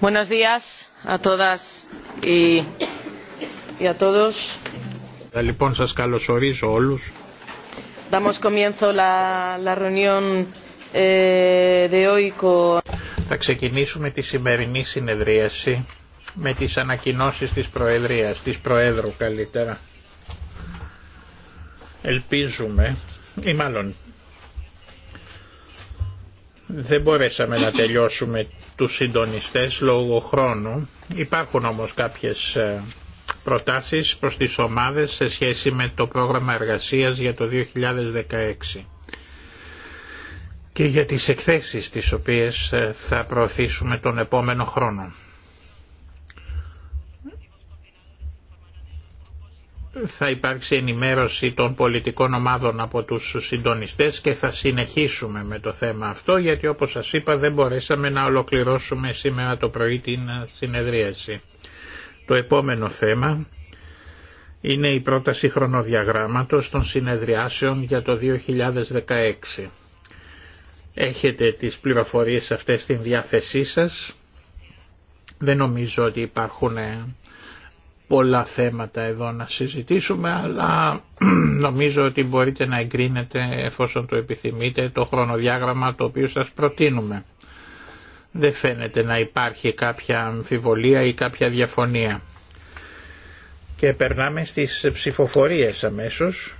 Buenos días a todas Λοιπόν, σας καλωσορίζω όλους. Damos comienzo la, la reunión eh, Θα ξεκινήσουμε τη σημερινή συνεδρίαση με τις ανακοινώσεις της Προεδρίας, της Προέδρου καλύτερα. Ελπίζουμε, ή μάλλον δεν μπορέσαμε να τελειώσουμε τους συντονιστές λόγω χρόνου. Υπάρχουν όμως κάποιες ε, προτάσεις προς τις ομάδες σε σχέση με το πρόγραμμα εργασίας για το 2016 και για τις εκθέσεις τις οποίες ε, θα προωθήσουμε τον επόμενο χρόνο. θα υπάρξει ενημέρωση των πολιτικών ομάδων από τους συντονιστές και θα συνεχίσουμε με το θέμα αυτό γιατί όπως σας είπα δεν μπορέσαμε να ολοκληρώσουμε σήμερα το πρωί την ε, συνεδρίαση. Το επόμενο θέμα είναι η πρόταση χρονοδιαγράμματος των συνεδριάσεων για το 2016. Έχετε τις πληροφορίες αυτές στην διάθεσή σας. Δεν νομίζω ότι υπάρχουν ε, πολλά θέματα εδώ να συζητήσουμε, αλλά νομίζω ότι μπορείτε να εγκρίνετε εφόσον το επιθυμείτε το χρονοδιάγραμμα το οποίο σας προτείνουμε. Δεν φαίνεται να υπάρχει κάποια αμφιβολία ή κάποια διαφωνία. Και περνάμε στις ψηφοφορίες αμέσως.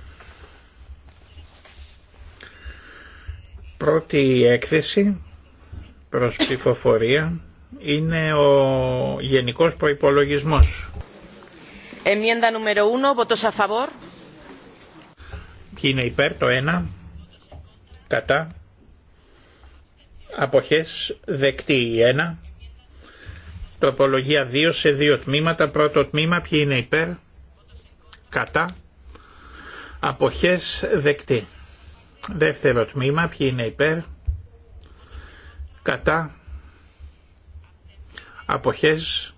Πρώτη έκθεση προς ψηφοφορία είναι ο γενικός προϋπολογισμός. Enmienda número 1, votos a favor. Ποιοι είναι υπέρ το 1, κατά, αποχές δεκτή η 1, τροπολογία 2 σε δύο τμήματα, πρώτο τμήμα ποιοι είναι υπέρ, κατά, αποχές δεκτή. Δεύτερο τμήμα ποιοι είναι υπέρ, κατά, αποχές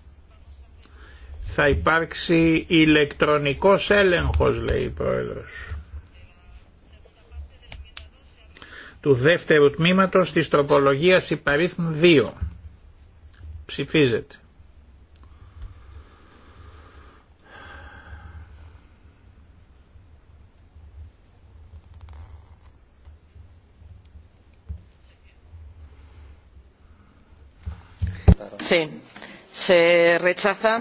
θα υπάρξει ηλεκτρονικός έλεγχος λέει η Πρόεδρος του δεύτερου τμήματος της τροπολογίας υπαρίθμου 2. Ψηφίζεται. Sí, se rechaza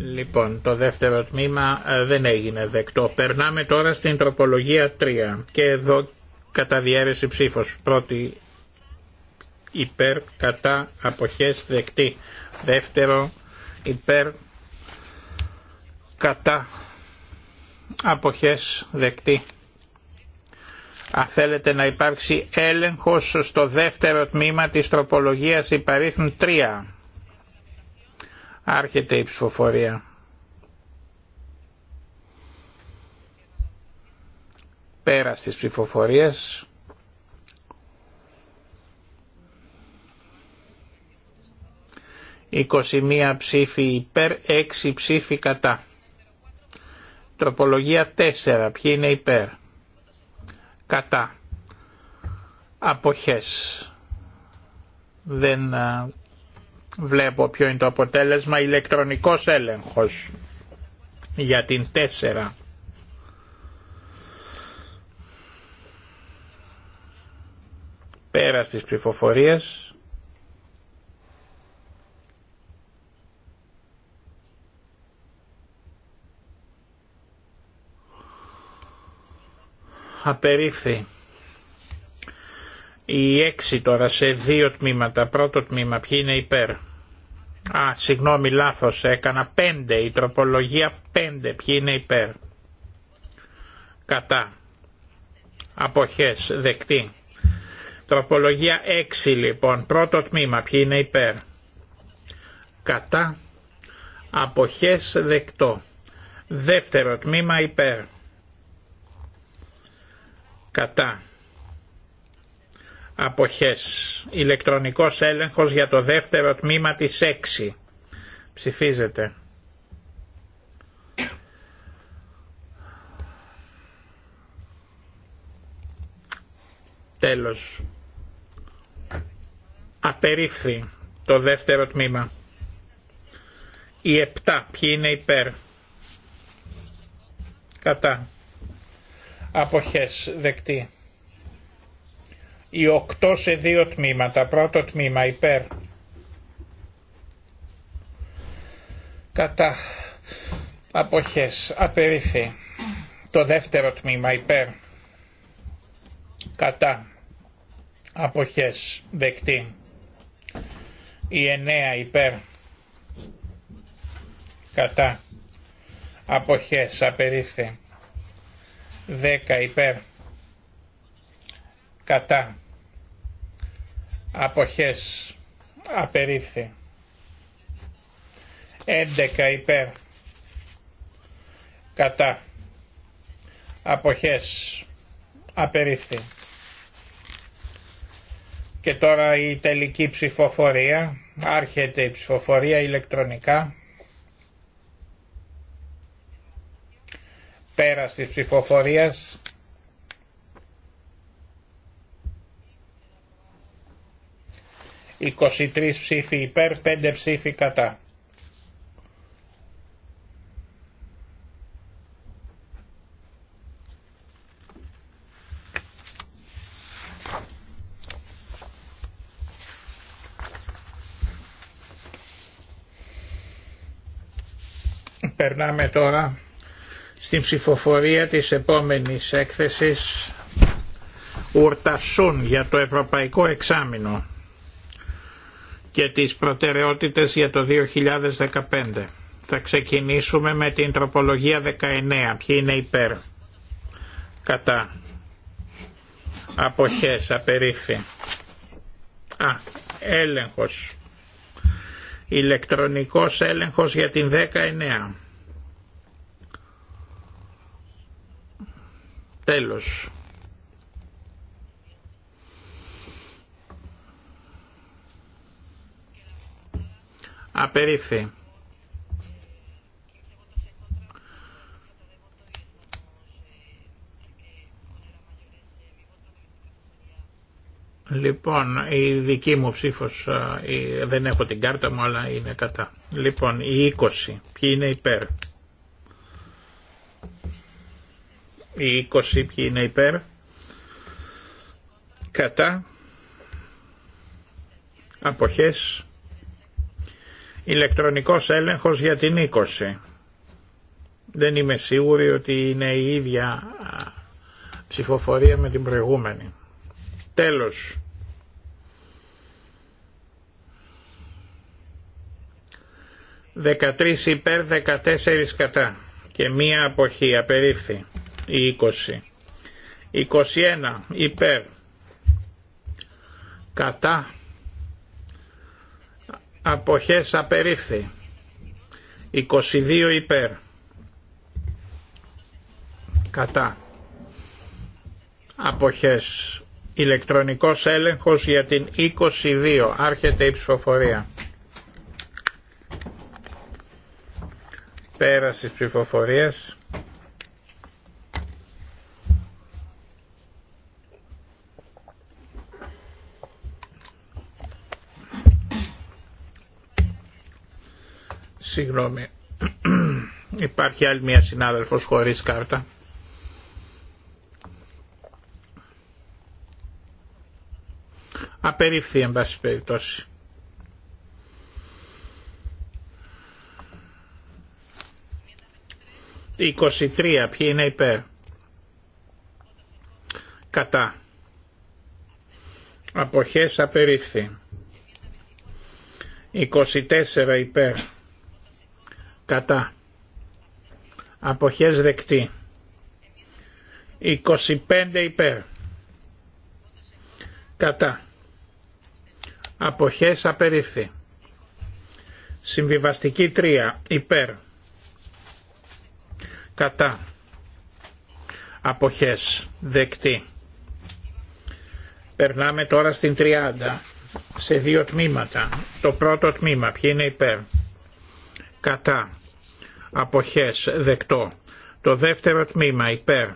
Λοιπόν, το δεύτερο τμήμα ε, δεν έγινε δεκτό. Περνάμε τώρα στην τροπολογία 3 και εδώ κατά διαίρεση ψήφος. Πρώτη υπέρ, κατά, αποχές, δεκτή. Δεύτερο υπέρ, κατά, αποχές, δεκτή. Αν θέλετε να υπάρξει έλεγχος στο δεύτερο τμήμα της τροπολογίας υπαρίθμου 3. Άρχεται η ψηφοφορία. Πέρα της ψηφοφορίας. ...21 ψήφοι υπέρ, 6 ψήφοι κατά. Τροπολογία 4. Ποιοι είναι υπέρ. Κατά. Αποχές. Δεν Βλέπω ποιο είναι το αποτέλεσμα. Ηλεκτρονικός έλεγχος για την τέσσερα Πέρα στις ψηφοφορίες. Απερίφθη. Η 6 τώρα σε δύο τμήματα. Πρώτο τμήμα, ποιοι είναι υπέρ. Α, συγγνώμη, λάθος, έκανα 5, η τροπολογία 5, ποιοι είναι υπέρ. Κατά. Αποχές, δεκτή. Τροπολογία 6 λοιπόν, πρώτο τμήμα, ποιοι είναι υπέρ. Κατά. Αποχές, δεκτό. Δεύτερο τμήμα, υπέρ. Κατά αποχές. Ηλεκτρονικός έλεγχος για το δεύτερο τμήμα της 6. Ψηφίζεται. Τέλος. Απερίφθη το δεύτερο τμήμα. Η 7. Ποιοι είναι υπέρ. Κατά. Αποχές. Δεκτή οι 8 σε δύο τμήματα. Πρώτο τμήμα υπέρ. Κατά αποχές απερίφθη. Το δεύτερο τμήμα υπέρ. Κατά αποχές δεκτή. Η εννέα υπέρ. Κατά αποχές απερίφθη. δέκα υπέρ. Κατά αποχές απερίφθη 11 υπέρ κατά αποχές απερίφθη και τώρα η τελική ψηφοφορία άρχεται η ψηφοφορία ηλεκτρονικά πέρα της ψηφοφορίας 23 ψήφοι υπέρ, 5 ψήφοι κατά. Περνάμε τώρα στην ψηφοφορία της επόμενης έκθεσης Ουρτασούν για το Ευρωπαϊκό Εξάμεινο και τις προτεραιότητες για το 2015. Θα ξεκινήσουμε με την τροπολογία 19. Ποιοι είναι υπέρ. Κατά. Αποχές, απερίφθη. Α, έλεγχος. Ηλεκτρονικός έλεγχος για την 19. Τέλος. Απερίφθη. Λοιπόν, η δική μου ψήφος, ε, δεν έχω την κάρτα μου, αλλά είναι κατά. Λοιπόν, η 20, ποιοι είναι υπέρ. Η 20, ποιοι είναι υπέρ. Κατά. Αποχές. Ηλεκτρονικός έλεγχος για την 20. Δεν είμαι σίγουρη ότι είναι η ίδια ψηφοφορία με την προηγούμενη. Τέλος. 13 υπέρ, 14 κατά και μία αποχή απερίφθη η 20. 21 υπέρ κατά αποχές απερίφθη 22 υπέρ κατά αποχές ηλεκτρονικός έλεγχος για την 22 άρχεται η ψηφοφορία Πέρασης ψηφοφορίας Συγγνώμη. Υπάρχει άλλη μια συνάδελφος χωρίς κάρτα. Απερίφθη εν πάση περιπτώσει. 23 ποιοι είναι υπέρ. Κατά. Αποχές απερίφθη. 24 υπέρ κατά αποχές δεκτή 25 υπέρ κατά αποχές απερίφθη συμβιβαστική 3 υπέρ κατά αποχές δεκτή περνάμε τώρα στην 30 σε δύο τμήματα το πρώτο τμήμα ποιο είναι υπέρ κατά, αποχές, δεκτό. Το δεύτερο τμήμα υπέρ,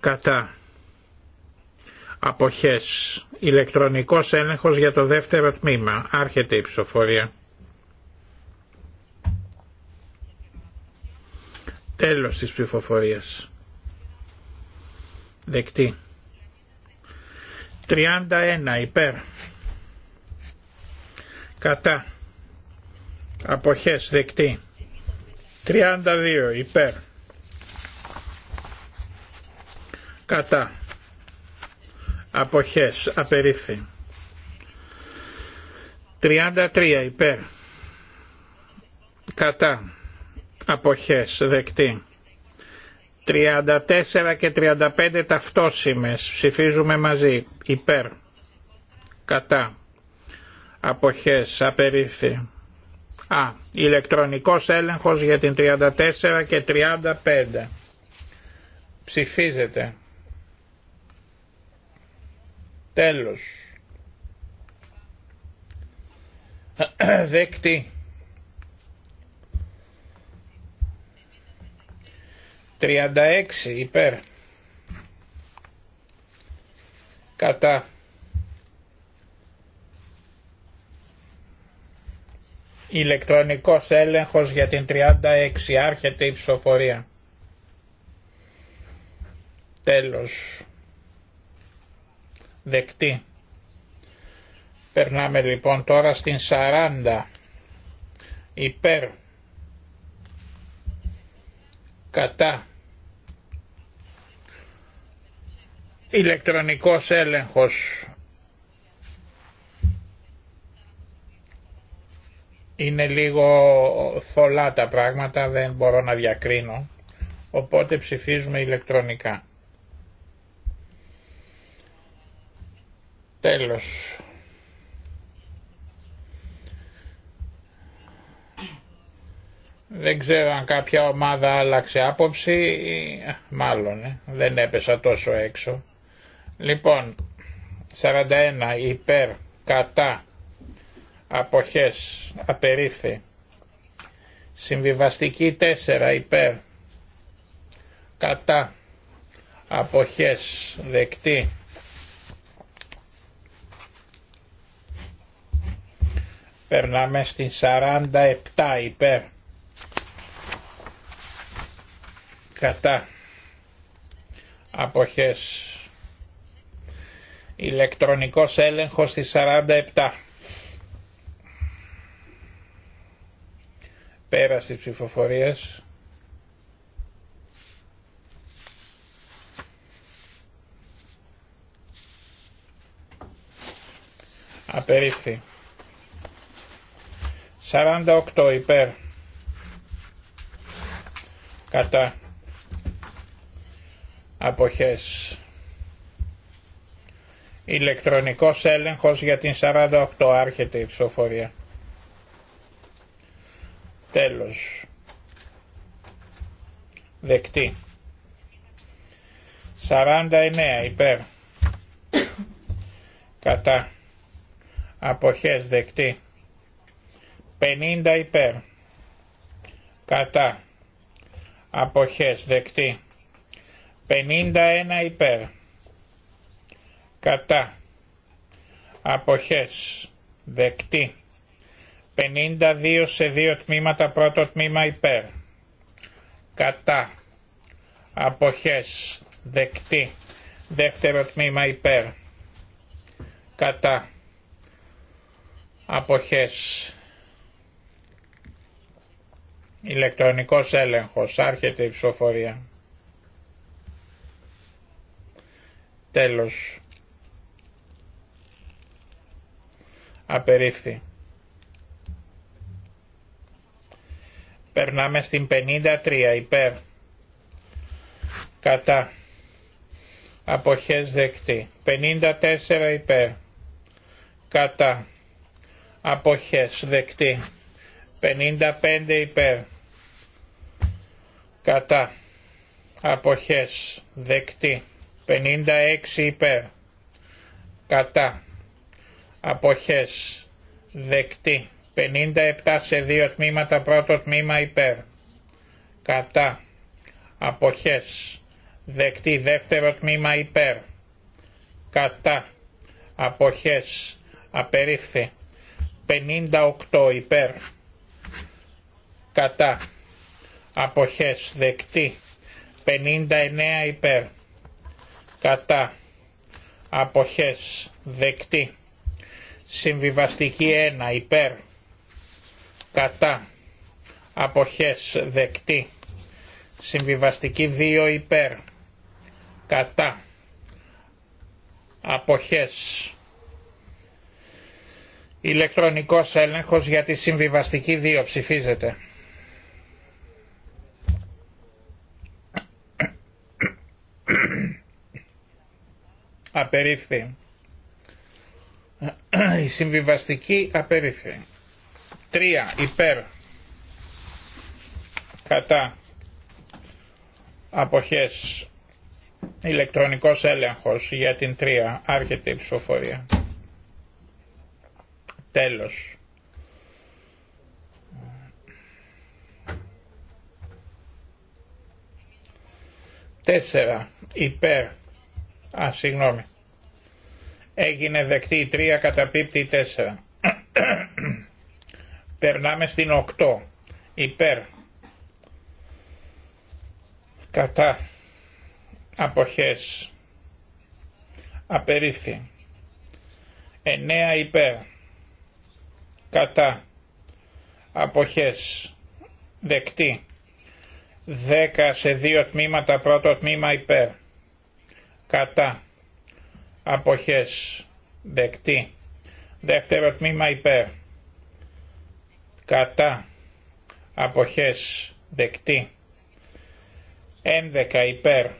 κατά, αποχές, ηλεκτρονικός έλεγχος για το δεύτερο τμήμα, άρχεται η ψηφοφορία. Τέλος της ψηφοφορίας. Δεκτή. 31 υπέρ. Κατά. Αποχές δεκτή. 32 υπέρ. Κατά. Αποχές απερίφθη. 33 υπέρ. Κατά. Αποχές δεκτή. 34 και 35 ταυτόσημες. Ψηφίζουμε μαζί. Υπέρ. Κατά. Αποχές απερίφθη. Α, ηλεκτρονικός έλεγχος για την 34 και 35. Ψηφίζεται. Τέλος. Δεκτή. 36 υπέρ. Κατά. Ηλεκτρονικός έλεγχος για την 36 άρχεται η ψηφοφορία. Τέλος. Δεκτή. Περνάμε λοιπόν τώρα στην 40. Υπέρ. Κατά. Ηλεκτρονικός έλεγχος Είναι λίγο θολά τα πράγματα, δεν μπορώ να διακρίνω, οπότε ψηφίζουμε ηλεκτρονικά. Τέλος. Δεν ξέρω αν κάποια ομάδα άλλαξε άποψη, μάλλον ε, δεν έπεσα τόσο έξω. Λοιπόν, 41 υπέρ, κατά, αποχές, απερίφθη. Συμβιβαστική 4 υπέρ, κατά, αποχές, δεκτή. Περνάμε στην 47 υπέρ, κατά, αποχές, ηλεκτρονικός έλεγχος στη 47. Πέραστη ψηφοφορίας. Απερίφθη. 48 υπέρ. Κατά. Αποχές. Ηλεκτρονικός έλεγχος για την 48 άρχεται η ψηφοφορία. Τέλος. Δεκτή. 49 υπέρ. Κατά. Αποχές δεκτή. 50 υπέρ. Κατά. Αποχές δεκτή. 51 υπέρ. Κατά. Αποχές δεκτή. 52 σε 2 τμήματα, πρώτο τμήμα υπέρ. Κατά. Αποχές. Δεκτή. Δεύτερο τμήμα υπέρ. Κατά. Αποχές. Ηλεκτρονικός έλεγχος. Άρχεται η ψηφοφορία. Τέλος. Απερίφθη. Περνάμε στην 53 υπέρ. Κατά. Αποχές δεκτή. 54 υπέρ. Κατά. Αποχές δεκτή. 55 υπέρ. Κατά. Αποχές δεκτή. 56 υπέρ. Κατά. Αποχές δεκτή. 57 σε 2 τμήματα, πρώτο τμήμα υπέρ. Κατά. Αποχές. Δεκτή δεύτερο τμήμα υπέρ. Κατά. Αποχές. Απερίφθη. 58 υπέρ. Κατά. Αποχές. Δεκτή. 59 υπέρ. Κατά. Αποχές. Δεκτή. Συμβιβαστική 1 υπέρ κατά αποχές δεκτή συμβιβαστική 2 υπέρ κατά αποχές ηλεκτρονικός έλεγχος για τη συμβιβαστική 2 ψηφίζεται απερίφθη η συμβιβαστική απερίφθη Τρία υπέρ κατά αποχές ηλεκτρονικός έλεγχος για την τρία άρχεται η ψηφοφορία τέλος Τέσσερα υπέρ α συγγνώμη έγινε δεκτή η τρία καταπίπτει η τέσσερα. Περνάμε στην 8. Υπέρ. Κατά. Αποχές. Απερίφθη. 9 υπέρ. Κατά. Αποχές. Δεκτή. 10 σε δύο τμήματα. Πρώτο τμήμα υπέρ. Κατά. Αποχές. Δεκτή. Δεύτερο τμήμα υπέρ κατά αποχές δεκτή 11 υπέρ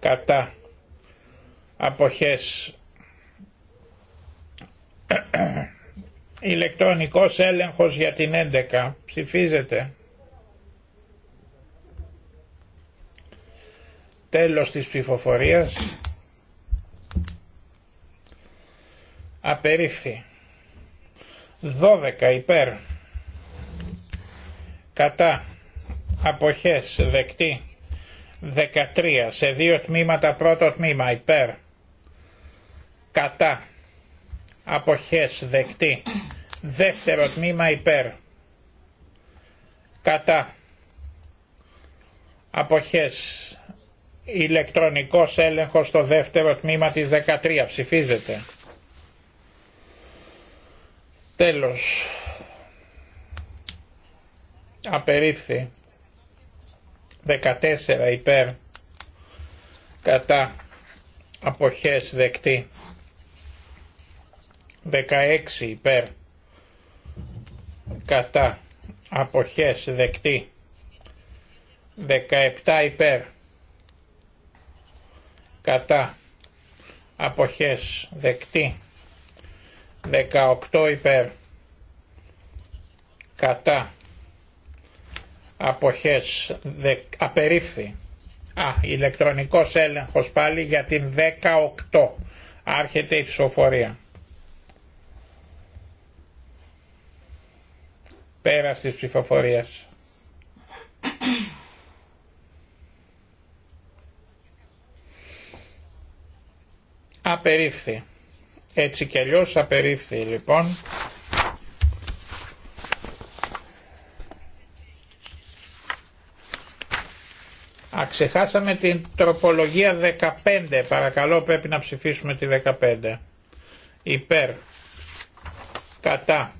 κατά αποχές ηλεκτρονικός έλεγχος για την 11 ψηφίζεται τέλος της ψηφοφορίας απερίφθη 12 υπέρ κατά αποχές δεκτή 13 σε δύο τμήματα πρώτο τμήμα υπέρ κατά αποχές δεκτή δεύτερο τμήμα υπέρ κατά αποχές ηλεκτρονικός έλεγχος στο δεύτερο τμήμα της 13 ψηφίζεται Τέλος. Απερίφθη. 14 υπέρ. Κατά. Αποχές δεκτή. 16 υπέρ. Κατά. Αποχές δεκτή. 17 υπέρ. Κατά. Αποχές δεκτή. 18 υπέρ κατά αποχές δε, απερίφθη α, ηλεκτρονικός έλεγχος πάλι για την 18 άρχεται η ψηφοφορία πέρα της ψηφοφορίας απερίφθη έτσι κι αλλιώς απερίφθη λοιπόν. Αξεχάσαμε την τροπολογία 15. Παρακαλώ πρέπει να ψηφίσουμε τη 15. Υπέρ. Κατά.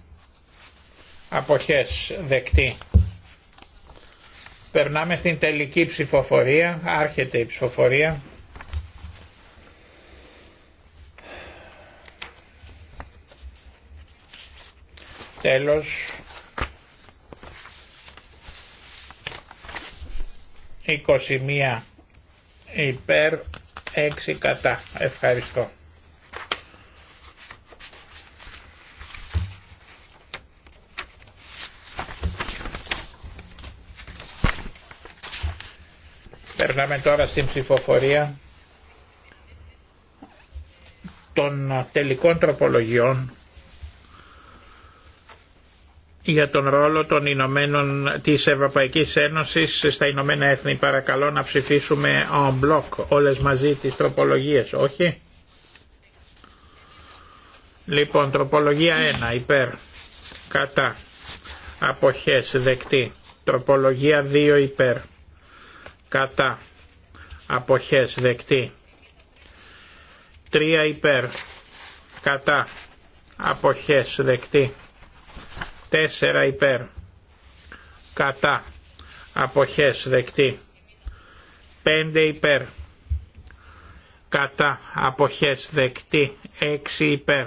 Αποχές. Δεκτή. Περνάμε στην τελική ψηφοφορία. Άρχεται η ψηφοφορία. Τέλος. 21 υπέρ 6 κατά. Ευχαριστώ. Περνάμε τώρα στην ψηφοφορία των τελικών τροπολογιών για τον ρόλο των Ηνωμένων της Ευρωπαϊκής Ένωσης στα Ηνωμένα Έθνη. Παρακαλώ να ψηφίσουμε en bloc όλες μαζί τις τροπολογίες, όχι. Λοιπόν, τροπολογία 1, υπέρ, κατά, αποχές, δεκτή. Τροπολογία 2, υπέρ, κατά, αποχές, δεκτή. 3, υπέρ, κατά, αποχές, δεκτή. 4 υπέρ. Κατά. Αποχές δεκτή. 5 υπέρ. Κατά. Αποχές δεκτή. 6 υπέρ.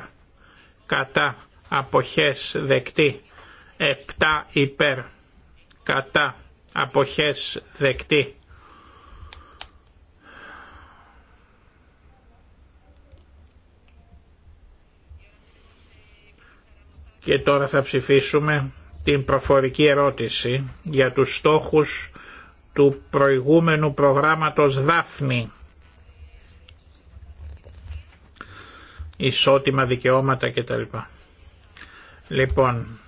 Κατά. Αποχές δεκτή. 7 υπέρ. Κατά. Αποχές δεκτή. Και τώρα θα ψηφίσουμε την προφορική ερώτηση για τους στόχους του προηγούμενου προγράμματος Δάφνη. Ισότιμα δικαιώματα κτλ. Λοιπόν,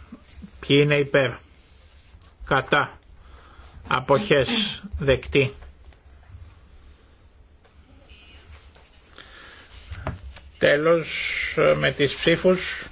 ποιοι είναι υπέρ, κατά, αποχές, δεκτή. Τέλος ε, με τις ψήφους.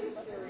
experience.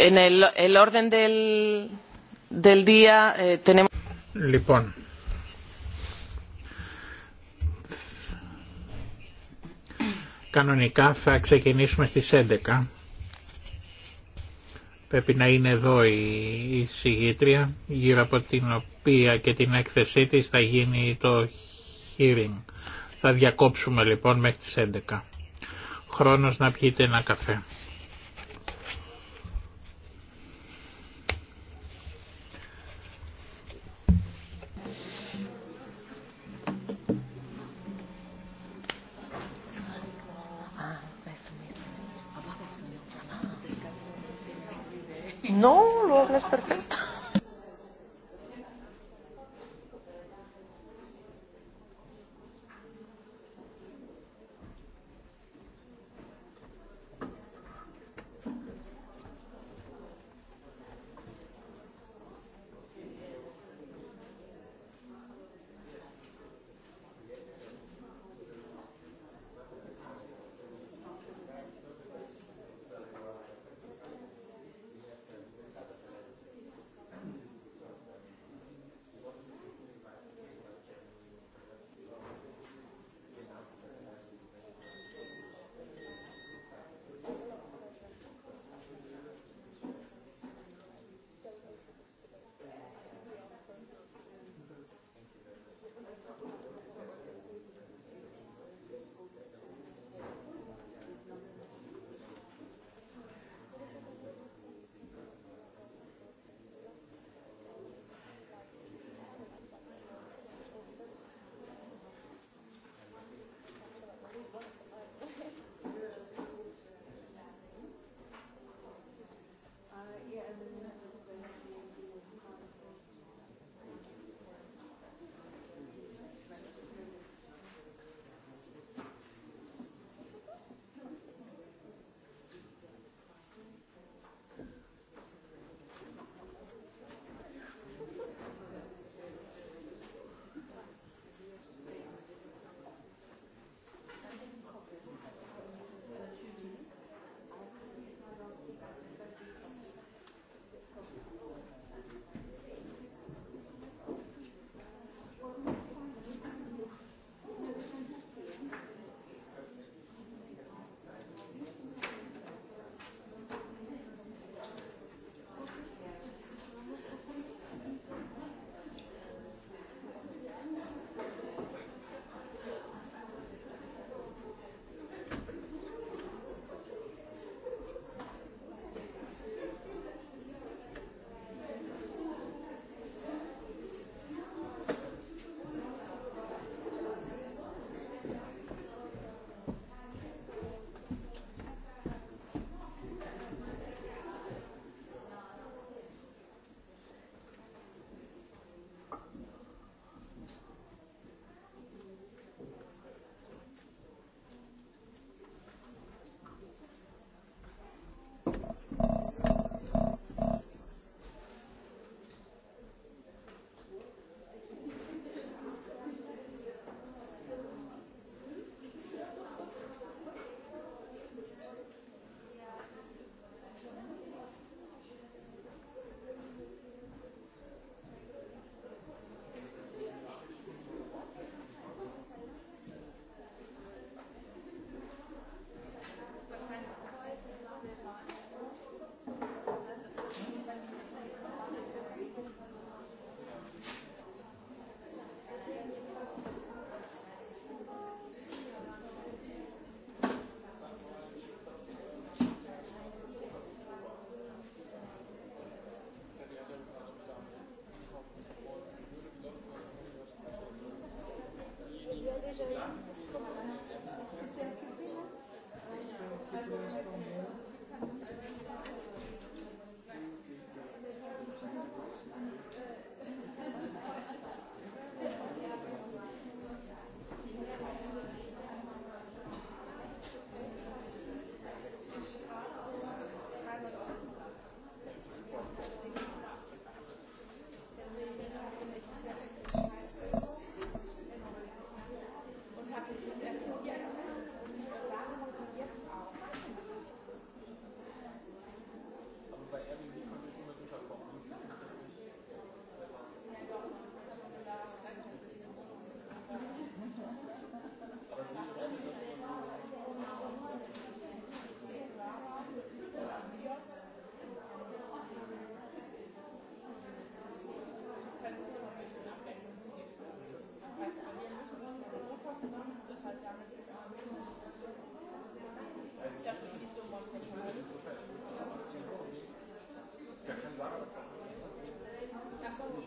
Eh, λοιπόν, κανονικά θα ξεκινήσουμε στις 11. Πρέπει να είναι εδώ η συγγήτρια, γύρω από την οποία και την έκθεσή της θα γίνει το hearing. Θα διακόψουμε λοιπόν μέχρι τις 11. Χρόνος να πιείτε ένα καφέ. καπό μας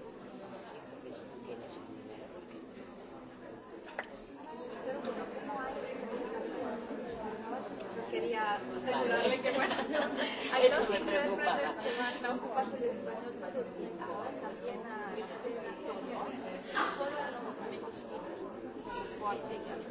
AUTHORWAVE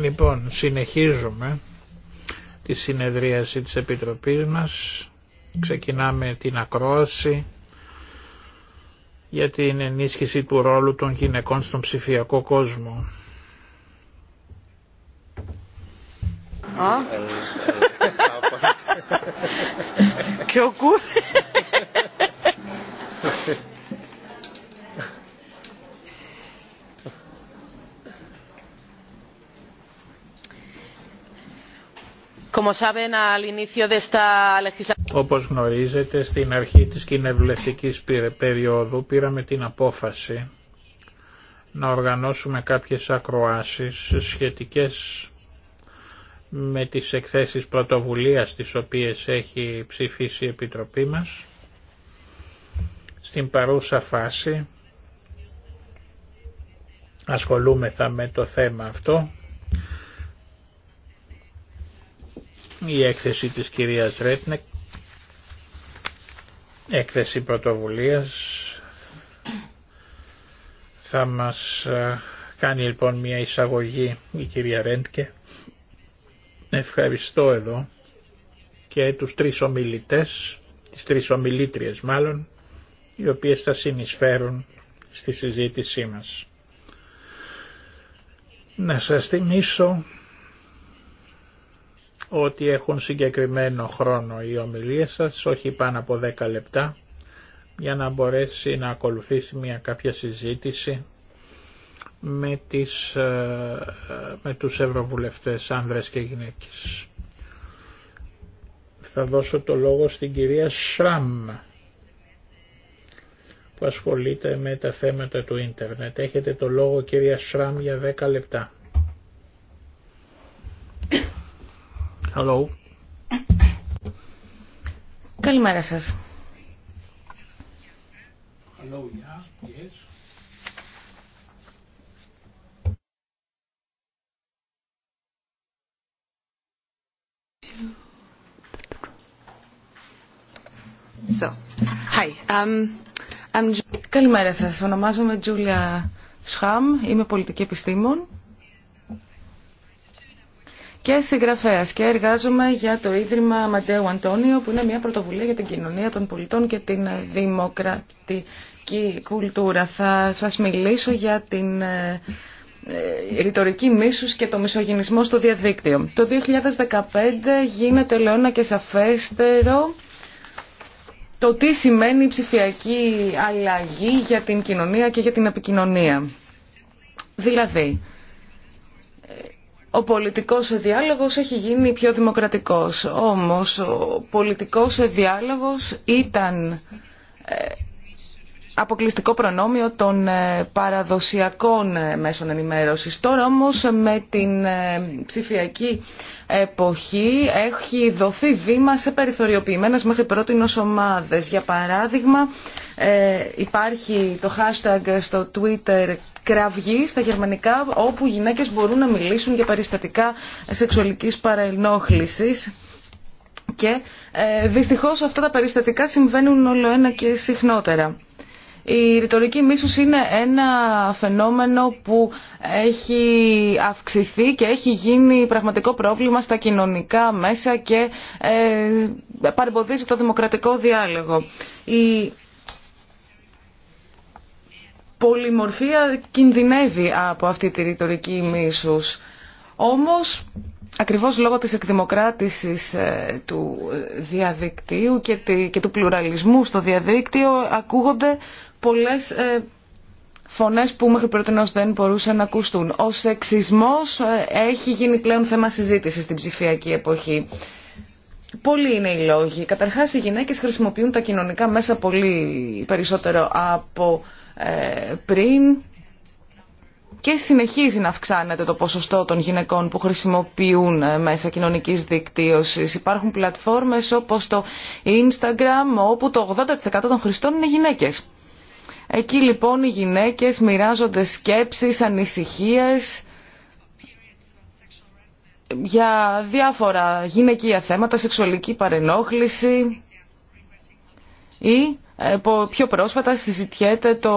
Λοιπόν, συνεχίζουμε τη συνεδρίαση της Επιτροπής μας. Ξεκινάμε την ακρόαση για την ενίσχυση του ρόλου των γυναικών στον ψηφιακό κόσμο. Και ο Όπως γνωρίζετε, στην αρχή της κοινοβουλευτικής περίοδου πήραμε την απόφαση να οργανώσουμε κάποιες ακροάσεις σχετικές με τις εκθέσεις πρωτοβουλίας τις οποίες έχει ψηφίσει η Επιτροπή μας. Στην παρούσα φάση ασχολούμεθα με το θέμα αυτό η έκθεση της κυρίας Ρέτνεκ, έκθεση πρωτοβουλίας, θα μας ε, κάνει λοιπόν μια εισαγωγή η κυρία Ρέντκε. Ευχαριστώ εδώ και τους τρεις ομιλητές, τις τρεις ομιλήτριες μάλλον, οι οποίες θα συνεισφέρουν στη συζήτησή μας. Να σας θυμίσω ότι έχουν συγκεκριμένο χρόνο οι ομιλίες σας, όχι πάνω από 10 λεπτά, για να μπορέσει να ακολουθήσει μια κάποια συζήτηση με, τις, ε, με τους ευρωβουλευτές άνδρες και γυναίκες. Θα δώσω το λόγο στην κυρία Σραμ που ασχολείται με τα θέματα του ίντερνετ. Έχετε το λόγο κυρία Σραμ για 10 λεπτά. Hello. Καλημέρα σας. Hello, yeah. yes. So, hi. Um, I'm... Καλημέρα σας. Ονομάζομαι Τζούλια Σχάμ. Είμαι πολιτική επιστήμων και συγγραφέα και εργάζομαι για το Ίδρυμα Μαντέου Αντώνιο που είναι μια πρωτοβουλία για την κοινωνία των πολιτών και την δημοκρατική κουλτούρα. Θα σας μιλήσω για την ε, ε, ρητορική μίσους και το μισογενισμό στο διαδίκτυο. Το 2015 γίνεται λεώνα και σαφέστερο το τι σημαίνει η ψηφιακή αλλαγή για την κοινωνία και για την επικοινωνία. Δηλαδή, ο πολιτικός διάλογος έχει γίνει πιο δημοκρατικός. Όμως ο πολιτικός διάλογος ήταν ε, αποκλειστικό προνόμιο των ε, παραδοσιακών ε, μέσων ενημέρωσης. Τώρα όμως με την ε, ψηφιακή εποχή έχει δοθεί βήμα σε περιθωριοποιημένες μέχρι πρώτη ομάδες. Για παράδειγμα υπάρχει το hashtag στο Twitter κραυγή στα γερμανικά όπου γυναίκες μπορούν να μιλήσουν για περιστατικά σεξουαλικής παραενόχλησης και δυστυχώς αυτά τα περιστατικά συμβαίνουν όλο ένα και συχνότερα. Η ρητορική μίσους είναι ένα φαινόμενο που έχει αυξηθεί και έχει γίνει πραγματικό πρόβλημα στα κοινωνικά μέσα και ε, παρεμποδίζει το δημοκρατικό διάλογο. Η πολυμορφία κινδυνεύει από αυτή τη ρητορική μίσους. Όμως, ακριβώς λόγω της εκδημοκράτησης ε, του διαδικτύου και του πλουραλισμού στο διαδίκτυο ακούγονται πολλές ε, φωνές που μέχρι προτενώς δεν μπορούσαν να ακουστούν. Ο σεξισμός ε, έχει γίνει πλέον θέμα συζήτηση στην ψηφιακή εποχή. Πολλοί είναι οι λόγοι. Καταρχάς οι γυναίκες χρησιμοποιούν τα κοινωνικά μέσα πολύ περισσότερο από ε, πριν και συνεχίζει να αυξάνεται το ποσοστό των γυναικών που χρησιμοποιούν μέσα κοινωνικής δικτύωσης. Υπάρχουν πλατφόρμες όπως το Instagram όπου το 80% των χρηστών είναι γυναίκες. Εκεί λοιπόν οι γυναίκες μοιράζονται σκέψεις, ανησυχίες για διάφορα γυναικεία θέματα, σεξουαλική παρενόχληση ή ε, πιο πρόσφατα συζητιέται το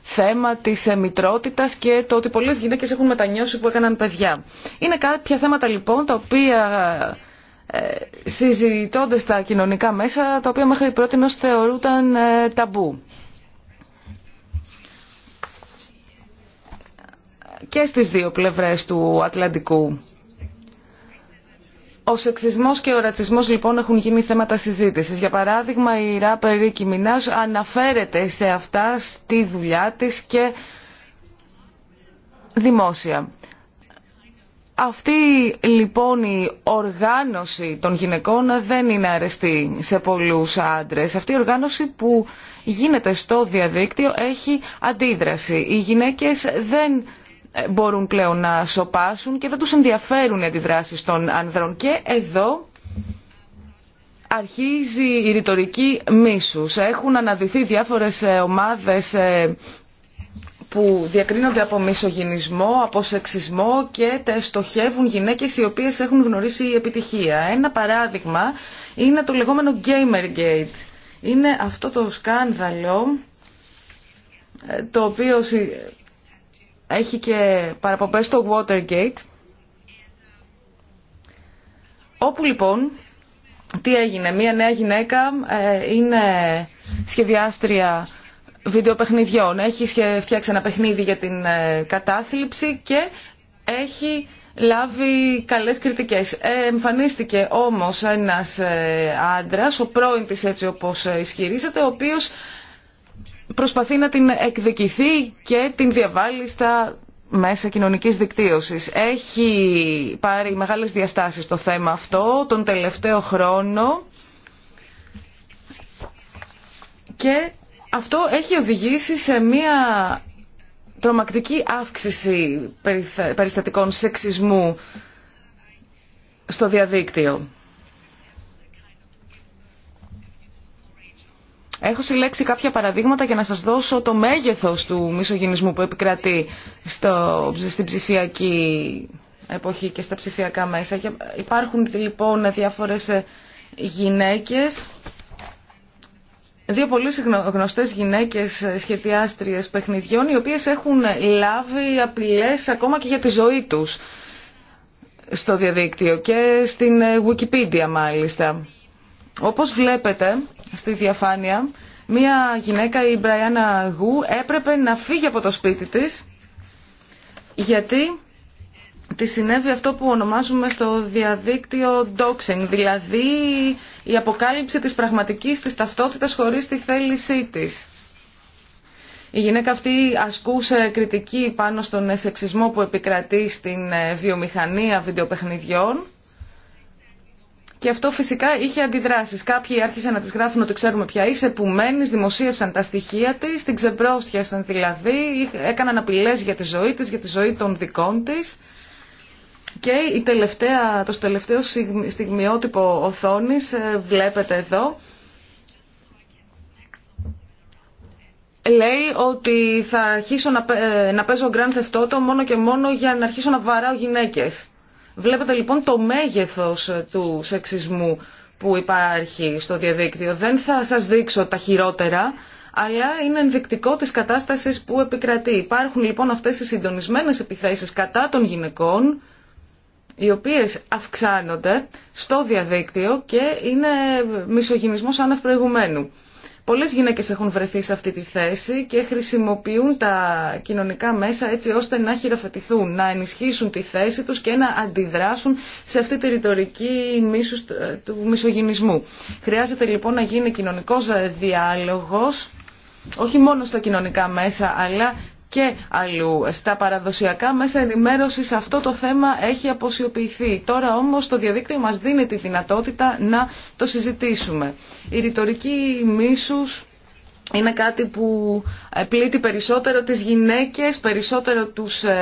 θέμα της μητρότητας και το ότι πολλές γυναίκες έχουν μετανιώσει που έκαναν παιδιά. Είναι κάποια θέματα λοιπόν τα οποία ε, συζητώνται στα κοινωνικά μέσα, τα οποία μέχρι πρώτη θεωρούνταν ε, ταμπού. και στις δύο πλευρές του Ατλαντικού. Ο σεξισμός και ο ρατσισμός λοιπόν έχουν γίνει θέματα συζήτησης. Για παράδειγμα η ράπερ Μινάς αναφέρεται σε αυτά στη δουλειά της και δημόσια. Αυτή λοιπόν η οργάνωση των γυναικών δεν είναι αρεστή σε πολλούς άντρες. Αυτή η οργάνωση που γίνεται στο διαδίκτυο έχει αντίδραση. Οι γυναίκες δεν ε, μπορούν πλέον να σοπάσουν και δεν τους ενδιαφέρουν οι αντιδράσεις των ανδρών. Και εδώ αρχίζει η ρητορική μίσους. Έχουν αναδυθεί διάφορες ε, ομάδες ε, που διακρίνονται από μισογυνισμό, από σεξισμό και στοχεύουν γυναίκες οι οποίες έχουν γνωρίσει επιτυχία. Ένα παράδειγμα είναι το λεγόμενο Gamergate. Είναι αυτό το σκάνδαλο το οποίο έχει και παραπομπές στο Watergate, όπου λοιπόν, τι έγινε, μία νέα γυναίκα ε, είναι σχεδιάστρια βιντεοπαιχνιδιών, έχει φτιάξει ένα παιχνίδι για την ε, κατάθλιψη και έχει λάβει καλές κριτικές. Ε, εμφανίστηκε όμως ένας άντρας, ο πρώην της έτσι όπως ισχυρίζεται, ο οποίος προσπαθεί να την εκδικηθεί και την διαβάλλει στα μέσα κοινωνικής δικτύωσης. Έχει πάρει μεγάλες διαστάσεις το θέμα αυτό τον τελευταίο χρόνο και αυτό έχει οδηγήσει σε μία τρομακτική αύξηση περιστατικών σεξισμού στο διαδίκτυο. Έχω συλλέξει κάποια παραδείγματα για να σας δώσω το μέγεθος του μισογενισμού που επικρατεί στο, στην ψηφιακή εποχή και στα ψηφιακά μέσα. Υπάρχουν λοιπόν διάφορες ε, γυναίκες, δύο πολύ γνωστές γυναίκες ε, σχεδιάστριες παιχνιδιών, οι οποίες έχουν ε, λάβει απειλές ακόμα και για τη ζωή τους στο διαδίκτυο και στην Wikipedia μάλιστα. Όπως βλέπετε στη διαφάνεια, μία γυναίκα, η Μπραϊάννα Γου, έπρεπε να φύγει από το σπίτι της γιατί τη συνέβη αυτό που ονομάζουμε στο διαδίκτυο doxing, δηλαδή η αποκάλυψη της πραγματικής της ταυτότητας χωρίς τη θέλησή της. Η γυναίκα αυτή ασκούσε κριτική πάνω στον σεξισμό που επικρατεί στην ε, βιομηχανία βιντεοπαιχνιδιών και αυτό φυσικά είχε αντιδράσει. Κάποιοι άρχισαν να τη γράφουν ότι ξέρουμε ποια είσαι, που μένει, δημοσίευσαν τα στοιχεία τη, την ξεμπρόστιασαν δηλαδή, έκαναν απειλέ για τη ζωή τη, για τη ζωή των δικών τη. Και η τελευταία, το τελευταίο στιγμιότυπο οθόνη, ε, βλέπετε εδώ. Λέει ότι θα αρχίσω να, ε, να παίζω Grand Theft Auto μόνο και μόνο για να αρχίσω να βαράω γυναίκες. Βλέπετε λοιπόν το μέγεθος του σεξισμού που υπάρχει στο διαδίκτυο. Δεν θα σας δείξω τα χειρότερα, αλλά είναι ενδεικτικό της κατάστασης που επικρατεί. Υπάρχουν λοιπόν αυτές οι συντονισμένες επιθέσεις κατά των γυναικών, οι οποίες αυξάνονται στο διαδίκτυο και είναι μισογυνισμός άνευ προηγουμένου. Πολλές γυναίκες έχουν βρεθεί σε αυτή τη θέση και χρησιμοποιούν τα κοινωνικά μέσα έτσι ώστε να χειροφετηθούν, να ενισχύσουν τη θέση τους και να αντιδράσουν σε αυτή τη ρητορική μίσους, ε, του μισογυνισμού. Χρειάζεται λοιπόν να γίνει κοινωνικός διάλογος όχι μόνο στα κοινωνικά μέσα αλλά και αλλού. Στα παραδοσιακά μέσα ενημέρωσης αυτό το θέμα έχει αποσιοποιηθεί. Τώρα όμως το διαδίκτυο μας δίνει τη δυνατότητα να το συζητήσουμε. Η ρητορική μίσους είναι κάτι που ε, πλήττει περισσότερο τις γυναίκες, περισσότερο τους ε,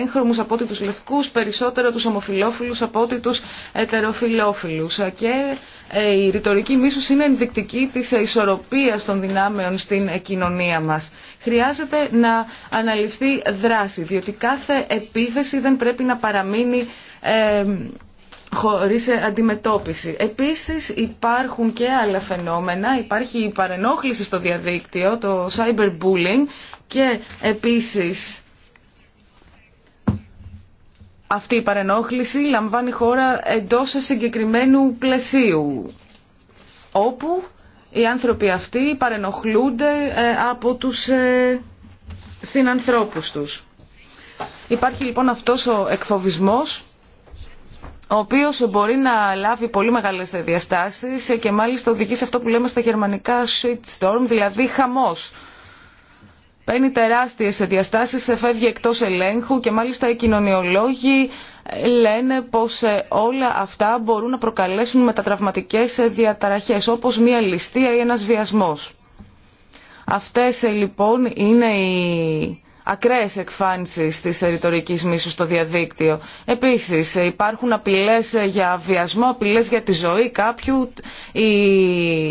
έγχρωμους από ότι τους λευκούς, περισσότερο τους ομοφιλόφιλους από ότι τους ετεροφιλόφιλους. Ε, ε, η ρητορική μίσους είναι ενδεικτική της ισορροπίας των δυνάμεων στην κοινωνία μας. Χρειάζεται να αναλυφθεί δράση, διότι κάθε επίθεση δεν πρέπει να παραμείνει ε, χωρίς αντιμετώπιση. Επίσης υπάρχουν και άλλα φαινόμενα, υπάρχει η παρενόχληση στο διαδίκτυο, το cyberbullying και επίσης αυτή η παρενόχληση λαμβάνει χώρα εντός συγκεκριμένου πλαισίου, όπου οι άνθρωποι αυτοί παρενοχλούνται ε, από τους ε, συνανθρώπους τους. Υπάρχει λοιπόν αυτός ο εκφοβισμός, ο οποίος μπορεί να λάβει πολύ μεγάλες διαστάσεις και μάλιστα οδηγεί σε αυτό που λέμε στα γερμανικά shitstorm, δηλαδή χαμός παίρνει τεράστιε διαστάσεις, φεύγει εκτός ελέγχου και μάλιστα οι κοινωνιολόγοι ε, λένε πως ε, όλα αυτά μπορούν να προκαλέσουν μετατραυματικές ε, διαταραχέ, όπως μια ληστεία ή ένας βιασμός. Αυτέ λοιπόν είναι οι ακραίες εκφάνσεις της ρητορικής μίσου στο διαδίκτυο. Επίσης υπάρχουν απειλές για βιασμό, απειλές για τη ζωή κάποιου, η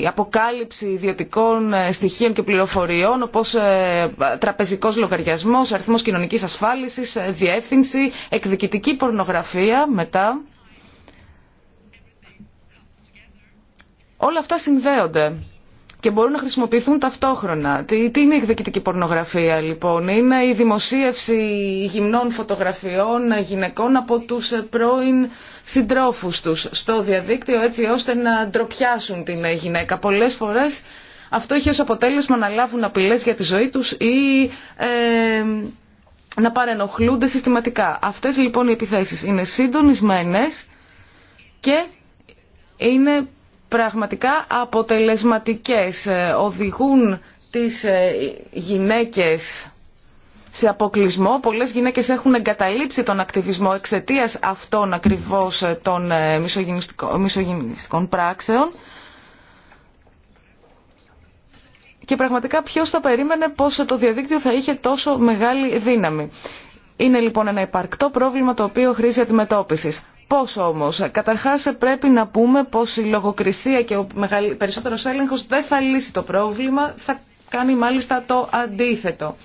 αποκάλυψη ιδιωτικών ε, στοιχείων και πληροφοριών όπως ε, τραπεζικός λογαριασμός, αριθμός κοινωνικής ασφάλισης, ε, διεύθυνση, εκδικητική πορνογραφία μετά. Όλα αυτά συνδέονται και μπορούν να χρησιμοποιηθούν ταυτόχρονα. Τι, τι είναι η εκδικητική πορνογραφία λοιπόν. Είναι η δημοσίευση γυμνών φωτογραφιών γυναικών από τους πρώην συντρόφους τους στο διαδίκτυο έτσι ώστε να ντροπιάσουν την γυναίκα. Πολλές φορές αυτό έχει ως αποτέλεσμα να λάβουν απειλές για τη ζωή τους ή ε, να παρενοχλούνται συστηματικά. Αυτές λοιπόν οι επιθέσεις είναι συντονισμένες και είναι πραγματικά αποτελεσματικές, ε, οδηγούν τις ε, γυναίκες σε αποκλεισμό. Πολλές γυναίκες έχουν εγκαταλείψει τον ακτιβισμό εξαιτίας αυτών ακριβώς ε, των μισογενιστικών πράξεων. Και πραγματικά ποιος θα περίμενε πως το διαδίκτυο θα είχε τόσο μεγάλη δύναμη. Είναι λοιπόν ένα υπαρκτό πρόβλημα το οποίο χρήζει αντιμετώπισης. Πώς όμως, καταρχάς πρέπει να πούμε πως η λογοκρισία και ο περισσότερος έλεγχος δεν θα λύσει το πρόβλημα, θα κάνει μάλιστα το αντίθετο.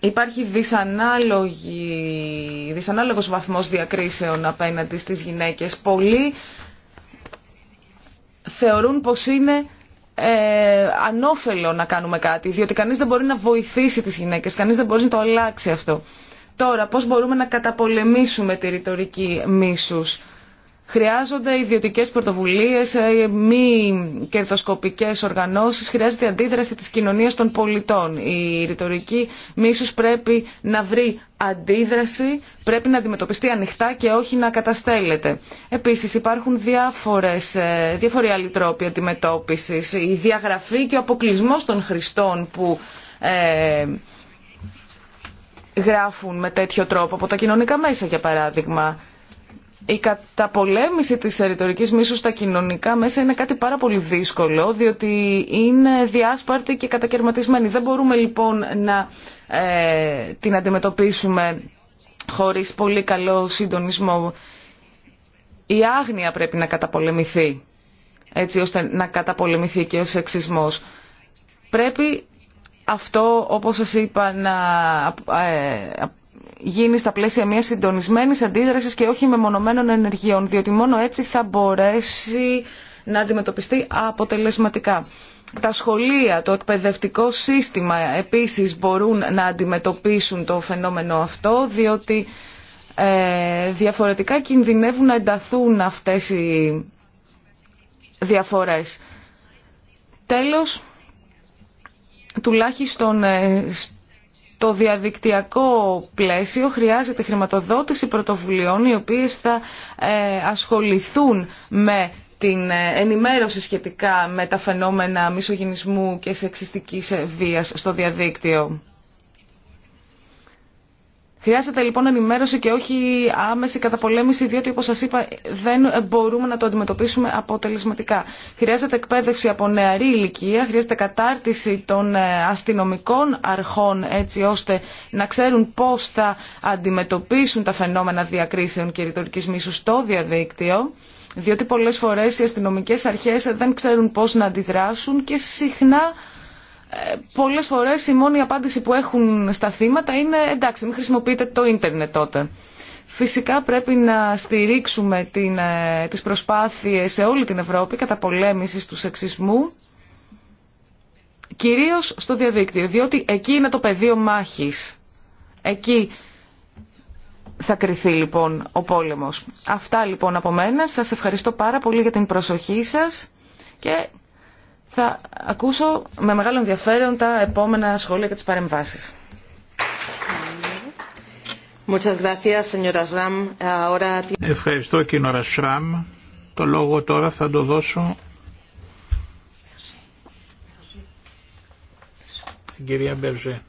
Υπάρχει δυσανάλογη, δυσανάλογος βαθμός διακρίσεων απέναντι στις γυναίκες. Πολλοί θεωρούν πως είναι ε, ανώφελο να κάνουμε κάτι, διότι κανείς δεν μπορεί να βοηθήσει τις γυναίκες, κανείς δεν μπορεί να το αλλάξει αυτό. Τώρα, πώς μπορούμε να καταπολεμήσουμε τη ρητορική μίσους. Χρειάζονται ιδιωτικές πρωτοβουλίες, ε, μη κερδοσκοπικές οργανώσεις, χρειάζεται αντίδραση της κοινωνίας των πολιτών. Η ρητορική μίσους πρέπει να βρει αντίδραση, πρέπει να αντιμετωπιστεί ανοιχτά και όχι να καταστέλλεται. Επίσης υπάρχουν διάφορες, ε, διάφοροι άλλοι τρόποι αντιμετώπισης, η διαγραφή και ο αποκλεισμός των χρηστών που... Ε, γράφουν με τέτοιο τρόπο από τα κοινωνικά μέσα για παράδειγμα. Η καταπολέμηση της ρητορικής μίσους στα κοινωνικά μέσα είναι κάτι πάρα πολύ δύσκολο διότι είναι διάσπαρτη και κατακαιρματισμένη. Δεν μπορούμε λοιπόν να ε, την αντιμετωπίσουμε χωρίς πολύ καλό συντονισμό. Η άγνοια πρέπει να καταπολεμηθεί έτσι ώστε να καταπολεμηθεί και ο σεξισμός. Πρέπει αυτό όπως σας είπα να ε, γίνει στα πλαίσια μιας συντονισμένης αντίδρασης και όχι μεμονωμένων ενεργειών, διότι μόνο έτσι θα μπορέσει να αντιμετωπιστεί αποτελεσματικά. Τα σχολεία, το εκπαιδευτικό σύστημα επίσης μπορούν να αντιμετωπίσουν το φαινόμενο αυτό, διότι ε, διαφορετικά κινδυνεύουν να ενταθούν αυτές οι διαφορές. Τέλος, τουλάχιστον ε, το διαδικτυακό πλαίσιο χρειάζεται χρηματοδότηση πρωτοβουλειών οι οποίες θα ε, ασχοληθούν με την ε, ενημέρωση σχετικά με τα φαινόμενα μισογενισμού και σεξιστικής βίας στο διαδίκτυο. Χρειάζεται λοιπόν ενημέρωση και όχι άμεση καταπολέμηση, διότι όπως σας είπα δεν μπορούμε να το αντιμετωπίσουμε αποτελεσματικά. Χρειάζεται εκπαίδευση από νεαρή ηλικία, χρειάζεται κατάρτιση των ε, αστυνομικών αρχών έτσι ώστε να ξέρουν πώς θα αντιμετωπίσουν τα φαινόμενα διακρίσεων και ρητορικής μίσου στο διαδίκτυο διότι πολλές φορές οι αστυνομικές αρχές δεν ξέρουν πώς να αντιδράσουν και συχνά πολλές φορές η μόνη απάντηση που έχουν στα θύματα είναι εντάξει μην χρησιμοποιείτε το ίντερνετ τότε. Φυσικά πρέπει να στηρίξουμε την, ε, τις προσπάθειες σε όλη την Ευρώπη κατά πολέμησης του σεξισμού κυρίως στο διαδίκτυο διότι εκεί είναι το πεδίο μάχης. Εκεί θα κρυθεί λοιπόν ο πόλεμος. Αυτά λοιπόν από μένα. Σας ευχαριστώ πάρα πολύ για την προσοχή σας και θα ακούσω με μεγάλο ενδιαφέρον τα επόμενα σχόλια και τις παρεμβάσεις. Ευχαριστώ κύριε Σραμ. Το λόγο τώρα θα το δώσω στην κυρία Μπερζέ.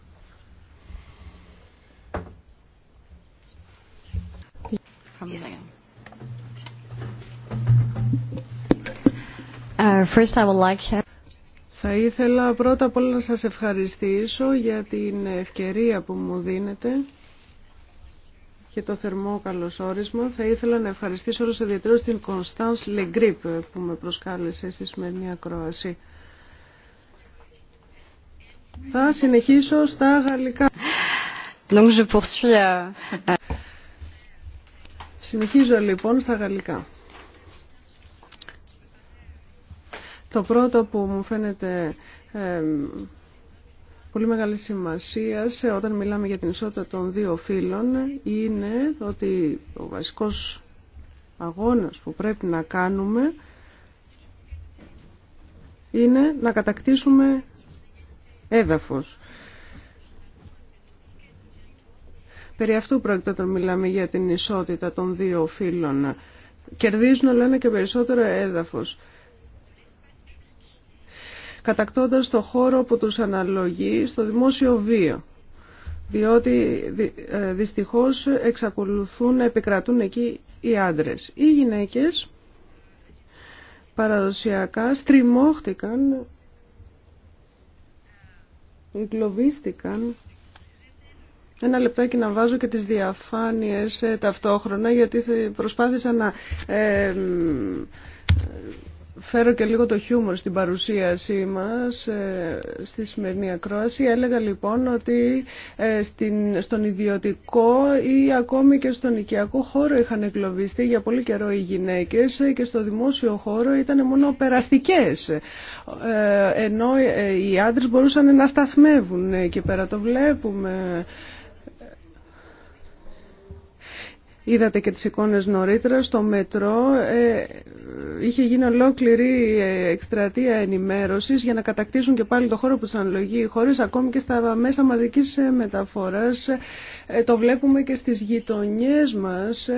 Uh, first I would like θα ήθελα πρώτα απ' όλα να σας ευχαριστήσω για την ευκαιρία που μου δίνετε και το θερμό όρισμα. Θα ήθελα να ευχαριστήσω όλους ιδιαίτερους την Κωνσταντς Λεγκρίπ που με προσκάλεσε στη σημερινή ακρόαση. Θα συνεχίσω στα γαλλικά. Euh, Συνεχίζω λοιπόν στα γαλλικά. Το πρώτο που μου φαίνεται πολύ μεγάλη σημασία σε, όταν μιλάμε για την ισότητα των δύο φύλων είναι ότι ο βασικός αγώνας που πρέπει να κάνουμε είναι να κατακτήσουμε έδαφος. Περί αυτού πρόκειται όταν μιλάμε για την ισότητα των δύο φύλων. Κερδίζουν όλο ένα και περισσότερο έδαφος κατακτώντας το χώρο που τους αναλογεί στο δημόσιο βίο. Διότι ε, δυστυχώς εξακολουθούν να επικρατούν εκεί οι άντρες. Οι γυναίκες παραδοσιακά στριμώχτηκαν, εγκλωβίστηκαν ένα λεπτάκι να βάζω και τις διαφάνειες ε, ταυτόχρονα γιατί προσπάθησα να ε, φέρω και λίγο το χιούμορ στην παρουσίασή μας ε, στη σημερινή ακρόαση. Έλεγα λοιπόν ότι ε, στην, στον ιδιωτικό ή ακόμη και στον οικιακό χώρο είχαν εκλοβιστεί για πολύ καιρό οι γυναίκες ε, και στο δημόσιο χώρο ήταν μόνο περαστικές. ενώ οι άντρες μπορούσαν να σταθμεύουν και πέρα. Το βλέπουμε. Είδατε και τις εικόνες νωρίτερα στο μετρό είχε γίνει ολόκληρη ε, εκστρατεία ενημέρωσης για να κατακτήσουν και πάλι το χώρο που τους αναλογεί χωρίς ακόμη και στα μέσα μαζικής ε, μεταφοράς. Ε, το βλέπουμε και στις γειτονιές μας.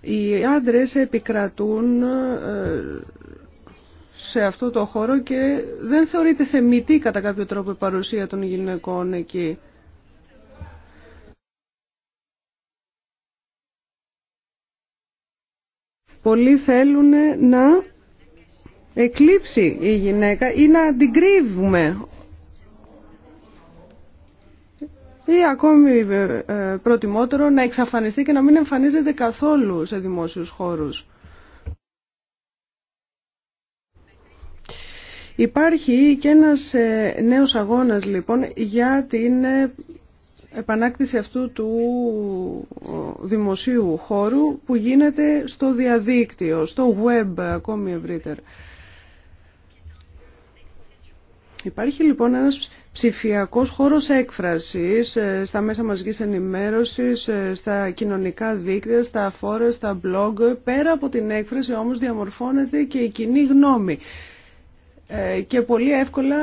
Οι άντρες επικρατούν σε αυτό το χώρο και δεν θεωρείται θεμητή κατά κάποιο τρόπο η παρουσία των γυναικών εκεί. Πολλοί θέλουν να εκλείψει η γυναίκα ή να την κρύβουμε. Ή ακόμη ε, προτιμότερο να εξαφανιστεί και να μην εμφανίζεται καθόλου σε δημόσιους χώρους. Υπάρχει και ένας ε, νέος αγώνας λοιπόν για την επανάκτηση αυτού του δημοσίου χώρου που γίνεται στο διαδίκτυο, στο web ακόμη ευρύτερα. Υπάρχει λοιπόν ένας ψηφιακός χώρος έκφρασης ε, στα μέσα μαζικής ενημέρωσης, ε, στα κοινωνικά δίκτυα, στα φόρες, στα blog. Πέρα από την έκφραση όμως διαμορφώνεται και η κοινή γνώμη. Ε, και πολύ εύκολα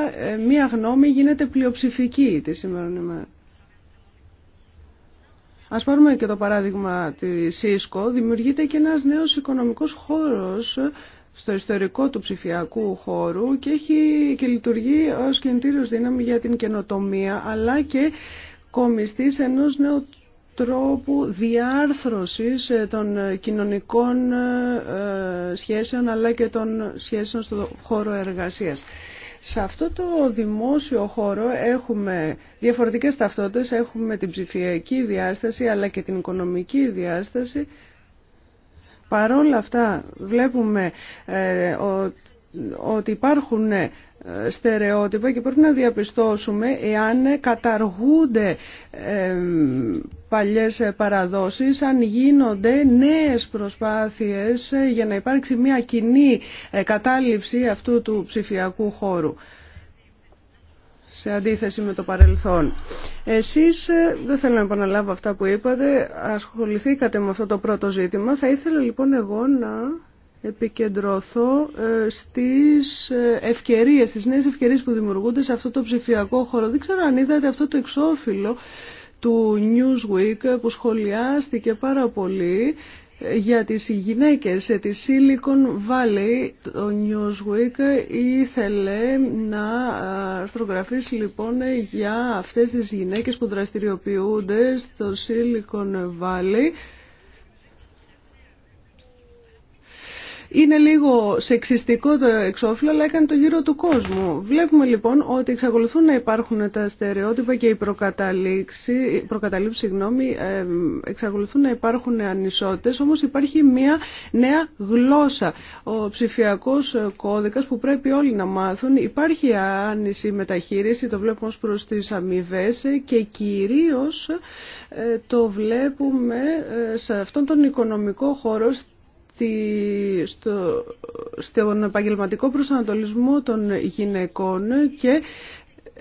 μία γνώμη γίνεται πλειοψηφική τη σήμερα. Ας πάρουμε και το παράδειγμα τη ΣΥΣΚΟ. Δημιουργείται και ένας νέος οικονομικός χώρος στο ιστορικό του ψηφιακού χώρου και, έχει, και λειτουργεί ως κινητήριος δύναμη για την καινοτομία αλλά και κομιστής ενός νέου τρόπου διάρθρωσης ε, των ε, κοινωνικών ε, σχέσεων αλλά και των σχέσεων στον χώρο εργασίας. Σε αυτό το δημόσιο χώρο έχουμε διαφορετικές ταυτότητες, έχουμε την ψηφιακή διάσταση αλλά και την οικονομική διάσταση. Παρόλα αυτά βλέπουμε ε, ότι υπάρχουν ε, στερεότυπα και πρέπει να διαπιστώσουμε εάν καταργούνται παλιές παραδόσεις, αν γίνονται νέες προσπάθειες για να υπάρξει μια κοινή ε, κατάληψη αυτού του ψηφιακού χώρου σε αντίθεση με το παρελθόν. Εσείς, ε, δεν θέλω να επαναλάβω αυτά που είπατε, ασχοληθήκατε με αυτό το πρώτο ζήτημα. Θα ήθελα λοιπόν εγώ να επικεντρωθώ ε, στις ε, ευκαιρίες, στις νέες ευκαιρίες που δημιουργούνται σε αυτό το ψηφιακό χώρο. Δεν ξέρω αν είδατε αυτό το εξώφυλλο του Newsweek που σχολιάστηκε πάρα πολύ ε, για τις γυναίκες τη Silicon Valley. Το Newsweek ήθελε να αρθρογραφήσει λοιπόν για αυτές τις γυναίκες που δραστηριοποιούνται στο Silicon Valley Είναι λίγο σεξιστικό το εξώφυλλο, αλλά έκανε το γύρο του κόσμου. Βλέπουμε λοιπόν ότι εξακολουθούν να υπάρχουν τα στερεότυπα και οι προκαταλήψει, συγγνώμη, ε, εξακολουθούν να υπάρχουν ανισότητες, όμω υπάρχει μια νέα γλώσσα. Ο ψηφιακό ε, κώδικα που πρέπει όλοι να μάθουν, υπάρχει άνηση μεταχείριση, το βλέπουμε ως προ τι αμοιβέ ε, και κυρίω το βλέπουμε σε αυτόν τον οικονομικό χώρο στο, στον επαγγελματικό προσανατολισμό των γυναικών και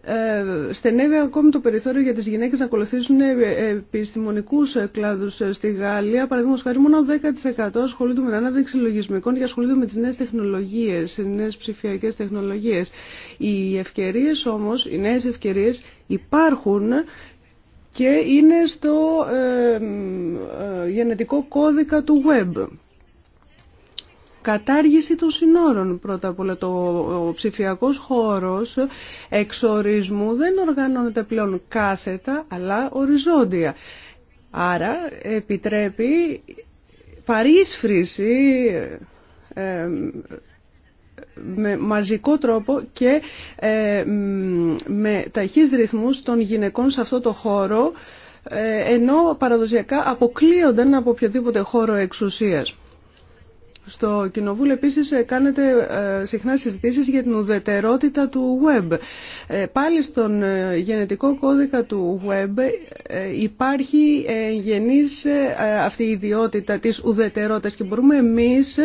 ε, στενεύει ακόμη το περιθώριο για τις γυναίκες να ακολουθήσουν ε, επιστημονικούς κλάδους ε, στη Γαλλία. Παραδείγματος χάρη μόνο 10% ασχολούνται με την ανάπτυξη λογισμικών και ασχολούνται με τις νέες τεχνολογίες, τις νέες ψηφιακές τεχνολογίες. Οι ευκαιρίες όμως, οι νέες ευκαιρίες υπάρχουν και είναι στο γενετικό κώδικα του web. Κατάργηση των συνόρων πρώτα απ' όλα. Το ψηφιακό χώρος εξορισμού δεν οργανώνεται πλέον κάθετα αλλά οριζόντια. Άρα επιτρέπει παρίσφρηση ε, με μαζικό τρόπο και ε, με ταχύς ρυθμούς των γυναικών σε αυτό το χώρο ε, ενώ παραδοσιακά αποκλείονταν από οποιοδήποτε χώρο εξουσίας. Στο Κοινοβούλιο επίσης ε, κάνετε ε, συχνά συζητήσεις για την ουδετερότητα του web. Ε, πάλι στον γενετικό κώδικα του web υπάρχει γενής αυτή η ιδιότητα της ουδετερότητας και μπορούμε εμείς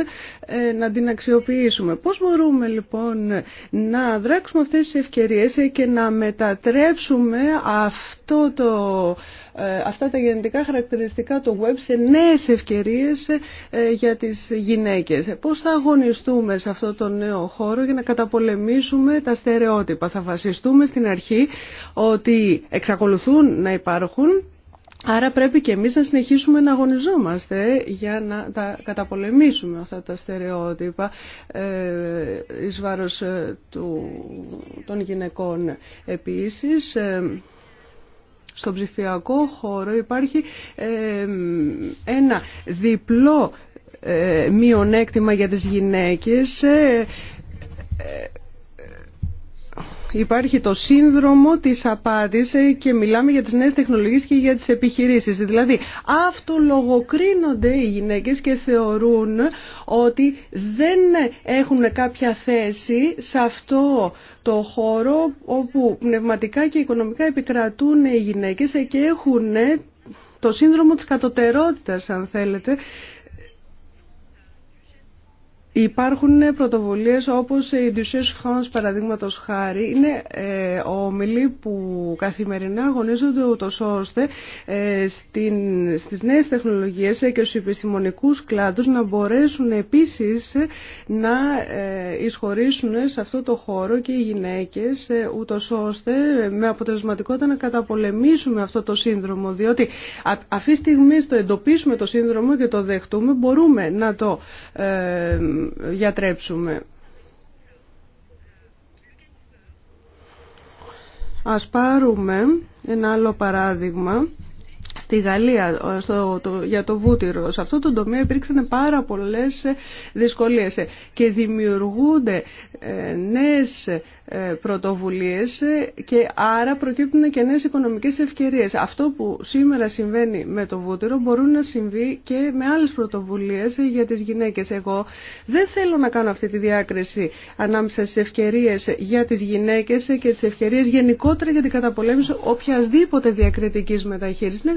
να την αξιοποιήσουμε. Πώς μπορούμε λοιπόν να δράξουμε αυτές τις ευκαιρίες και να μετατρέψουμε αυτό το ε, αυτά τα γενετικά χαρακτηριστικά του web σε νέες ευκαιρίες ε, για τις γυναίκες. Πώς θα αγωνιστούμε σε αυτό το νέο χώρο για να καταπολεμήσουμε τα στερεότυπα. Θα βασιστούμε στην αρχή ότι εξακολουθούν να υπάρχουν Άρα πρέπει και εμείς να συνεχίσουμε να αγωνιζόμαστε για να τα καταπολεμήσουμε αυτά τα στερεότυπα ε, εις ε, του, των γυναικών. Επίσης, στον ψηφιακό χώρο υπάρχει ε, ένα διπλό ε, μειονέκτημα για τις γυναίκες ε, υπάρχει το σύνδρομο της απάτης ε, και μιλάμε για τις νέες τεχνολογίες και για τις επιχειρήσεις. Δηλαδή, αυτολογοκρίνονται οι γυναίκες και θεωρούν ότι δεν έχουν κάποια θέση σε αυτό το χώρο όπου πνευματικά και οικονομικά επικρατούν οι γυναίκες ε, και έχουν το σύνδρομο της κατωτερότητας, αν θέλετε, Υπάρχουν πρωτοβουλίες όπως η Duchesse France παραδείγματος χάρη. Είναι ε, όμιλοι που καθημερινά αγωνίζονται ούτω ώστε ε, στην, στις νέες τεχνολογίες και στους επιστημονικούς κλάδους να μπορέσουν επίσης να ε, εισχωρήσουν σε αυτό το χώρο και οι γυναίκες ε, ούτως ώστε με αποτελεσματικότητα να καταπολεμήσουμε αυτό το σύνδρομο διότι αυτή τη στιγμή το εντοπίσουμε το σύνδρομο και το δεχτούμε μπορούμε να το ε, γιατρέψουμε. Ας πάρουμε ένα άλλο παράδειγμα στη Γαλλία ε, στο, το, για το βούτυρο. Σε αυτό το τομέα υπήρξαν πάρα πολλές ε, δυσκολίες ε, και δημιουργούνται νέες πρωτοβουλίες και άρα προκύπτουν και νέες οικονομικές ευκαιρίες. Αυτό που σήμερα συμβαίνει με το βούτυρο μπορούν να συμβεί και με άλλες πρωτοβουλίες για τις γυναίκες. Εγώ δεν θέλω να κάνω αυτή τη διάκριση ανάμεσα στις ευκαιρίες για τις γυναίκες και τις ευκαιρίες γενικότερα για την καταπολέμηση οποιασδήποτε διακριτική μεταχείρισης. Είναι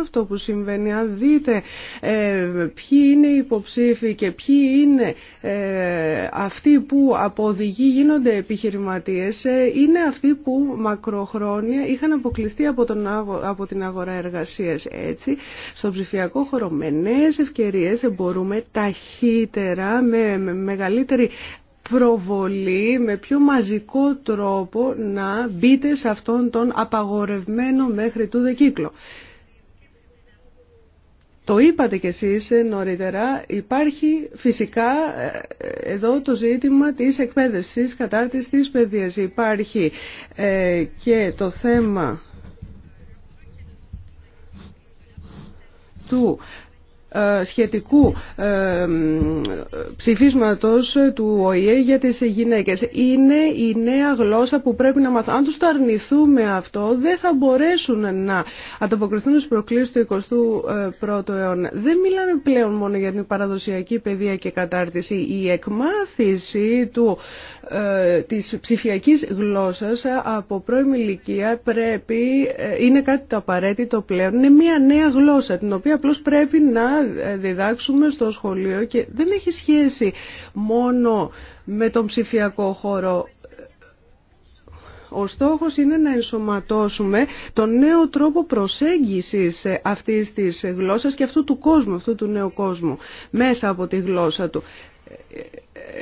αυτό που συμβαίνει. Αν δείτε ε, ποιοι είναι οι υποψήφοι και ποιοι είναι ε, αυτοί που από γίνονται επιχειρηματίες, ε, είναι αυτοί που μακροχρόνια είχαν αποκλειστεί από, τον, από την αγορά εργασίας. Έτσι, στον ψηφιακό χώρο με νέες ευκαιρίες μπορούμε ταχύτερα, με, με μεγαλύτερη προβολή με πιο μαζικό τρόπο να μπείτε σε αυτόν τον απαγορευμένο μέχρι τούδε κύκλο. Το είπατε κι εσείς ε, νωρίτερα, υπάρχει φυσικά ε, ε, εδώ το ζήτημα της εκπαίδευσης, κατάρτισης της παιδείας. Υπάρχει και το θέμα του ε, σχετικού ε, ψηφίσματος του ΟΗΕ για τις γυναίκες. Είναι η νέα γλώσσα που πρέπει να μαθαίνουν. Αν τους το αρνηθούμε αυτό, δεν θα μπορέσουν να ανταποκριθούν στις προκλήσεις του 21ου ε, αιώνα. Δεν μιλάμε πλέον μόνο για την παραδοσιακή παιδεία και κατάρτιση. Η εκμάθηση του, ε, της ψηφιακής γλώσσας από πρώιμη ηλικία πρέπει, ε, είναι κάτι το απαραίτητο πλέον. Είναι μια νέα γλώσσα την οποία απλώς πρέπει να διδάξουμε στο σχολείο και δεν έχει σχέση μόνο με τον ψηφιακό χώρο. Ο στόχος είναι να ενσωματώσουμε τον νέο τρόπο προσέγγισης αυτής της γλώσσας και αυτού του κόσμου, αυτού του νέου κόσμου, μέσα από τη γλώσσα του.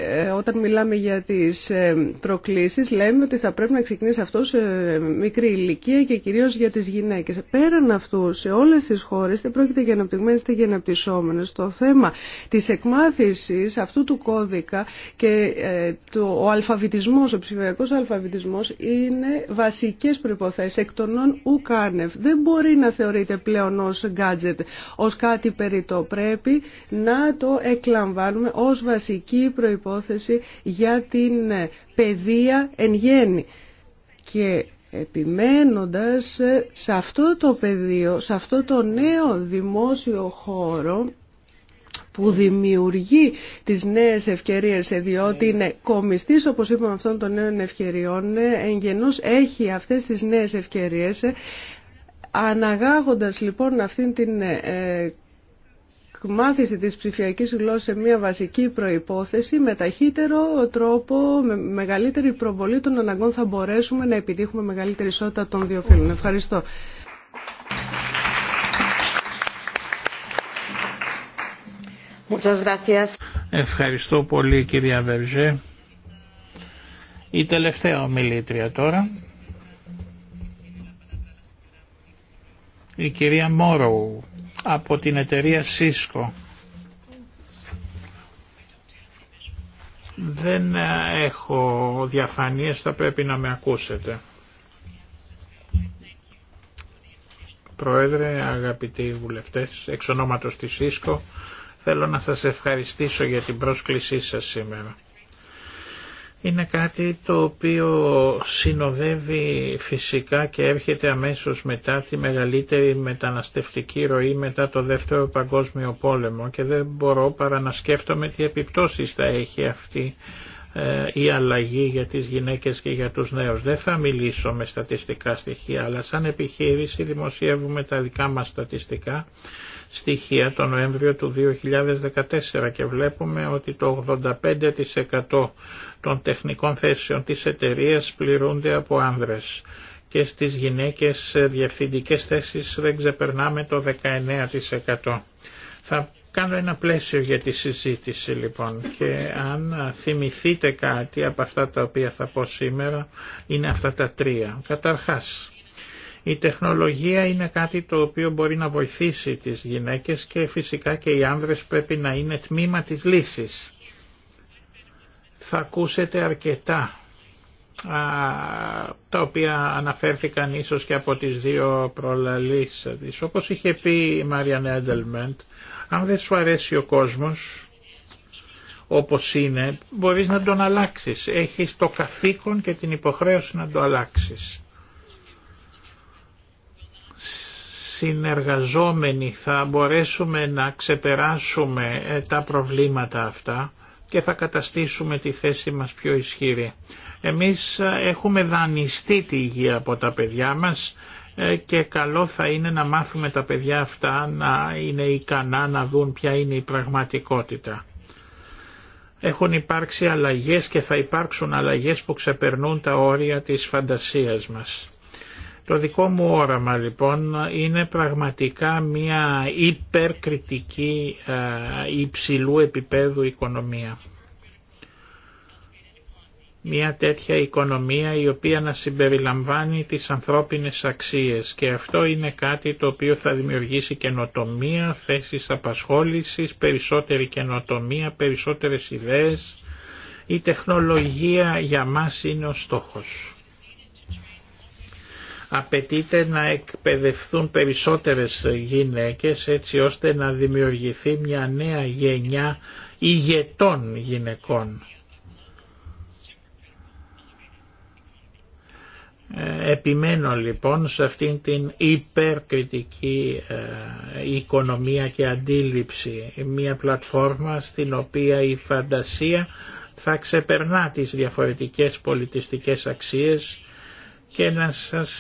Ε, όταν μιλάμε για τις ε, προκλήσεις λέμε ότι θα πρέπει να ξεκινήσει αυτό σε μικρή ηλικία και κυρίως για τις γυναίκες. Πέραν αυτού σε όλες τις χώρες δεν πρόκειται για αναπτυγμένες είτε για αναπτυσσόμενες. Το θέμα της εκμάθησης αυτού του κώδικα και ε, το, ο αλφαβητισμός, ο ψηφιακός αλφαβητισμός είναι βασικές προϋποθέσεις εκ των νόν ουκάνευ. Δεν μπορεί να θεωρείται πλέον ως gadget, ως κάτι περί το πρέπει να το εκλαμβάνουμε ως βασική προϋπόθεση προϋπόθεση για την παιδεία εν γέννη. Και επιμένοντας σε αυτό το πεδίο, σε αυτό το νέο δημόσιο χώρο που δημιουργεί τις νέες ευκαιρίες διότι είναι κομιστής όπως είπαμε αυτών των νέων ευκαιριών εγγενώς έχει αυτές τις νέες ευκαιρίες Αναγάγοντας λοιπόν αυτήν την ε, μάθηση της ψηφιακής γλώσσας σε μια βασική προϋπόθεση, με ταχύτερο τρόπο, με μεγαλύτερη προβολή των αναγκών θα μπορέσουμε να επιτύχουμε μεγαλύτερη ισότητα των δύο φίλων. Ευχαριστώ. Ευχαριστώ πολύ κυρία Βερζέ. Η τελευταία ομιλήτρια τώρα. Η κυρία Μόρου από την εταιρεία Cisco. Δεν έχω διαφανίες, θα πρέπει να με ακούσετε. Πρόεδρε, αγαπητοί βουλευτές, εξ ονόματος της ΣΥΣΚΟ, θέλω να σας ευχαριστήσω για την πρόσκλησή σας σήμερα είναι κάτι το οποίο συνοδεύει φυσικά και έρχεται αμέσως μετά τη μεγαλύτερη μεταναστευτική ροή μετά το Δεύτερο Παγκόσμιο Πόλεμο και δεν μπορώ παρά να σκέφτομαι τι επιπτώσεις θα έχει αυτή ε, η αλλαγή για τις γυναίκες και για τους νέους. Δεν θα μιλήσω με στατιστικά στοιχεία, αλλά σαν επιχείρηση δημοσιεύουμε τα δικά μας στατιστικά στοιχεία τον Νοέμβριο του 2014 και βλέπουμε ότι το 85% των τεχνικών θέσεων της εταιρείας πληρούνται από άνδρες και στις γυναίκες διευθυντικές θέσεις δεν ξεπερνάμε το 19%. Θα κάνω ένα πλαίσιο για τη συζήτηση λοιπόν και αν θυμηθείτε κάτι από αυτά τα οποία θα πω σήμερα είναι αυτά τα τρία. Καταρχάς, η τεχνολογία είναι κάτι το οποίο μπορεί να βοηθήσει τις γυναίκες και φυσικά και οι άνδρες πρέπει να είναι τμήμα της λύσης. Θα ακούσετε αρκετά τα οποία αναφέρθηκαν ίσως και από τις δύο προλαλήσεις. Όπως είχε πει η Μάρια Εντελμέντ, αν δεν σου αρέσει ο κόσμος όπως είναι, μπορείς να τον αλλάξεις. Έχει το καθήκον και την υποχρέωση να το αλλάξεις. συνεργαζόμενοι θα μπορέσουμε να ξεπεράσουμε ε, τα προβλήματα αυτά και θα καταστήσουμε τη θέση μας πιο ισχυρή. Εμείς ε, έχουμε δανειστεί τη υγεία από τα παιδιά μας ε, και καλό θα είναι να μάθουμε τα παιδιά αυτά να είναι ικανά να δουν ποια είναι η πραγματικότητα. Έχουν υπάρξει αλλαγές και θα υπάρξουν αλλαγές που ξεπερνούν τα όρια της φαντασίας μας. Το δικό μου όραμα λοιπόν είναι πραγματικά μια υπερκριτική ε, υψηλού επίπεδου οικονομία. Μια τέτοια οικονομία η οποία να συμπεριλαμβάνει τις ανθρώπινες αξίες και αυτό είναι κάτι το οποίο θα δημιουργήσει καινοτομία, θέσεις απασχόλησης, περισσότερη καινοτομία, περισσότερες ιδέες. Η τεχνολογία για μας είναι ο στόχος απαιτείται να εκπαιδευθούν περισσότερες γυναίκες έτσι ώστε να δημιουργηθεί μια νέα γενιά ηγετών γυναικών. Ε, επιμένω λοιπόν σε αυτήν την υπερκριτική ε, οικονομία και αντίληψη, μια πλατφόρμα στην οποία η φαντασία θα ξεπερνά τις διαφορετικές πολιτιστικές αξίες και να σας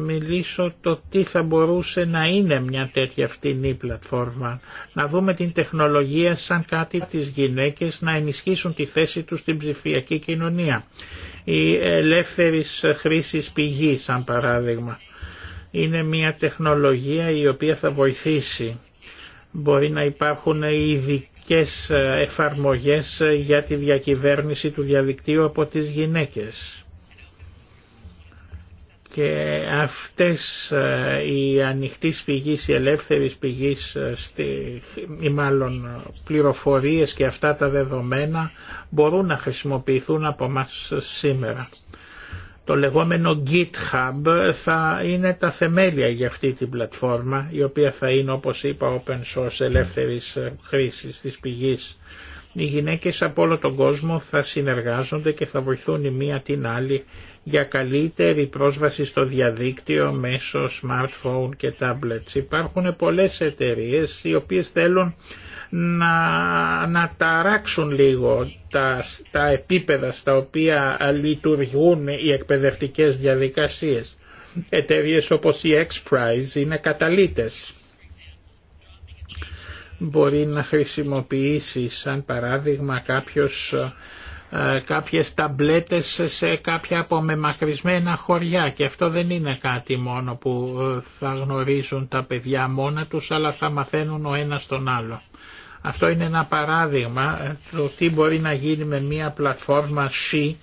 μιλήσω το τι θα μπορούσε να είναι μια τέτοια φτηνή πλατφόρμα. Να δούμε την τεχνολογία σαν κάτι τις γυναίκες να ενισχύσουν τη θέση τους στην ψηφιακή κοινωνία. Η ελεύθερης χρήση πηγή σαν παράδειγμα. Είναι μια τεχνολογία η οποία θα βοηθήσει. Μπορεί να υπάρχουν ειδικέ εφαρμογές για τη διακυβέρνηση του διαδικτύου από τις γυναίκες και αυτές ε, οι ανοιχτής πηγής, οι ελεύθερης πηγής, ε, στη, ή μάλλον πληροφορίες και αυτά τα δεδομένα μπορούν να χρησιμοποιηθούν από μας σήμερα. Το λεγόμενο GitHub θα είναι τα θεμέλια για αυτή την πλατφόρμα, η οποία θα είναι όπως είπα open source ελεύθερης ε, χρήσης της πηγής οι γυναίκες από όλο τον κόσμο θα συνεργάζονται και θα βοηθούν η μία την άλλη για καλύτερη πρόσβαση στο διαδίκτυο μέσω smartphone και tablets. Υπάρχουν πολλές εταιρείες οι οποίες θέλουν να, να ταράξουν λίγο τα, τα επίπεδα στα οποία λειτουργούν οι εκπαιδευτικές διαδικασίες. Εταιρείες όπως η XPRIZE είναι καταλήτες μπορεί να χρησιμοποιήσει σαν παράδειγμα κάποιος, ε, κάποιες ταμπλέτες σε κάποια απομεμακρυσμένα χωριά και αυτό δεν είναι κάτι μόνο που ε, θα γνωρίζουν τα παιδιά μόνα τους αλλά θα μαθαίνουν ο ένας τον άλλο. Αυτό είναι ένα παράδειγμα ε, του τι μπορεί να γίνει με μια πλατφόρμα C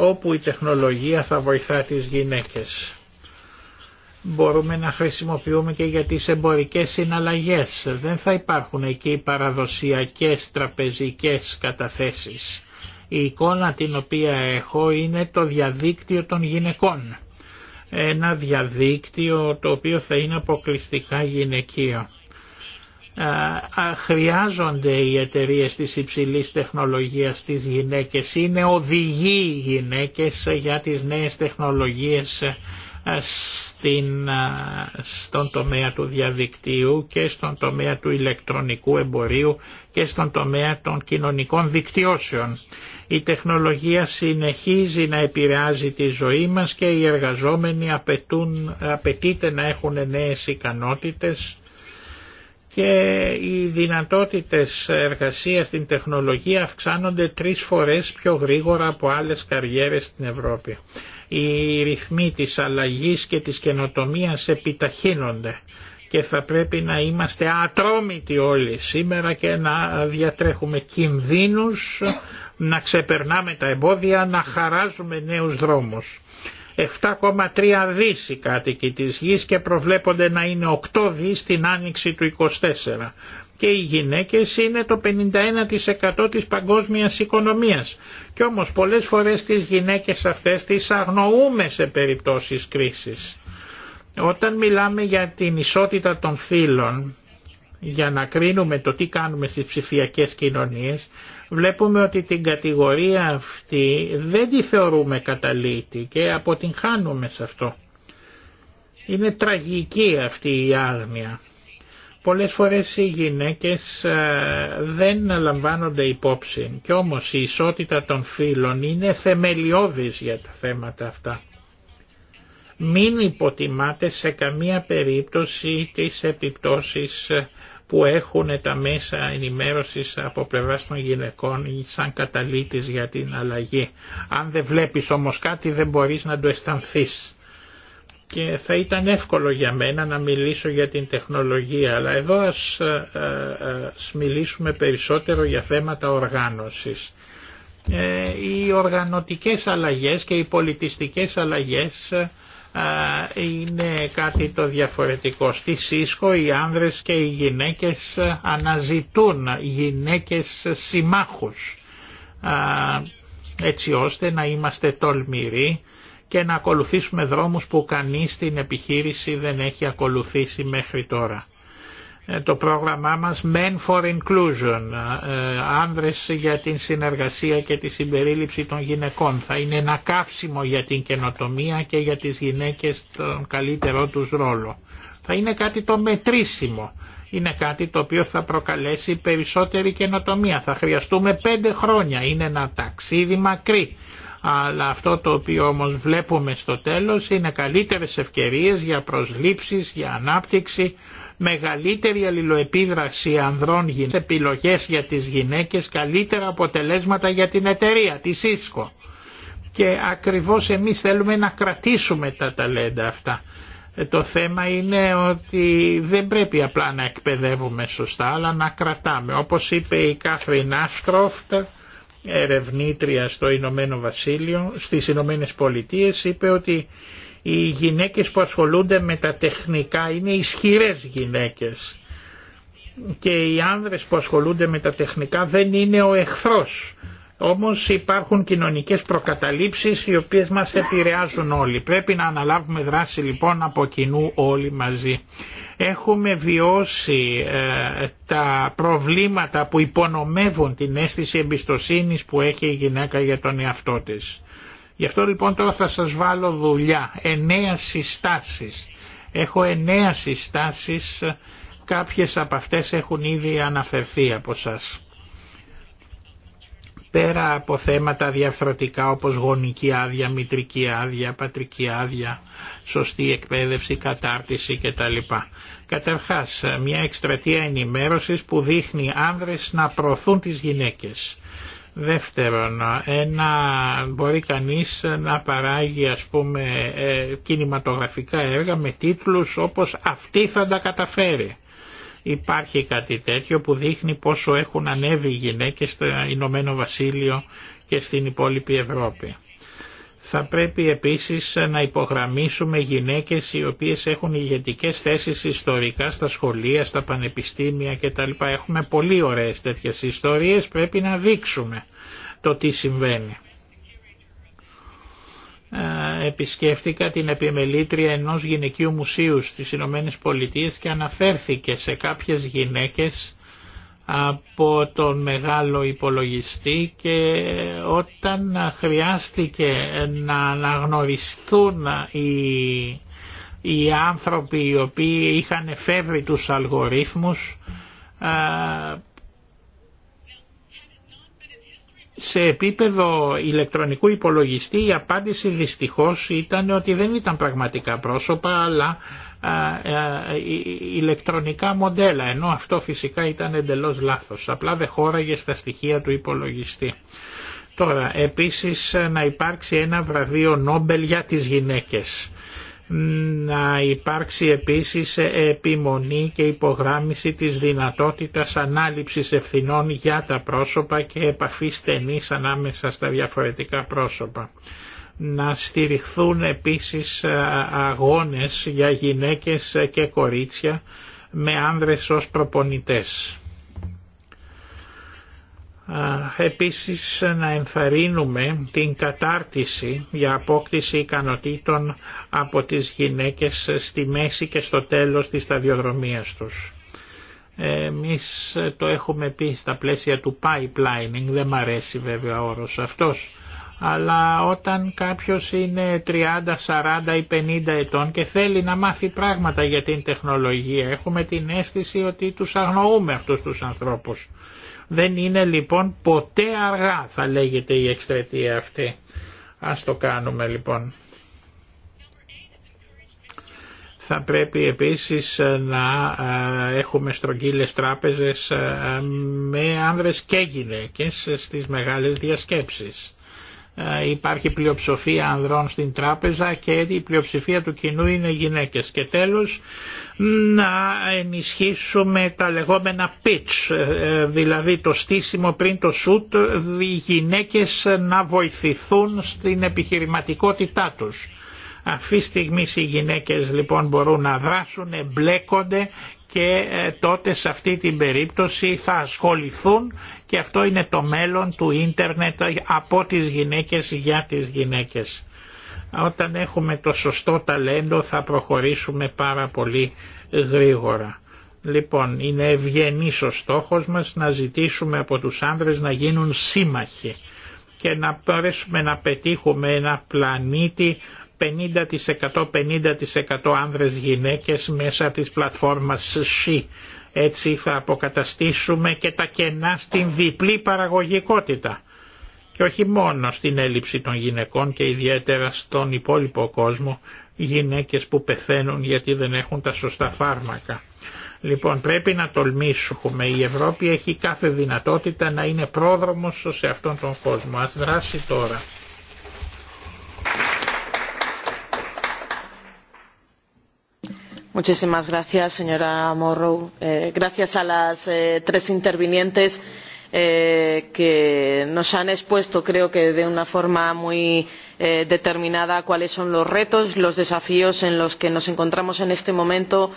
όπου η τεχνολογία θα βοηθά τις γυναίκες μπορούμε να χρησιμοποιούμε και για τις εμπορικές συναλλαγές. Δεν θα υπάρχουν εκεί παραδοσιακές τραπεζικές καταθέσεις. Η εικόνα την οποία έχω είναι το διαδίκτυο των γυναικών. Ένα διαδίκτυο το οποίο θα είναι αποκλειστικά γυναικείο. Χρειάζονται οι εταιρείε της υψηλής τεχνολογίας τις γυναίκες, είναι οδηγοί οι γυναίκες για τις νέες τεχνολογίες στην, στον τομέα του διαδικτύου και στον τομέα του ηλεκτρονικού εμπορίου και στον τομέα των κοινωνικών δικτυώσεων. Η τεχνολογία συνεχίζει να επηρεάζει τη ζωή μας και οι εργαζόμενοι απαιτούν, απαιτείται να έχουν νέες ικανότητες και οι δυνατότητες εργασίας στην τεχνολογία αυξάνονται τρεις φορές πιο γρήγορα από άλλες καριέρες στην Ευρώπη. Οι ρυθμοί της αλλαγής και της καινοτομίας επιταχύνονται και θα πρέπει να είμαστε ατρόμητοι όλοι σήμερα και να διατρέχουμε κινδύνους, να ξεπερνάμε τα εμπόδια, να χαράζουμε νέους δρόμους. 7,3 δις οι κάτοικοι της γης και προβλέπονται να είναι 8 δις την άνοιξη του 24 και οι γυναίκες είναι το 51% της παγκόσμιας οικονομίας. Κι όμως πολλές φορές τις γυναίκες αυτές τις αγνοούμε σε περιπτώσεις κρίσης. Όταν μιλάμε για την ισότητα των φύλων, για να κρίνουμε το τι κάνουμε στις ψηφιακές κοινωνίες, βλέπουμε ότι την κατηγορία αυτή δεν τη θεωρούμε καταλήτη και αποτυγχάνουμε σε αυτό. Είναι τραγική αυτή η άγνοια. Πολλές φορές οι γυναίκες ε, δεν λαμβάνονται υπόψη και όμως η ισότητα των φύλων είναι θεμελιώδης για τα θέματα αυτά. Μην υποτιμάτε σε καμία περίπτωση τις επιπτώσεις ε, που έχουν τα μέσα ενημέρωσης από πλευράς των γυναικών σαν καταλήτης για την αλλαγή. Αν δεν βλέπεις όμως κάτι δεν μπορείς να το αισθανθεί και θα ήταν εύκολο για μένα να μιλήσω για την τεχνολογία, αλλά εδώ ας, ε, ε, ας μιλήσουμε περισσότερο για θέματα οργάνωσης. Ε, οι οργανωτικές αλλαγές και οι πολιτιστικές αλλαγές είναι κάτι το διαφορετικό. Στη ΣΥΣΚΟ οι άνδρες και οι γυναίκες αναζητούν γυναίκες συμμάχους έτσι ώστε να είμαστε τολμηροί και να ακολουθήσουμε δρόμους που κανείς στην επιχείρηση δεν έχει ακολουθήσει μέχρι τώρα. Ε, το πρόγραμμά μας Men for Inclusion, ε, άνδρες για την συνεργασία και τη συμπερίληψη των γυναικών. Θα είναι ένα καύσιμο για την καινοτομία και για τις γυναίκες τον καλύτερό τους ρόλο. Θα είναι κάτι το μετρήσιμο. Είναι κάτι το οποίο θα προκαλέσει περισσότερη καινοτομία. Θα χρειαστούμε πέντε χρόνια. Είναι ένα ταξίδι μακρύ αλλά αυτό το οποίο όμως βλέπουμε στο τέλος είναι καλύτερες ευκαιρίες για προσλήψεις, για ανάπτυξη, μεγαλύτερη αλληλοεπίδραση ανδρών γυναικών, επιλογές για τις γυναίκες, καλύτερα αποτελέσματα για την εταιρεία, τη ΣΥΣΚΟ. Και ακριβώς εμείς θέλουμε να κρατήσουμε τα ταλέντα αυτά. Ε, το θέμα είναι ότι δεν πρέπει απλά να εκπαιδεύουμε σωστά, αλλά να κρατάμε. Όπως είπε η Κάθριν Άσκροφτ, ερευνήτρια στο Ηνωμένο Βασίλειο, στις Ηνωμένες Πολιτείες, είπε ότι οι γυναίκες που ασχολούνται με τα τεχνικά είναι ισχυρές γυναίκες και οι άνδρες που ασχολούνται με τα τεχνικά δεν είναι ο εχθρός όμως υπάρχουν κοινωνικές προκαταλήψεις οι οποίες μας επηρεάζουν όλοι. Πρέπει να αναλάβουμε δράση λοιπόν από κοινού όλοι μαζί. Έχουμε βιώσει ε, τα προβλήματα που υπονομεύουν την αίσθηση εμπιστοσύνης που έχει η γυναίκα για τον εαυτό της. Γι' αυτό λοιπόν τώρα θα σας βάλω δουλειά. Εννέα συστάσεις. Έχω εννέα συστάσεις, κάποιες από αυτές έχουν ήδη αναφερθεί από σας πέρα από θέματα διαφθρωτικά όπως γονική άδεια, μητρική άδεια, πατρική άδεια, σωστή εκπαίδευση, κατάρτιση κτλ. Καταρχάς, μια εκστρατεία ενημέρωσης που δείχνει άνδρες να προωθούν τις γυναίκες. Δεύτερον, ένα, μπορεί κανείς να παράγει ας πούμε ε, κινηματογραφικά έργα με τίτλους όπως «Αυτή θα τα καταφέρει» Υπάρχει κάτι τέτοιο που δείχνει πόσο έχουν ανέβει οι γυναίκες στο Ηνωμένο Βασίλειο και στην υπόλοιπη Ευρώπη. Θα πρέπει επίσης να υπογραμμίσουμε γυναίκες οι οποίες έχουν ηγετικέ θέσεις ιστορικά στα σχολεία, στα πανεπιστήμια κτλ. Έχουμε πολύ ωραίες τέτοιες ιστορίες, πρέπει να δείξουμε το τι συμβαίνει. Ε, επισκέφτηκα την επιμελήτρια ενός γυναικείου μουσείου στις Ηνωμένε Πολιτείες και αναφέρθηκε σε κάποιες γυναίκες από τον μεγάλο υπολογιστή και όταν χρειάστηκε να αναγνωριστούν οι, άνθρωποι οι οποίοι είχαν εφεύρει τους αλγορίθμους ε, σε επίπεδο ηλεκτρονικού υπολογιστή η απάντηση δυστυχώς ήταν ότι δεν ήταν πραγματικά πρόσωπα αλλά ηλεκτρονικά μοντέλα ενώ αυτό φυσικά ήταν εντελώς λάθος απλά δεν χώραγε στα στοιχεία του υπολογιστή. Τώρα επίσης να υπάρξει ένα βραβείο Νόμπελ για τις γυναίκες να υπάρξει επίσης επιμονή και υπογράμμιση της δυνατότητας ανάληψης ευθυνών για τα πρόσωπα και επαφή στενή ανάμεσα στα διαφορετικά πρόσωπα. Να στηριχθούν επίσης αγώνες για γυναίκες και κορίτσια με άνδρες ως προπονητές. Επίσης να ενθαρρύνουμε την κατάρτιση για απόκτηση ικανοτήτων από τις γυναίκες στη μέση και στο τέλος της σταδιοδρομίας τους. Εμείς το έχουμε πει στα πλαίσια του pipelining, δεν μ' αρέσει βέβαια ο όρος αυτός, αλλά όταν κάποιος είναι 30, 40 ή 50 ετών και θέλει να μάθει πράγματα για την τεχνολογία, έχουμε την αίσθηση ότι τους αγνοούμε αυτούς τους ανθρώπους. Δεν είναι λοιπόν ποτέ αργά θα λέγεται η εκστρατεία αυτή. Ας το κάνουμε λοιπόν. Θα πρέπει επίσης να ε, έχουμε στρογγύλες τράπεζες ε, με άνδρες και γυναίκες στις μεγάλες διασκέψεις. Ε, υπάρχει πλειοψηφία ανδρών στην τράπεζα και η πλειοψηφία του κοινού είναι γυναίκες. Και τέλος να ενισχύσουμε τα λεγόμενα pitch, ε, ε, δηλαδή το στήσιμο πριν το shoot, οι γυναίκες να βοηθηθούν στην επιχειρηματικότητά τους. Αυτή τη στιγμή οι γυναίκες λοιπόν μπορούν να δράσουν, εμπλέκονται και ε, τότε σε αυτή την περίπτωση θα ασχοληθούν και αυτό είναι το μέλλον του ίντερνετ από τις γυναίκες για τις γυναίκες. Όταν έχουμε το σωστό ταλέντο θα προχωρήσουμε πάρα πολύ γρήγορα. Λοιπόν, είναι ευγενής ο στόχος μας να ζητήσουμε από τους άνδρες να γίνουν σύμμαχοι και να μπορέσουμε να πετύχουμε ένα πλανήτη 50% 50% άνδρες γυναίκες μέσα της πλατφόρμας ΣΥ. Έτσι θα αποκαταστήσουμε και τα κενά στην διπλή παραγωγικότητα και όχι μόνο στην έλλειψη των γυναικών και ιδιαίτερα στον υπόλοιπο κόσμο γυναίκες που πεθαίνουν γιατί δεν έχουν τα σωστά φάρμακα. Λοιπόν πρέπει να τολμήσουμε, η Ευρώπη έχει κάθε δυνατότητα να είναι πρόδρομος σε αυτόν τον κόσμο, ας δράσει τώρα. Muchísimas gracias, señora Morrow. Gracias a las tres intervinientes que nos han expuesto, creo que de una forma muy determinada, cuáles son los retos, los desafíos en los que nos encontramos en este momento,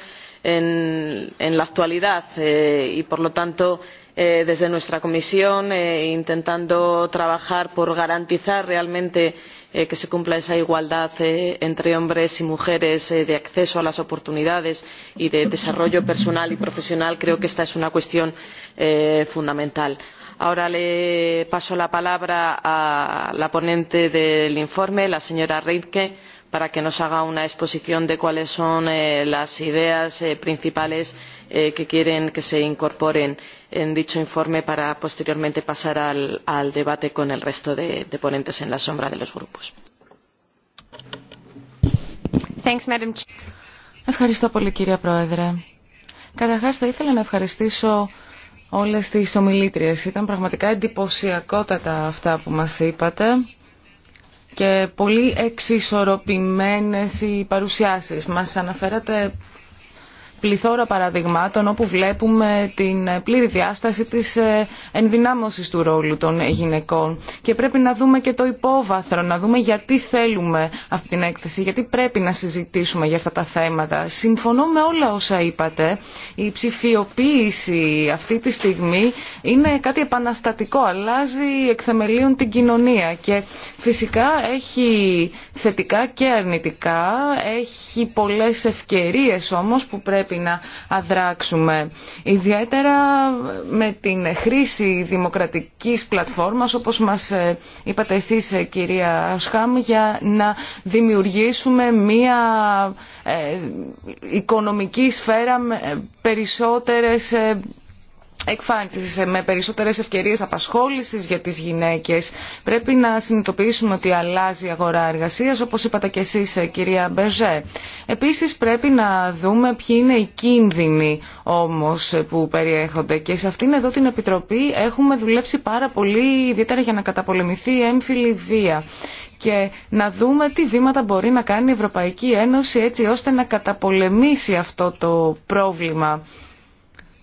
en la actualidad, y, por lo tanto, desde nuestra Comisión, intentando trabajar por garantizar realmente que se cumpla esa igualdad entre hombres y mujeres de acceso a las oportunidades y de desarrollo personal y profesional creo que esta es una cuestión fundamental. Ahora le paso la palabra a la ponente del informe, la señora Reintke, para que nos haga una exposición de cuáles son las ideas principales que quieren que se incorporen en dicho informe para posteriormente pasar al debate con el resto de ponentes en la sombra de los grupos. Ευχαριστώ πολύ κύριε Πρόεδρε. Καταρχάς θα ήθελα να ευχαριστήσω όλες τις ομιλήτριες. Ήταν πραγματικά εντυπωσιακότατα αυτά που μας είπατε και πολύ εξισορροπημένες οι παρουσιάσεις. Μας αναφέρατε πληθώρα παραδειγμάτων όπου βλέπουμε την πλήρη διάσταση της ε, ενδυνάμωσης του ρόλου των γυναικών. Και πρέπει να δούμε και το υπόβαθρο, να δούμε γιατί θέλουμε αυτή την έκθεση, γιατί πρέπει να συζητήσουμε για αυτά τα θέματα. Συμφωνώ με όλα όσα είπατε. Η ψηφιοποίηση αυτή τη στιγμή είναι κάτι επαναστατικό, αλλάζει εκ θεμελίων την κοινωνία και φυσικά έχει θετικά και αρνητικά, έχει πολλές ευκαιρίες όμως που πρέπει πρέπει να αδράξουμε. Ιδιαίτερα με την χρήση δημοκρατικής πλατφόρμας, όπως μας ε, είπατε εσείς ε, κυρία Σχάμ, για να δημιουργήσουμε μία ε, οικονομική σφαίρα με περισσότερες εκφάνσεις, με περισσότερες ευκαιρίες απασχόλησης για τις γυναίκες. Πρέπει να συνειδητοποιήσουμε ότι αλλάζει η αγορά εργασίας, όπως είπατε και εσείς ε, κυρία Μπεζέ. Επίσης πρέπει να δούμε ποιοι είναι οι κίνδυνοι όμως ε, που περιέχονται και σε αυτήν εδώ την Επιτροπή έχουμε δουλέψει πάρα πολύ ιδιαίτερα για να καταπολεμηθεί η έμφυλη βία και να δούμε τι βήματα μπορεί να κάνει η Ευρωπαϊκή Ένωση έτσι ώστε να καταπολεμήσει αυτό το πρόβλημα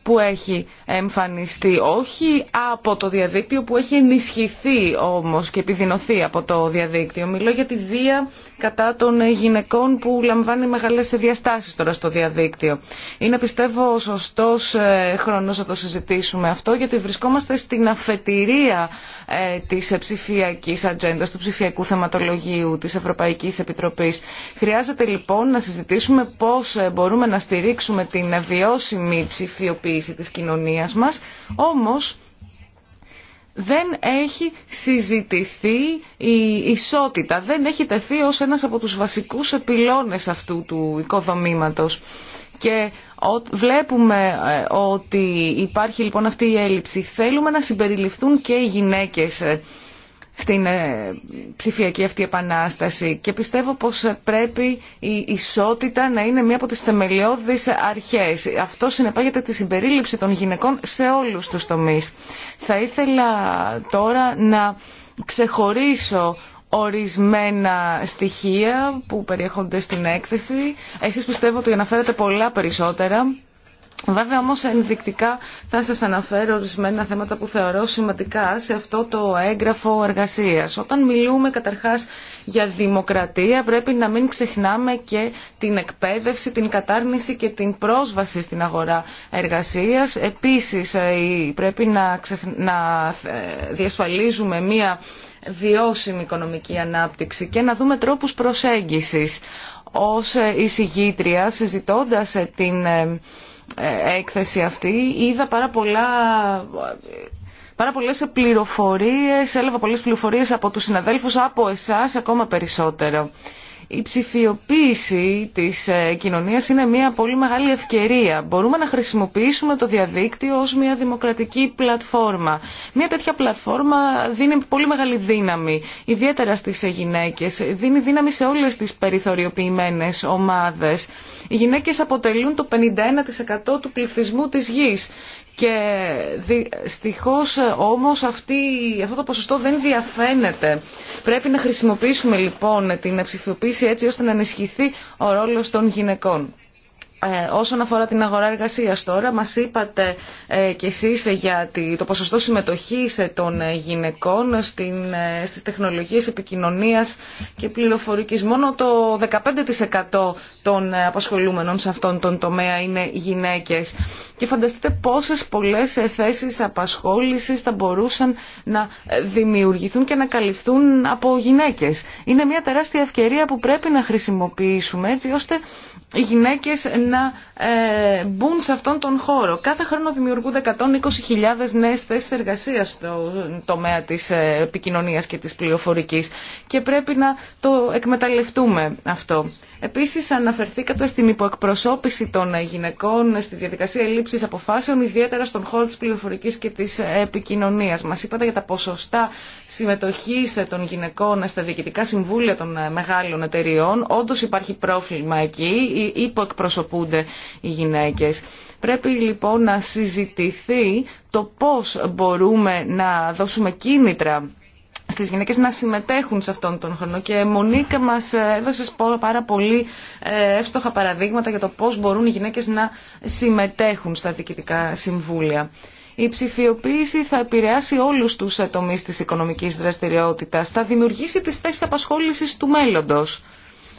που έχει εμφανιστεί, όχι από το διαδίκτυο που έχει ενισχυθεί όμως και επιδεινωθεί από το διαδίκτυο. Μιλώ για τη βία κατά των γυναικών που λαμβάνει μεγάλες διαστάσεις τώρα στο διαδίκτυο. Είναι πιστεύω σωστός ε, χρόνος να το συζητήσουμε αυτό γιατί βρισκόμαστε στην αφετηρία ε, της ψηφιακής ατζέντα, του ψηφιακού θεματολογίου της Ευρωπαϊκής Επιτροπής. Χρειάζεται λοιπόν να συζητήσουμε πώς ε, μπορούμε να στηρίξουμε την βιώσιμη ψηφιοποίηση διαφοροποίηση της κοινωνίας μας, όμως δεν έχει συζητηθεί η ισότητα, δεν έχει τεθεί ως ένας από τους βασικούς επιλώνες αυτού του οικοδομήματος. Και βλέπουμε ε, ότι υπάρχει λοιπόν αυτή η έλλειψη. Θέλουμε να συμπεριληφθούν και οι γυναίκες ε, στην ε, ψηφιακή αυτή επανάσταση και πιστεύω πως πρέπει η ισότητα να είναι μία από τις θεμελιώδεις αρχές. Αυτό συνεπάγεται τη συμπερίληψη των γυναικών σε όλους τους τομείς. Θα ήθελα τώρα να ξεχωρίσω ορισμένα στοιχεία που περιέχονται στην έκθεση. Εσείς πιστεύω ότι αναφέρετε πολλά περισσότερα Βέβαια όμως ενδεικτικά θα σας αναφέρω ορισμένα θέματα που θεωρώ σημαντικά σε αυτό το έγγραφο εργασίας. Όταν μιλούμε καταρχάς για δημοκρατία πρέπει να μην ξεχνάμε και την εκπαίδευση, την κατάρνηση και την πρόσβαση στην αγορά εργασίας. Επίσης ε, πρέπει να, να ε, διασφαλίζουμε μία βιώσιμη οικονομική ανάπτυξη και να δούμε τρόπους προσέγγισης. Ως ε, εισηγήτρια συζητώντας την ε, έκθεση αυτή είδα πάρα πολλά πάρα πολλές πληροφορίες, έλαβα πολλές πληροφορίες από τους συναδέλφους, από εσάς ακόμα περισσότερο. Η ψηφιοποίηση της ε, κοινωνίας είναι μια πολύ μεγάλη ευκαιρία. Μπορούμε να χρησιμοποιήσουμε το διαδίκτυο ως μια δημοκρατική πλατφόρμα. Μια τέτοια πλατφόρμα δίνει πολύ μεγάλη δύναμη, ιδιαίτερα στις ε, γυναίκες. Δίνει δύναμη σε όλες τις περιθωριοποιημένες ομάδες. Οι γυναίκες αποτελούν το 51% του πληθυσμού της γης και δυστυχώ ε, όμως αυτό το ποσοστό δεν διαφαίνεται. Πρέπει να χρησιμοποιήσουμε λοιπόν την ψηφιοποίηση έτσι ώστε να ενισχυθεί ο ρόλος των γυναικών. Ε, όσον αφορά την αγορά εργασίας τώρα, μας είπατε ε, κι εσείς για το ποσοστό συμμετοχής ε, των γυναικών στην, στις τεχνολογίες επικοινωνίας και πληροφορικής. Μόνο το 15% των απασχολούμενων σε αυτόν τον τομέα είναι γυναίκες. Και φανταστείτε πόσες πολλές θέσεις απασχόλησης θα μπορούσαν να δημιουργηθούν και να καλυφθούν από γυναίκες. Είναι μια τεράστια ευκαιρία που πρέπει να χρησιμοποιήσουμε έτσι ώστε οι γυναίκες να ε, μπουν σε αυτόν τον χώρο. Κάθε χρόνο δημιουργούνται 120.000 νέες θέσεις εργασίας στον τομέα της ε, επικοινωνίας και της πληροφορικής και πρέπει να το εκμεταλλευτούμε αυτό. Επίσης αναφερθήκατε στην υποεκπροσώπηση των γυναικών στη διαδικασία λήψης αποφάσεων, ιδιαίτερα στον χώρο της πληροφορικής και της επικοινωνίας. Μας είπατε για τα ποσοστά συμμετοχής των γυναικών στα διοικητικά συμβούλια των μεγάλων εταιριών. Όντως υπάρχει πρόβλημα εκεί, υποεκπροσωπούνται οι γυναίκες. Πρέπει λοιπόν να συζητηθεί το πώς μπορούμε να δώσουμε κίνητρα στις γυναίκες να συμμετέχουν σε αυτόν τον χρόνο. Και Μονίκα μας έδωσε πάρα πολύ ε, εύστοχα παραδείγματα για το πώς μπορούν οι γυναίκες να συμμετέχουν στα διοικητικά συμβούλια. Η ψηφιοποίηση θα επηρεάσει όλους τους τομείς της οικονομικής δραστηριότητας, θα δημιουργήσει τις θέσεις απασχόλησης του μέλλοντος.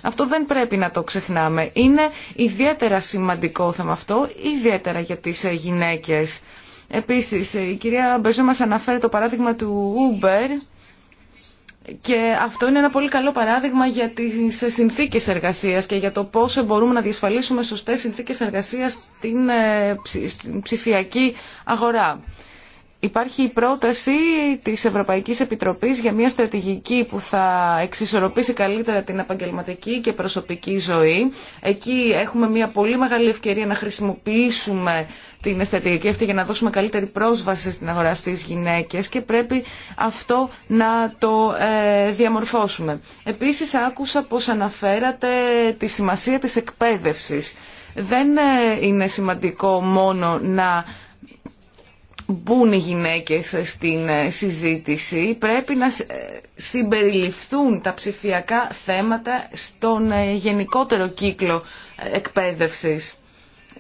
Αυτό δεν πρέπει να το ξεχνάμε. Είναι ιδιαίτερα σημαντικό θέμα αυτό, ιδιαίτερα για τις γυναίκες. Επίσης, η κυρία Μπεζό μας αναφέρει το παράδειγμα του Uber, και αυτό είναι ένα πολύ καλό παράδειγμα για τις συνθήκες εργασίας και για το πόσο μπορούμε να διασφαλίσουμε σωστές συνθήκες εργασίας ε, στην ψηφιακή αγορά. Υπάρχει η πρόταση της Ευρωπαϊκής Επιτροπής για μια στρατηγική που θα εξισορροπήσει καλύτερα την επαγγελματική και προσωπική ζωή. Εκεί έχουμε μια πολύ μεγάλη ευκαιρία να χρησιμοποιήσουμε την αισθητική αυτή για να δώσουμε καλύτερη πρόσβαση στην αγορά στις γυναίκες και πρέπει αυτό να το ε, διαμορφώσουμε. Επίσης άκουσα πως αναφέρατε τη σημασία της εκπαίδευσης. Δεν ε, είναι σημαντικό μόνο να μπουν οι γυναίκες στην ε, συζήτηση, πρέπει να συμπεριληφθούν τα ψηφιακά θέματα στον γενικότερο κύκλο εκπαίδευσης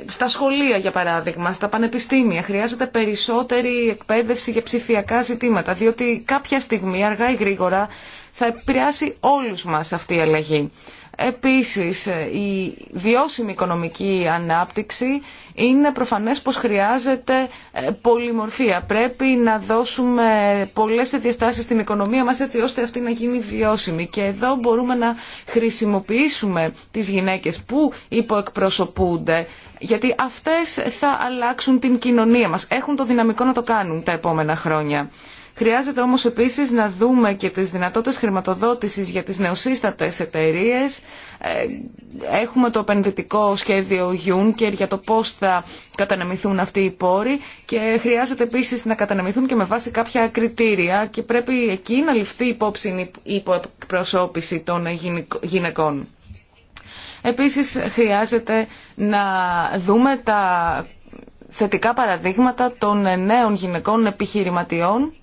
στα σχολεία, για παράδειγμα, στα πανεπιστήμια, χρειάζεται περισσότερη εκπαίδευση για ψηφιακά ζητήματα, διότι κάποια στιγμή, αργά ή γρήγορα, θα επηρεάσει όλους μας αυτή η αλλαγή. Επίσης, η βιώσιμη οικονομική ανάπτυξη είναι προφανές πως χρειάζεται ε, πολυμορφία. Πρέπει να δώσουμε πολλές διαστάσεις στην οικονομία μας έτσι ώστε αυτή να γίνει βιώσιμη. Και εδώ μπορούμε να χρησιμοποιήσουμε τις γυναίκες που υποεκπροσωπούνται γιατί αυτές θα αλλάξουν την κοινωνία μας. Έχουν το δυναμικό να το κάνουν τα επόμενα χρόνια. Χρειάζεται όμως επίσης να δούμε και τις δυνατότητες χρηματοδότησης για τις νεοσύστατες εταιρείε. Ε, έχουμε το επενδυτικό σχέδιο Juncker για το πώς θα κατανεμηθούν αυτοί οι πόροι και χρειάζεται επίσης να κατανεμηθούν και με βάση κάποια κριτήρια και πρέπει εκεί να ληφθεί υπόψη η υποεκπροσώπηση των γυναικών. Επίσης χρειάζεται να δούμε τα θετικά παραδείγματα των νέων γυναικών επιχειρηματιών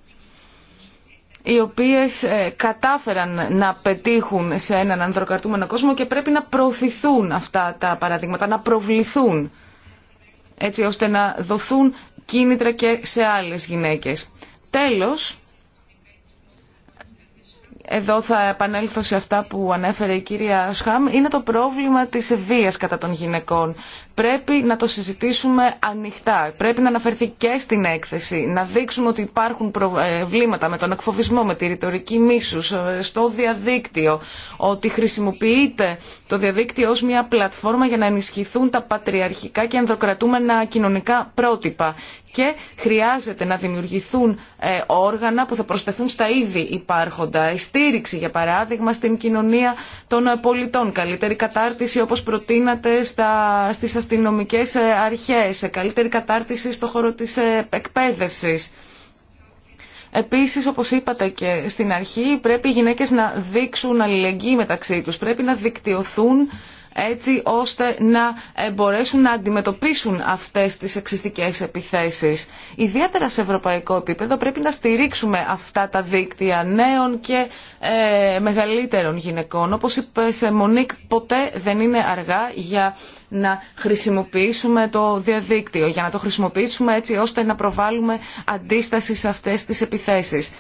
οι οποίες ε, κατάφεραν να πετύχουν σε έναν ανδροκαρτούμενο κόσμο και πρέπει να προωθηθούν αυτά τα παραδείγματα, να προβληθούν έτσι ώστε να δοθούν κίνητρα και σε άλλες γυναίκες. Τέλος, εδώ θα επανέλθω σε αυτά που ανέφερε η κυρία Σχάμ, είναι το πρόβλημα της βίας κατά των γυναικών. Πρέπει να το συζητήσουμε ανοιχτά, πρέπει να αναφερθεί και στην έκθεση, να δείξουμε ότι υπάρχουν προβλήματα με τον εκφοβισμό, με τη ρητορική μίσους, ε, στο διαδίκτυο, ότι χρησιμοποιείται το διαδίκτυο ως μια πλατφόρμα για να ενισχυθούν τα πατριαρχικά και ανδροκρατούμενα κοινωνικά πρότυπα και χρειάζεται να δημιουργηθούν ε, όργανα που θα προσθεθούν στα ήδη υπάρχοντα στήριξη, για παράδειγμα, στην κοινωνία των πολιτών, καλύτερη κατάρτιση όπως προτείνατε στα, στις αστυνομικές ε, αρχές, καλύτερη κατάρτιση στο χώρο της ε, εκπαίδευσης. Επίσης, όπως είπατε και στην αρχή, πρέπει οι γυναίκες να δείξουν αλληλεγγύη μεταξύ τους, πρέπει να δικτυωθούν έτσι ώστε να ε, μπορέσουν να αντιμετωπίσουν αυτές τις εξιστικές επιθέσεις. Ιδιαίτερα σε ευρωπαϊκό επίπεδο πρέπει να στηρίξουμε αυτά τα δίκτυα νέων και ε, μεγαλύτερων γυναικών. Όπως είπε σε Μονίκ, ποτέ δεν είναι αργά για να χρησιμοποιήσουμε το διαδίκτυο, για να το χρησιμοποιήσουμε έτσι ώστε να προβάλλουμε αντίσταση σε αυτές τις επιθέσεις.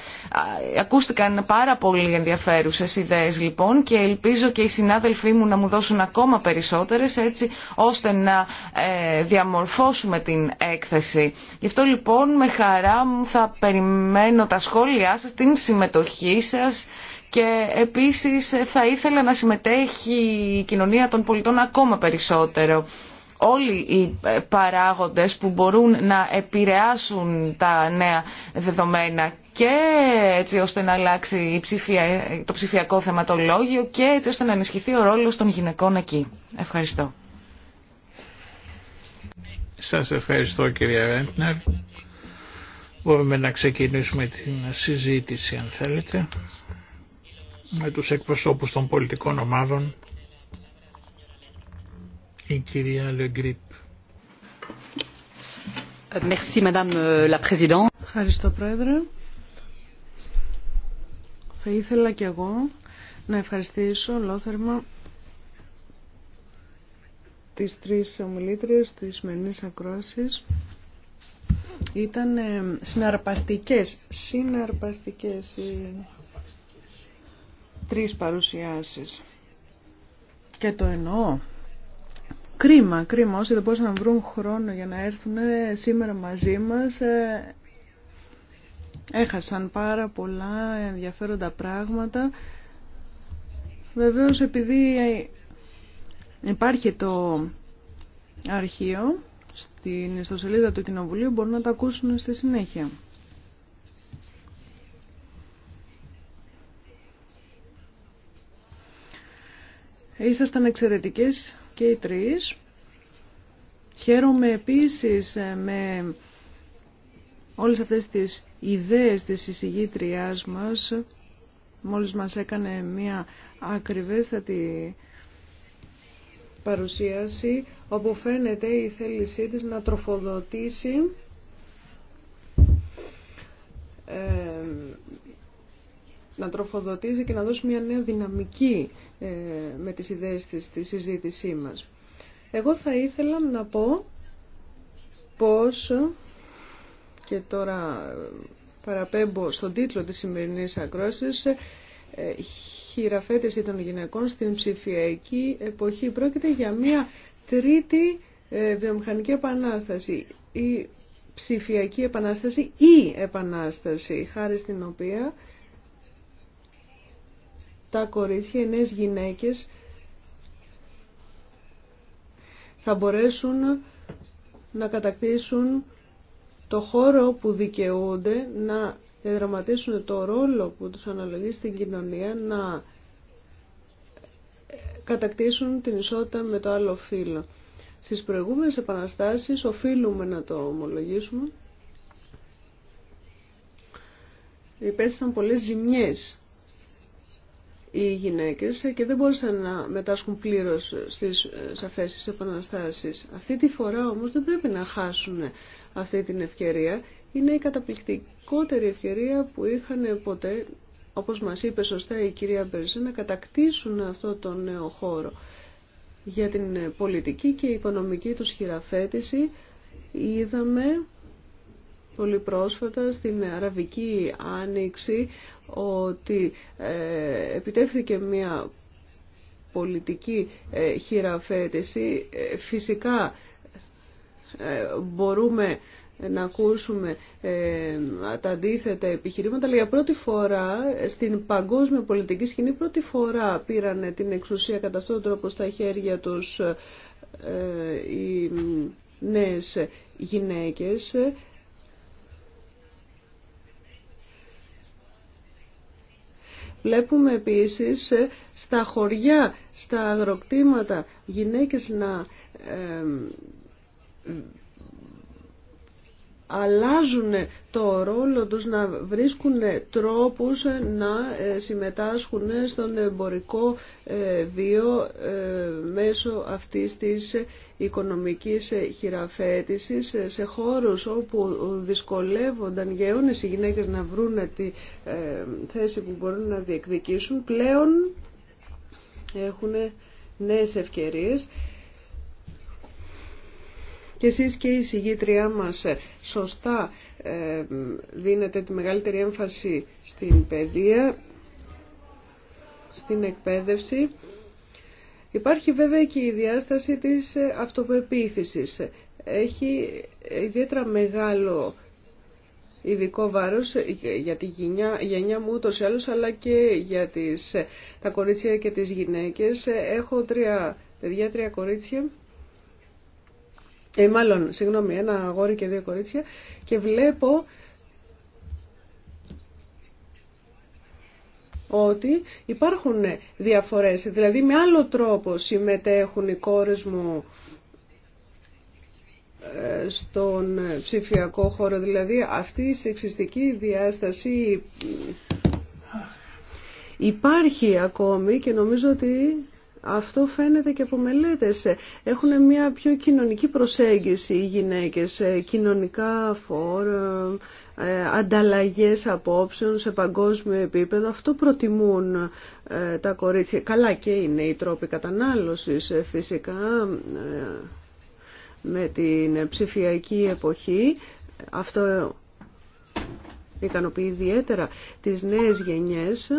Ακούστηκαν πάρα πολύ ενδιαφέρουσες ιδέες λοιπόν και ελπίζω και οι συνάδελφοί μου να μου δώσουν ακόμα περισσότερες έτσι ώστε να ε, διαμορφώσουμε την έκθεση. Γι' αυτό λοιπόν με χαρά μου θα περιμένω τα σχόλιά σας, την συμμετοχή σας και επίσης θα ήθελα να συμμετέχει η κοινωνία των πολιτών ακόμα περισσότερο. Όλοι οι ε, παράγοντες που μπορούν να επηρεάσουν τα νέα δεδομένα και έτσι ώστε να αλλάξει το ψηφιακό θεματολόγιο και έτσι ώστε να ενισχυθεί ο ρόλος των γυναικών εκεί. Ευχαριστώ. Σας ευχαριστώ κυρία Ρέντνερ. Μπορούμε να ξεκινήσουμε την συζήτηση αν θέλετε με τους εκπροσώπους των πολιτικών ομάδων η κυρία Λεγκρίπ. Ε, Ευχαριστώ Πρόεδρε. Θα ήθελα κι εγώ να ευχαριστήσω ολόθερμα τις τρεις ομιλήτριες της σημερινής ακρόασης. Ήταν συναρπαστικές, συναρπαστικές τρεις παρουσιάσεις. Και το εννοώ. Κρίμα, κρίμα. Όσοι δεν μπορούσαν να βρουν χρόνο για να έρθουν ε, σήμερα μαζί μας, ε, έχασαν πάρα πολλά ενδιαφέροντα πράγματα. Βεβαίως επειδή υπάρχει το αρχείο στην ιστοσελίδα του Κοινοβουλίου μπορούν να τα ακούσουν στη συνέχεια. Ήσασταν εξαιρετικές και οι τρεις. Χαίρομαι επίσης ε, με όλες αυτές τις ιδέες της εισηγήτριάς μας. Μόλις μας έκανε μια ακριβέστατη παρουσίαση όπου φαίνεται η θέλησή της να τροφοδοτήσει ε, να τροφοδοτήσει και να δώσει μια νέα δυναμική ε, με τις ιδέες της στη συζήτησή μας. Εγώ θα ήθελα να πω πως και τώρα παραπέμπω στον τίτλο της σημερινής ακρόσης ε, χειραφέτηση των γυναικών στην ψηφιακή εποχή. Πρόκειται για μια τρίτη ε, βιομηχανική επανάσταση η ψηφιακή επανάσταση ή επανάσταση χάρη στην οποία τα κορίτσια, 9 γυναίκες θα μπορέσουν να κατακτήσουν το χώρο που δικαιούνται, να διαδραματίσουν το ρόλο που τους αναλογεί στην κοινωνία, να κατακτήσουν την ισότητα με το άλλο φύλλο. Στις προηγούμενες επαναστάσεις οφείλουμε να το ομολογήσουμε. Υπέστησαν πολλές ζημιές οι γυναίκες και δεν μπορούσαν να μετάσχουν πλήρως στις, σε αυτές τις επαναστάσεις. Αυτή τη φορά όμως δεν πρέπει να χάσουν αυτή την ευκαιρία. Είναι η καταπληκτικότερη ευκαιρία που είχαν ποτέ, όπως μας είπε σωστά η κυρία Μπερζέ, να κατακτήσουν αυτό το νέο χώρο για την πολιτική και οικονομική τους χειραφέτηση. Είδαμε πολύ πρόσφατα στην Αραβική Άνοιξη ότι ε, μια πολιτική ε, χειραφέτηση. Ε, φυσικά ε, μπορούμε να ακούσουμε ε, τα αντίθετα επιχειρήματα, αλλά για πρώτη φορά στην παγκόσμια πολιτική σκηνή πρώτη φορά πήραν την εξουσία κατά αυτόν τον τρόπο στα χέρια τους οι νέες γυναίκες Βλέπουμε επίσης ε, στα χωριά, στα αγροκτήματα, γυναίκες να ε, αλλάζουν το ρόλο τους, να βρίσκουν τρόπους ε, να ε, συμμετάσχουν στον εμπορικό ε, βίο μέσω αυτής της οικονομικής χειραφέτησης σε χώρους όπου δυσκολεύονταν αιώνες οι γυναίκες να βρουν τη θέση που μπορούν να διεκδικήσουν πλέον έχουν νέες ευκαιρίες και εσείς και η συγγήτριά μας ε, σωστά ε, δίνετε τη μεγαλύτερη έμφαση στην παιδεία, στην εκπαίδευση. Υπάρχει βέβαια και η διάσταση της ε, αυτοπεποίθησης. Έχει ιδιαίτερα μεγάλο ειδικό βάρος για τη γενιά, μου ούτως ή άλλως, αλλά και για τις, τα κορίτσια και τις γυναίκες. Έχω τρία παιδιά, τρία κορίτσια ε, μάλλον, συγγνώμη, ένα αγόρι και δύο κορίτσια και βλέπω ότι υπάρχουν διαφορές, δηλαδή με άλλο τρόπο συμμετέχουν οι κόρες μου ε, στον ψηφιακό χώρο, δηλαδή αυτή η σεξιστική διάσταση υπάρχει ακόμη και νομίζω ότι αυτό φαίνεται και από μελέτες. Έχουν μια πιο κοινωνική προσέγγιση οι γυναίκες, ε, κοινωνικά φόρ, ε, ανταλλαγές απόψεων σε παγκόσμιο επίπεδο. Αυτό προτιμούν ε, τα κορίτσια. Καλά και είναι οι τρόποι κατανάλωσης φυσικά με την ψηφιακή εποχή. Αυτό ικανοποιεί ιδιαίτερα τις νέες γενιές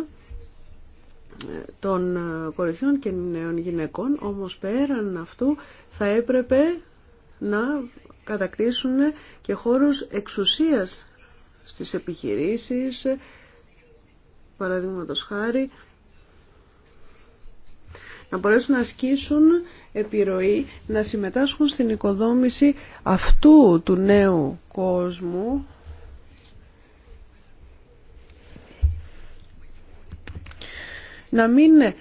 των ε, κοριτσιών και νέων γυναικών, όμως πέραν αυτού θα έπρεπε να κατακτήσουν και χώρους εξουσίας στις επιχειρήσεις, παραδείγματος χάρη, να μπορέσουν να ασκήσουν επιρροή, να συμμετάσχουν στην οικοδόμηση αυτού του νέου κόσμου, να μην ε,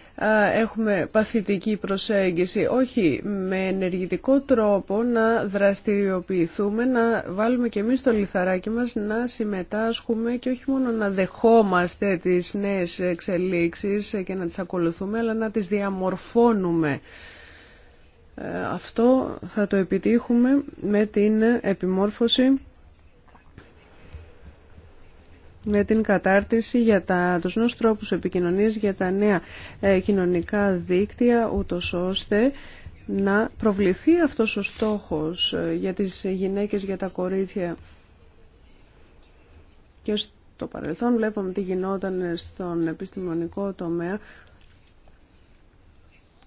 έχουμε παθητική προσέγγιση, όχι με ενεργητικό τρόπο να δραστηριοποιηθούμε, να βάλουμε και εμείς το λιθαράκι μας να συμμετάσχουμε και όχι μόνο να δεχόμαστε τις νέες εξελίξεις και να τις ακολουθούμε, αλλά να τις διαμορφώνουμε. Ε, αυτό θα το επιτύχουμε με την επιμόρφωση με την κατάρτιση για τα, τους νέους τρόπους επικοινωνίας για τα νέα ε, κοινωνικά δίκτυα, ούτως ώστε να προβληθεί αυτός ο στόχος ε, για τις γυναίκες, για τα κορίτσια. Και στο παρελθόν βλέπουμε τι γινόταν στον επιστημονικό τομέα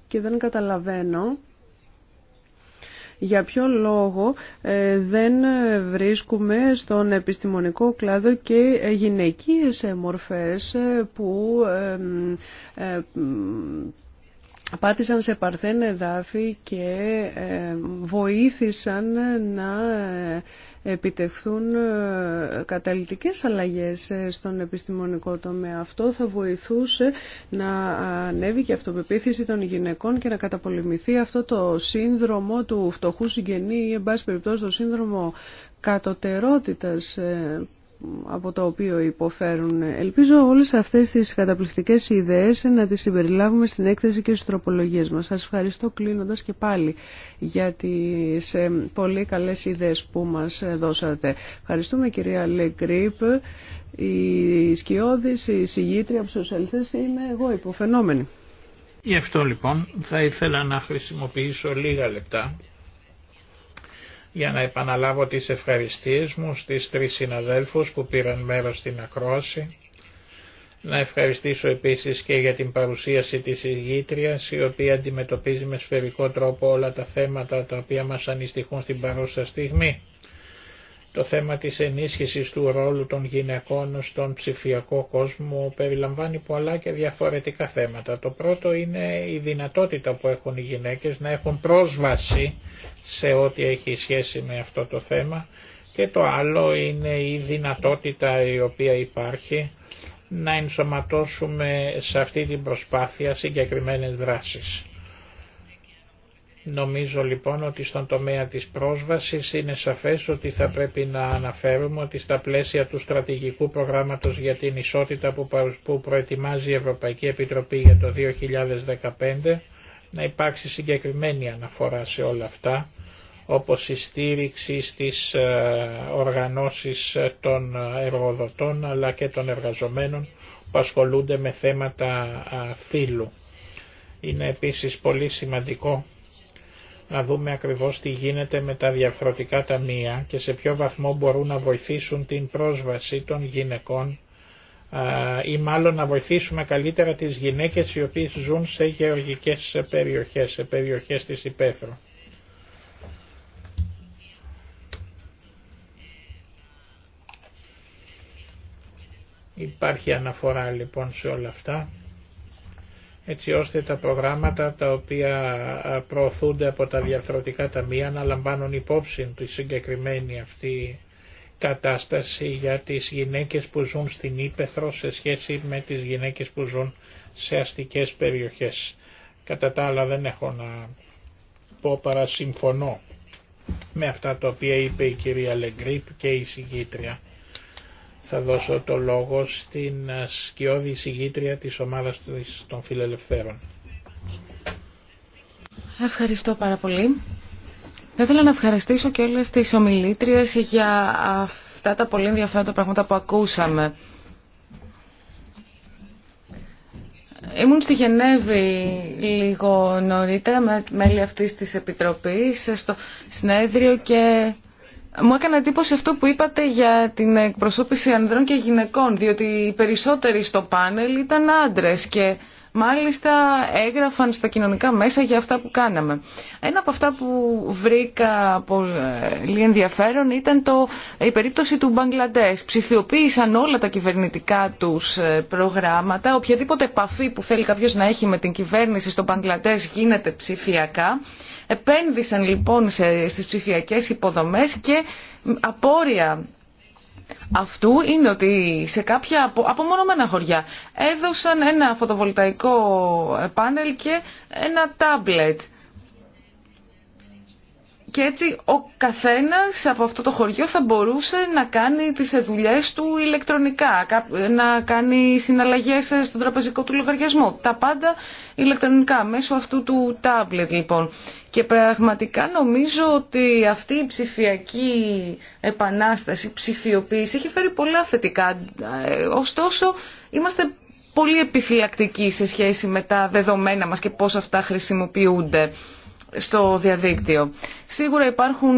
και δεν καταλαβαίνω για ποιο λόγο ε, δεν βρίσκουμε στον επιστημονικό κλάδο και γυναικείες μορφές ε, που ε, πάτησαν σε παρθέν εδάφη και ε, βοήθησαν να ε, επιτευχθούν ε, καταλυτικές αλλαγές στον επιστημονικό τομέα. Αυτό θα βοηθούσε να ανέβει και η αυτοπεποίθηση των γυναικών και να καταπολεμηθεί αυτό το σύνδρομο του φτωχού συγγενή ή εν πάση περιπτώσει το σύνδρομο κατωτερότητας από το οποίο υποφέρουν. Ελπίζω όλες αυτές τις καταπληκτικές ιδέες να τις συμπεριλάβουμε στην έκθεση και στις τροπολογίες μας. Σας ευχαριστώ κλείνοντας και πάλι για τις ε, πολύ καλές ιδέες που μας δώσατε. Ευχαριστούμε κυρία Λεγκρύπ. Η σκιώδης, η συγγήτρια από σοσιαλιστές είμαι εγώ υποφαινόμενη. Γι' αυτό λοιπόν θα ήθελα να χρησιμοποιήσω λίγα λεπτά για να επαναλάβω τις ευχαριστίες μου στις τρεις συναδέλφους που πήραν μέρος στην ακρόαση. Να ευχαριστήσω επίσης και για την παρουσίαση της ηγήτριας η οποία αντιμετωπίζει με σφαιρικό τρόπο όλα τα θέματα τα οποία μας ανησυχούν στην παρούσα στιγμή. Το θέμα της ενίσχυσης του ρόλου των γυναικών στον ψηφιακό κόσμο περιλαμβάνει πολλά και διαφορετικά θέματα. Το πρώτο είναι η δυνατότητα που έχουν οι γυναίκες να έχουν πρόσβαση σε ό,τι έχει σχέση με αυτό το θέμα και το άλλο είναι η δυνατότητα η οποία υπάρχει να ενσωματώσουμε σε αυτή την προσπάθεια συγκεκριμένες δράσεις. Νομίζω λοιπόν ότι στον τομέα της πρόσβασης είναι σαφές ότι θα πρέπει να αναφέρουμε ότι στα πλαίσια του στρατηγικού προγράμματος για την ισότητα που προετοιμάζει η Ευρωπαϊκή Επιτροπή για το 2015 να υπάρξει συγκεκριμένη αναφορά σε όλα αυτά όπως η στήριξη στις ε, οργανώσεις των εργοδοτών αλλά και των εργαζομένων που ασχολούνται με θέματα φύλου. Είναι επίσης πολύ σημαντικό να δούμε ακριβώς τι γίνεται με τα διαφορετικά ταμεία και σε ποιο βαθμό μπορούν να βοηθήσουν την πρόσβαση των γυναικών ή μάλλον να βοηθήσουμε καλύτερα τις γυναίκες οι οποίες ζουν σε γεωργικές περιοχές, σε περιοχές της υπαίθρου. Υπάρχει αναφορά λοιπόν σε όλα αυτά έτσι ώστε τα προγράμματα τα οποία προωθούνται από τα διαρθρωτικά ταμεία να λαμβάνουν υπόψη τη συγκεκριμένη αυτή κατάσταση για τις γυναίκες που ζουν στην Ήπεθρο σε σχέση με τις γυναίκες που ζουν σε αστικές περιοχές. Κατά τα άλλα δεν έχω να πω παρά συμφωνώ με αυτά τα οποία είπε η κυρία Λεγκρίπ και η συγκήτρια θα δώσω το λόγο στην ε, σκιώδη συγγήτρια της ομάδας των φιλελευθέρων. Ευχαριστώ πάρα πολύ. Θα ήθελα να ευχαριστήσω και όλες τις ομιλήτριες για αυτά τα πολύ ενδιαφέροντα πράγματα που ακούσαμε. Ήμουν στη Γενέβη λίγο νωρίτερα με μέλη αυτής της Επιτροπής στο συνέδριο και μου έκανε εντύπωση αυτό που είπατε για την εκπροσώπηση ανδρών και γυναικών, διότι οι περισσότεροι στο πάνελ ήταν άντρες και μάλιστα έγραφαν στα κοινωνικά μέσα για αυτά που κάναμε. Ένα από αυτά που βρήκα πολύ ενδιαφέρον ήταν το, η περίπτωση του Μπαγκλαντές. Ψηφιοποίησαν όλα τα κυβερνητικά τους ε, προγράμματα. Οποιαδήποτε επαφή που θέλει κάποιος να έχει με την κυβέρνηση στο Μπαγκλαντές γίνεται ψηφιακά. Επένδυσαν λοιπόν στις ψηφιακές υποδομές και απόρρια αυτού είναι ότι σε κάποια απομονωμένα χωριά έδωσαν ένα φωτοβολταϊκό πάνελ και ένα τάμπλετ και έτσι ο καθένας από αυτό το χωριό θα μπορούσε να κάνει τις δουλειές του ηλεκτρονικά, να κάνει συναλλαγές στον τραπεζικό του λογαριασμό. Τα πάντα ηλεκτρονικά, μέσω αυτού του τάμπλετ λοιπόν. Και πραγματικά νομίζω ότι αυτή η ψηφιακή επανάσταση, η ψηφιοποίηση έχει φέρει πολλά θετικά. Ε, ωστόσο είμαστε πολύ επιφυλακτικοί σε σχέση με τα δεδομένα μας και πώς αυτά χρησιμοποιούνται στο διαδίκτυο. Σίγουρα υπάρχουν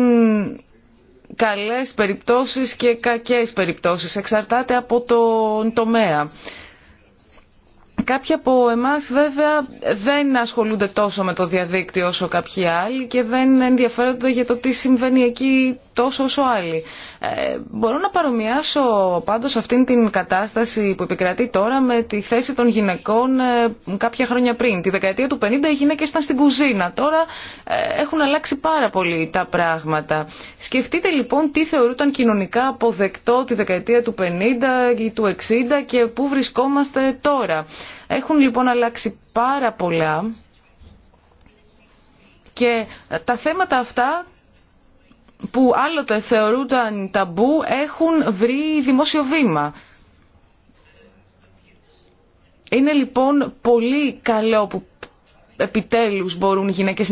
καλές περιπτώσεις και κακές περιπτώσεις. Εξαρτάται από τον τομέα. Κάποιοι από εμά βέβαια δεν ασχολούνται τόσο με το διαδίκτυο όσο κάποιοι άλλοι και δεν ενδιαφέρονται για το τι συμβαίνει εκεί τόσο όσο άλλοι. Ε, μπορώ να παρομοιάσω πάντως αυτήν την κατάσταση που επικρατεί τώρα με τη θέση των γυναικών ε, κάποια χρόνια πριν. Τη δεκαετία του 50 οι γυναίκες ήταν στην κουζίνα. Τώρα ε, έχουν αλλάξει πάρα πολύ τα πράγματα. Σκεφτείτε λοιπόν τι θεωρούταν κοινωνικά αποδεκτό τη δεκαετία του 50 ή του 60 και πού βρισκόμαστε τώρα. Έχουν λοιπόν αλλάξει πάρα πολλά και τα θέματα αυτά που άλλοτε θεωρούνταν ταμπού έχουν βρει δημόσιο βήμα. Είναι λοιπόν πολύ καλό που επιτέλους μπορούν οι γυναίκες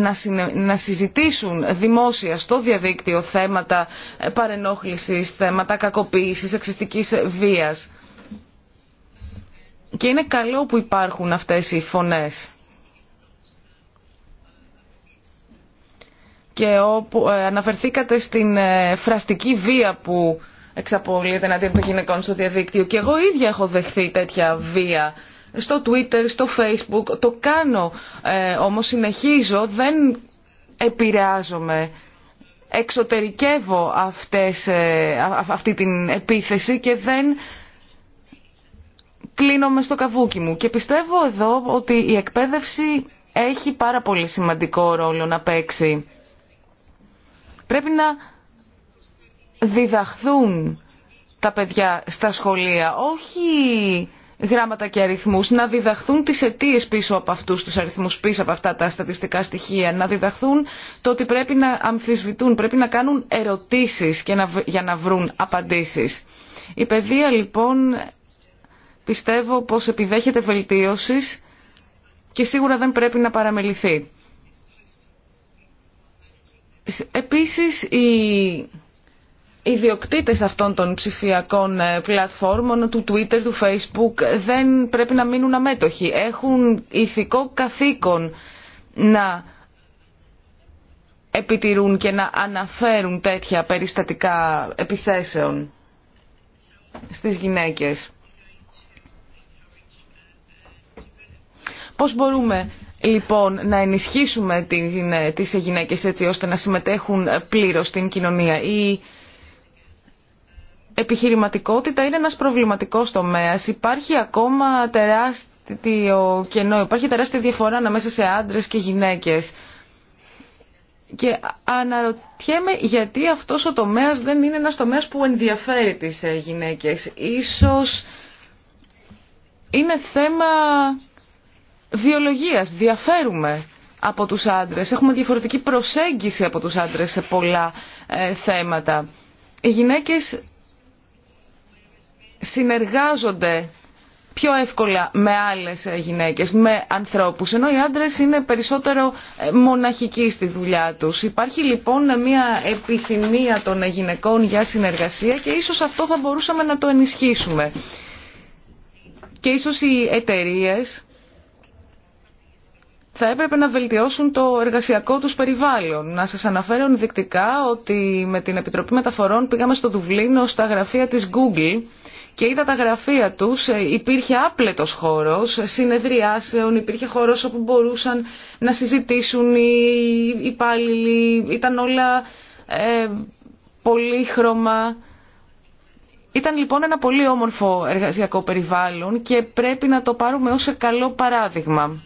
να συζητήσουν δημόσια στο διαδίκτυο θέματα παρενόχλησης, θέματα κακοποίησης, εξιστικής βίας. Και είναι καλό που υπάρχουν αυτές οι φωνές. Και όπου ε, αναφερθήκατε στην ε, φραστική βία που εξαπολύεται εναντίον των γυναικών στο διαδίκτυο. Και εγώ ίδια έχω δεχθεί τέτοια βία στο Twitter, στο Facebook. Το κάνω, ε, όμως συνεχίζω, δεν επηρεάζομαι. Εξωτερικεύω αυτές, ε, αυτή την επίθεση και δεν κλείνομαι στο καβούκι μου. Και πιστεύω εδώ ότι η εκπαίδευση έχει πάρα πολύ σημαντικό ρόλο να παίξει. Πρέπει να διδαχθούν τα παιδιά στα σχολεία, όχι γράμματα και αριθμούς, να διδαχθούν τις αιτίε πίσω από αυτούς τους αριθμούς, πίσω από αυτά τα στατιστικά στοιχεία, να διδαχθούν το ότι πρέπει να αμφισβητούν, πρέπει να κάνουν ερωτήσεις για να βρουν απαντήσεις. Η παιδεία λοιπόν πιστεύω πως επιδέχεται βελτίωσης και σίγουρα δεν πρέπει να παραμεληθεί. Επίσης, οι ιδιοκτήτες αυτών των ψηφιακών ε, πλατφόρμων, του Twitter, του Facebook, δεν πρέπει να μείνουν αμέτωχοι. Έχουν ηθικό καθήκον να επιτηρούν και να αναφέρουν τέτοια περιστατικά επιθέσεων στις γυναίκες. Πώς μπορούμε λοιπόν να ενισχύσουμε ε, τις γυναίκες έτσι ώστε να συμμετέχουν πλήρως στην κοινωνία. Η επιχειρηματικότητα είναι ένας προβληματικός τομέας. Υπάρχει ακόμα τεράστιο κενό, υπάρχει τεράστια διαφορά ανάμεσα σε άντρες και γυναίκες. Και αναρωτιέμαι γιατί αυτός ο τομέας δεν είναι ένας τομέας που ενδιαφέρει τις ε, γυναίκες. Ίσως είναι θέμα βιολογίας, διαφέρουμε από τους άντρες, έχουμε διαφορετική προσέγγιση από τους άντρες σε πολλά ε, θέματα. Οι γυναίκες συνεργάζονται πιο εύκολα με άλλες ε, γυναίκες, με ανθρώπους, ενώ οι άντρες είναι περισσότερο ε, μοναχικοί στη δουλειά τους. Υπάρχει λοιπόν μια επιθυμία των γυναικών για συνεργασία και ίσως αυτό θα μπορούσαμε να το ενισχύσουμε. Και ίσως οι εταιρείες θα έπρεπε να βελτιώσουν το εργασιακό τους περιβάλλον. Να σας αναφέρω ενδεικτικά ότι με την Επιτροπή Μεταφορών πήγαμε στο Δουβλίνο στα γραφεία της Google και είδα τα γραφεία τους, ε, υπήρχε άπλετος χώρος, συνεδριάσεων, υπήρχε χώρος όπου μπορούσαν να συζητήσουν οι υπάλληλοι, ήταν όλα ε, πολύχρωμα. Ήταν λοιπόν ένα πολύ όμορφο εργασιακό περιβάλλον και πρέπει να το πάρουμε ως καλό παράδειγμα.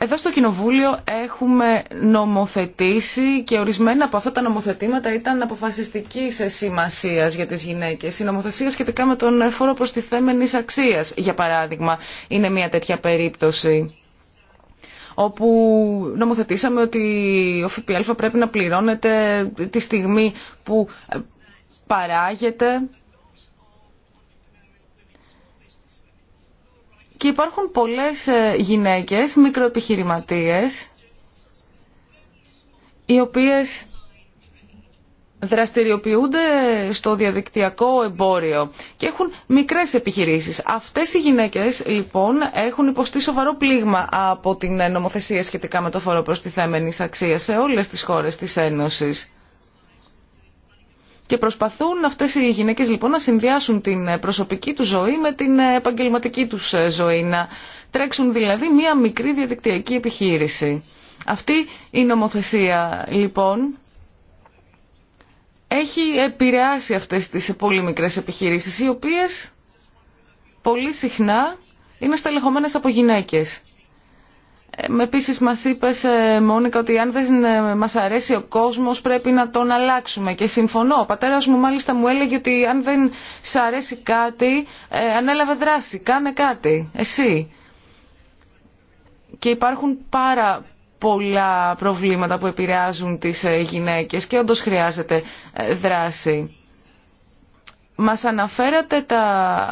Εδώ στο Κοινοβούλιο έχουμε νομοθετήσει και ορισμένα από αυτά τα νομοθετήματα ήταν αποφασιστική σημασία για τι γυναίκε. Η νομοθεσία σχετικά με τον φόρο προστιθέμενη αξία, για παράδειγμα, είναι μια τέτοια περίπτωση όπου νομοθετήσαμε ότι ο ΦΠΑ πρέπει να πληρώνεται τη στιγμή που παράγεται Και υπάρχουν πολλές ε, γυναίκες, μικροεπιχειρηματίες, οι οποίες δραστηριοποιούνται στο διαδικτυακό εμπόριο και έχουν μικρές επιχειρήσεις. Αυτές οι γυναίκες λοιπόν έχουν υποστεί σοβαρό πλήγμα από την νομοθεσία σχετικά με το φόρο προστιθέμενης αξίας σε όλες τις χώρες της Ένωσης. Και προσπαθούν αυτές οι γυναίκες λοιπόν να συνδυάσουν την ε, προσωπική του ζωή με την ε, επαγγελματική τους ε, ζωή, να τρέξουν δηλαδή μία μικρή διαδικτυακή επιχείρηση. Αυτή η νομοθεσία λοιπόν έχει επηρεάσει αυτές τις πολύ μικρές επιχειρήσεις, οι οποίες πολύ συχνά είναι στελεχωμένες από γυναίκες. Επίση, μα είπε, ε, Μόνικα, ότι αν δεν ε, μα αρέσει ο κόσμο, πρέπει να τον αλλάξουμε. Και συμφωνώ. Ο πατέρα μου, μάλιστα, μου έλεγε ότι αν δεν σε αρέσει κάτι, ε, ανέλαβε δράση. Κάνε κάτι. Εσύ. Και υπάρχουν πάρα πολλά προβλήματα που επηρεάζουν τις γυναίκες και όντως χρειάζεται δράση. Μας αναφέρατε τα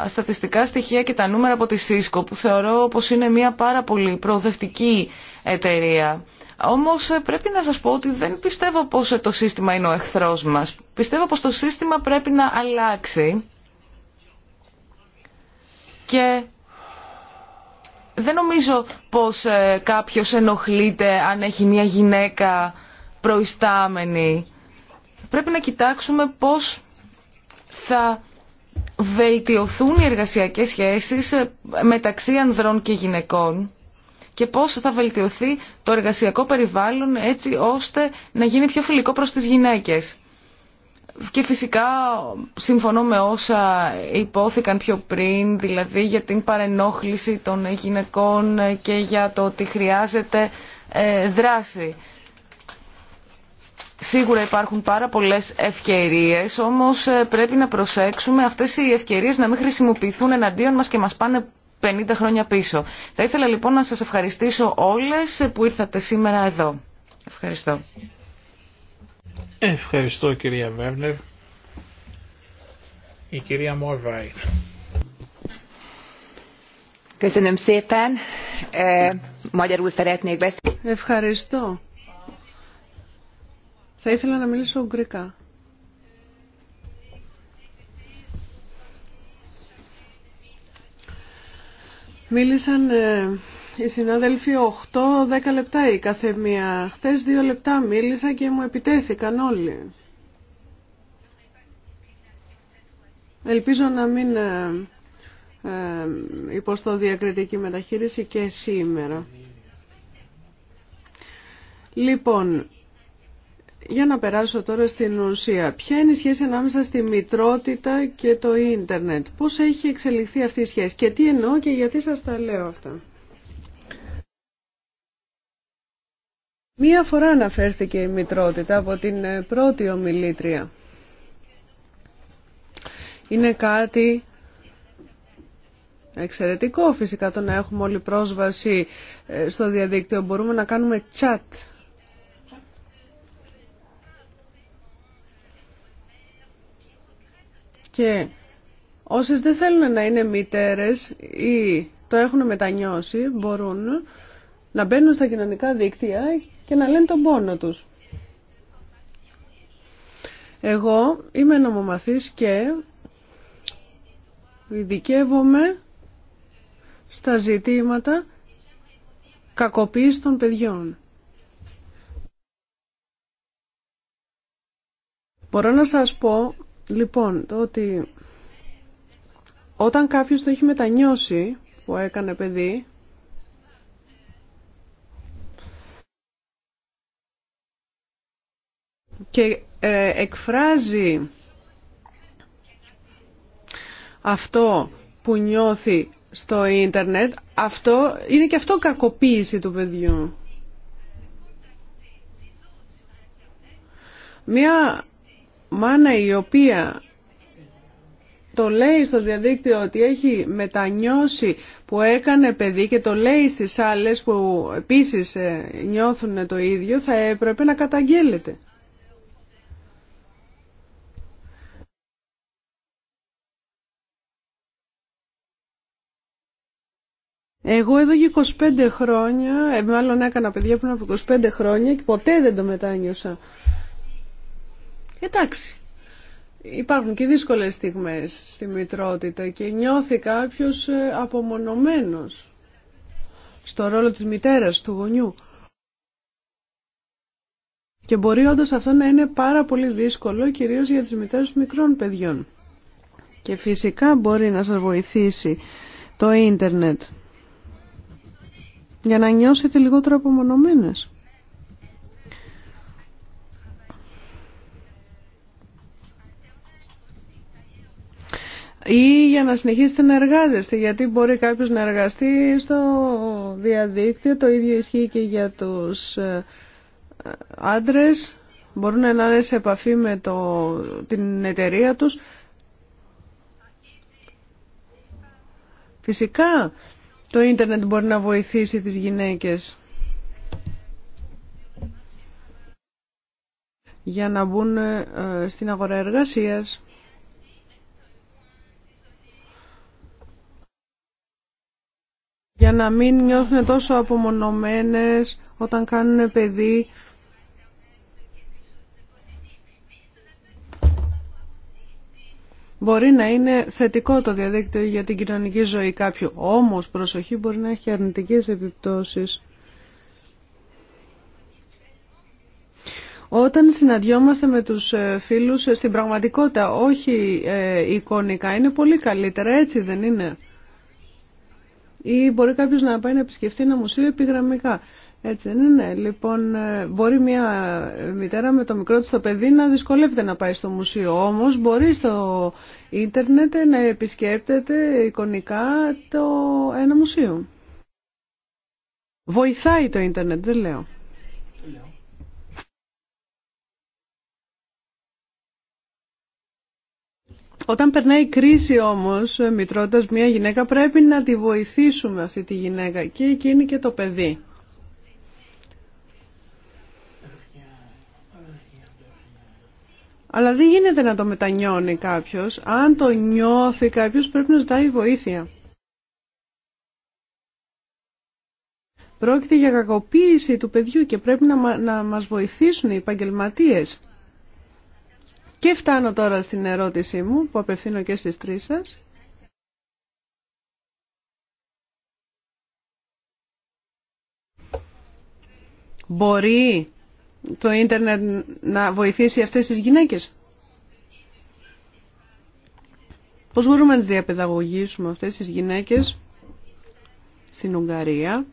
στατιστικά στοιχεία και τα νούμερα από τη ΣΥΣΚΟ που θεωρώ πως είναι μια πάρα πολύ προοδευτική εταιρεία. Όμως ε, πρέπει να σας πω ότι δεν πιστεύω πως ε, το σύστημα είναι ο εχθρός μας. Πιστεύω πως το σύστημα πρέπει να αλλάξει και δεν νομίζω πως ε, κάποιος ενοχλείται αν έχει μια γυναίκα προϊστάμενη. Πρέπει να κοιτάξουμε πως θα βελτιωθούν οι εργασιακές σχέσεις ε, μεταξύ ανδρών και γυναικών και πώς θα βελτιωθεί το εργασιακό περιβάλλον έτσι ώστε να γίνει πιο φιλικό προς τις γυναίκες. Και φυσικά συμφωνώ με όσα υπόθηκαν πιο πριν, δηλαδή για την παρενόχληση των γυναικών και για το ότι χρειάζεται ε, δράση. Σίγουρα υπάρχουν πάρα πολλές ευκαιρίες, όμως ε, πρέπει να προσέξουμε αυτές οι ευκαιρίες να μην χρησιμοποιηθούν εναντίον μας και μας πάνε 50 χρόνια πίσω. Θα ήθελα λοιπόν να σας ευχαριστήσω όλες που ήρθατε σήμερα εδώ. Ευχαριστώ. Ευχαριστώ κυρία Βέρνερ. Η κυρία Μόρβαϊ. Ε, Ευχαριστώ. Θα ήθελα να μιλήσω ουγγρικά. Μίλησαν ε, οι συνάδελφοι 8-10 λεπτά η κάθε μία. Χθες 2 λεπτά μίλησα και μου επιτέθηκαν όλοι. Ελπίζω να μην ε, ε υποστώ διακριτική μεταχείριση και σήμερα. Λοιπόν, για να περάσω τώρα στην ουσία. Ποια είναι η σχέση ανάμεσα στη μητρότητα και το ίντερνετ. Πώς έχει εξελιχθεί αυτή η σχέση και τι εννοώ και γιατί σας τα λέω αυτά. Μία φορά αναφέρθηκε η μητρότητα από την ε, πρώτη ομιλήτρια. Είναι κάτι εξαιρετικό φυσικά το να έχουμε όλη πρόσβαση ε, στο διαδίκτυο. Μπορούμε να κάνουμε chat Και όσες δεν θέλουν να είναι μητέρες ή το έχουν μετανιώσει μπορούν να μπαίνουν στα κοινωνικά δίκτυα και να λένε τον πόνο τους. Εγώ είμαι νομομαθής και ειδικεύομαι στα ζητήματα κακοποίηση των παιδιών. Μπορώ να σας πω Λοιπόν, το ότι όταν κάποιος το έχει μετανιώσει που έκανε παιδί, και ε, εκφράζει αυτό που νιώθει στο ίντερνετ, αυτό είναι και αυτό κακοποίηση του παιδιού. Μια μάνα η οποία το λέει στο διαδίκτυο ότι έχει μετανιώσει που έκανε παιδί και το λέει στις άλλες που επίσης ε, νιώθουν το ίδιο, θα έπρεπε να καταγγέλλεται. Εγώ εδώ και 25 χρόνια, ε, μάλλον έκανα παιδιά πριν από 25 χρόνια και ποτέ δεν το μετάνιωσα. Εντάξει, υπάρχουν και δύσκολες στιγμές στη μητρότητα και νιώθει κάποιος ε, απομονωμένος στο ρόλο της μητέρας, του γονιού. Και μπορεί όντω αυτό να είναι πάρα πολύ δύσκολο, κυρίως για τις μητέρες μικρών παιδιών. Και φυσικά μπορεί να σας βοηθήσει το ίντερνετ για να νιώσετε λιγότερο απομονωμένες. ή για να συνεχίσετε να εργάζεστε, γιατί μπορεί κάποιος να εργαστεί στο διαδίκτυο, το ίδιο ισχύει και για τους ε, άντρες, μπορούν να είναι σε επαφή με το, την εταιρεία τους. Φυσικά το ίντερνετ μπορεί να βοηθήσει τις γυναίκες για να μπουν ε, στην αγορά εργασίας. για να μην νιώθουν τόσο απομονωμένες όταν κάνουν παιδί. Μπορεί να είναι θετικό το διαδίκτυο για την κοινωνική ζωή κάποιου, όμως προσοχή μπορεί να έχει αρνητικές επιπτώσεις. Όταν συναντιόμαστε με τους ε, φίλους ε, στην πραγματικότητα, όχι ε, εικονικά, είναι πολύ καλύτερα, έτσι δεν είναι. Ή μπορεί κάποιος να πάει να επισκεφτεί ένα μουσείο επιγραμμικά. Έτσι δεν είναι. Λοιπόν, ε, μπορεί μια μητέρα με το μικρό της το παιδί να δυσκολεύεται να πάει στο μουσείο. Όμως μπορεί στο ίντερνετ να επισκέπτεται εικονικά το ένα μουσείο. Βοηθάει το ίντερνετ, δεν λέω. Όταν περνάει η κρίση όμως, ε, μητρώντας μια γυναίκα, πρέπει να τη βοηθήσουμε αυτή τη γυναίκα και εκείνη και το παιδί. Αλλά δεν γίνεται να το μετανιώνει κάποιος. Αν το νιώθει κάποιος πρέπει να ζητάει βοήθεια. Πρόκειται για κακοποίηση του παιδιού και πρέπει να, να μας βοηθήσουν οι επαγγελματίες. Και φτάνω τώρα στην ερώτησή μου που απευθύνω και στις τρεις σας. Μπορεί το ίντερνετ να βοηθήσει αυτές τις γυναίκες. Πώς μπορούμε να τις διαπαιδαγωγήσουμε αυτές τις γυναίκες στην Ουγγαρία.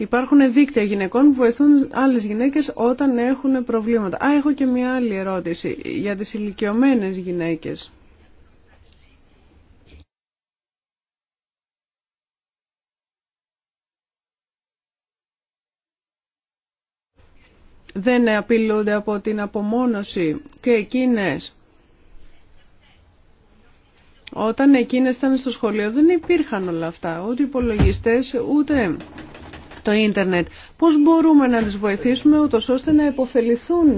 Υπάρχουν δίκτυα γυναικών που βοηθούν άλλες γυναίκες όταν έχουν προβλήματα. Α, έχω και μια άλλη ερώτηση για τις ηλικιωμένε γυναίκες. Δεν απειλούνται από την απομόνωση και εκείνες. Όταν εκείνες ήταν στο σχολείο δεν υπήρχαν όλα αυτά, ούτε υπολογιστές, ούτε το ίντερνετ. Πώς μπορούμε να τις βοηθήσουμε ούτως ώστε να υποφεληθούν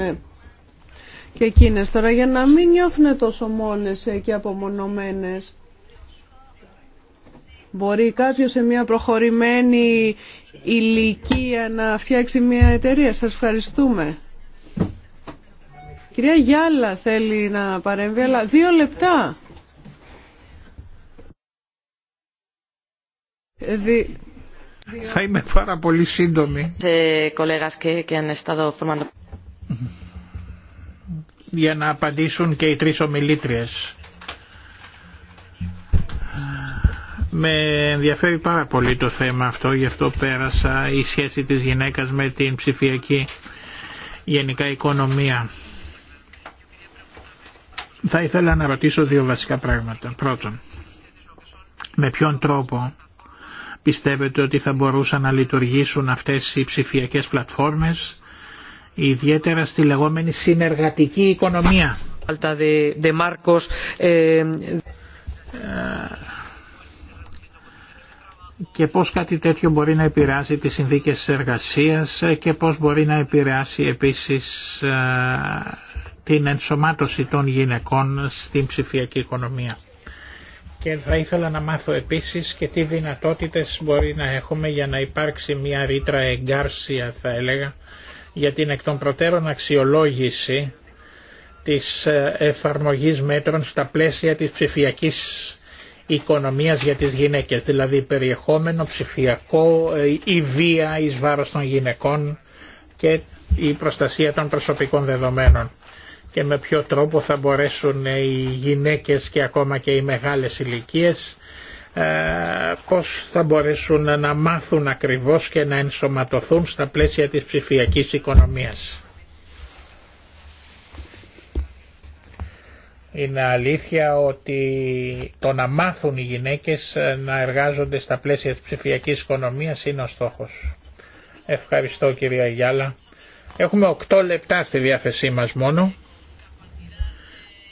και εκείνες τώρα για να μην νιώθουν τόσο μόνες και απομονωμένες. Μπορεί κάποιος σε μια προχωρημένη ηλικία να φτιάξει μια εταιρεία. Σας ευχαριστούμε. Κυρία Γιάλα θέλει να παρέμβει, αλλά δύο λεπτά. Θα είμαι πάρα πολύ σύντομη. Για να απαντήσουν και οι τρεις ομιλήτριες. Με ενδιαφέρει πάρα πολύ το θέμα αυτό, γι' αυτό πέρασα η σχέση της γυναίκας με την ψηφιακή γενικά οικονομία. Θα ήθελα να ρωτήσω δύο βασικά πράγματα. Πρώτον, με ποιον τρόπο Πιστεύετε ότι θα μπορούσαν να λειτουργήσουν αυτές οι ψηφιακές πλατφόρμες, ιδιαίτερα στη λεγόμενη συνεργατική οικονομία. Ε, και πώς κάτι τέτοιο μπορεί να επηρεάσει τις συνθήκες εργασίας και πώς μπορεί να επηρεάσει επίσης ε, την ενσωμάτωση των γυναικών στην ψηφιακή οικονομία και θα ήθελα να μάθω επίσης και τι δυνατότητες μπορεί να έχουμε για να υπάρξει μια ρήτρα εγκάρσια θα έλεγα για την εκ των προτέρων αξιολόγηση της ε, εφαρμογής μέτρων στα πλαίσια της ψηφιακής οικονομίας για τις γυναίκες, δηλαδή περιεχόμενο ψηφιακό, ε, η βία εις βάρος των γυναικών και η προστασία των προσωπικών δεδομένων και με ποιο τρόπο θα μπορέσουν οι γυναίκες και ακόμα και οι μεγάλες ηλικίε ε, πώς θα μπορέσουν να μάθουν ακριβώς και να ενσωματωθούν στα πλαίσια της ψηφιακής οικονομίας. Είναι αλήθεια ότι το να μάθουν οι γυναίκες να εργάζονται στα πλαίσια της ψηφιακής οικονομίας είναι ο στόχος. Ευχαριστώ κυρία Γιάλα. Έχουμε 8 λεπτά στη διάθεσή μας μόνο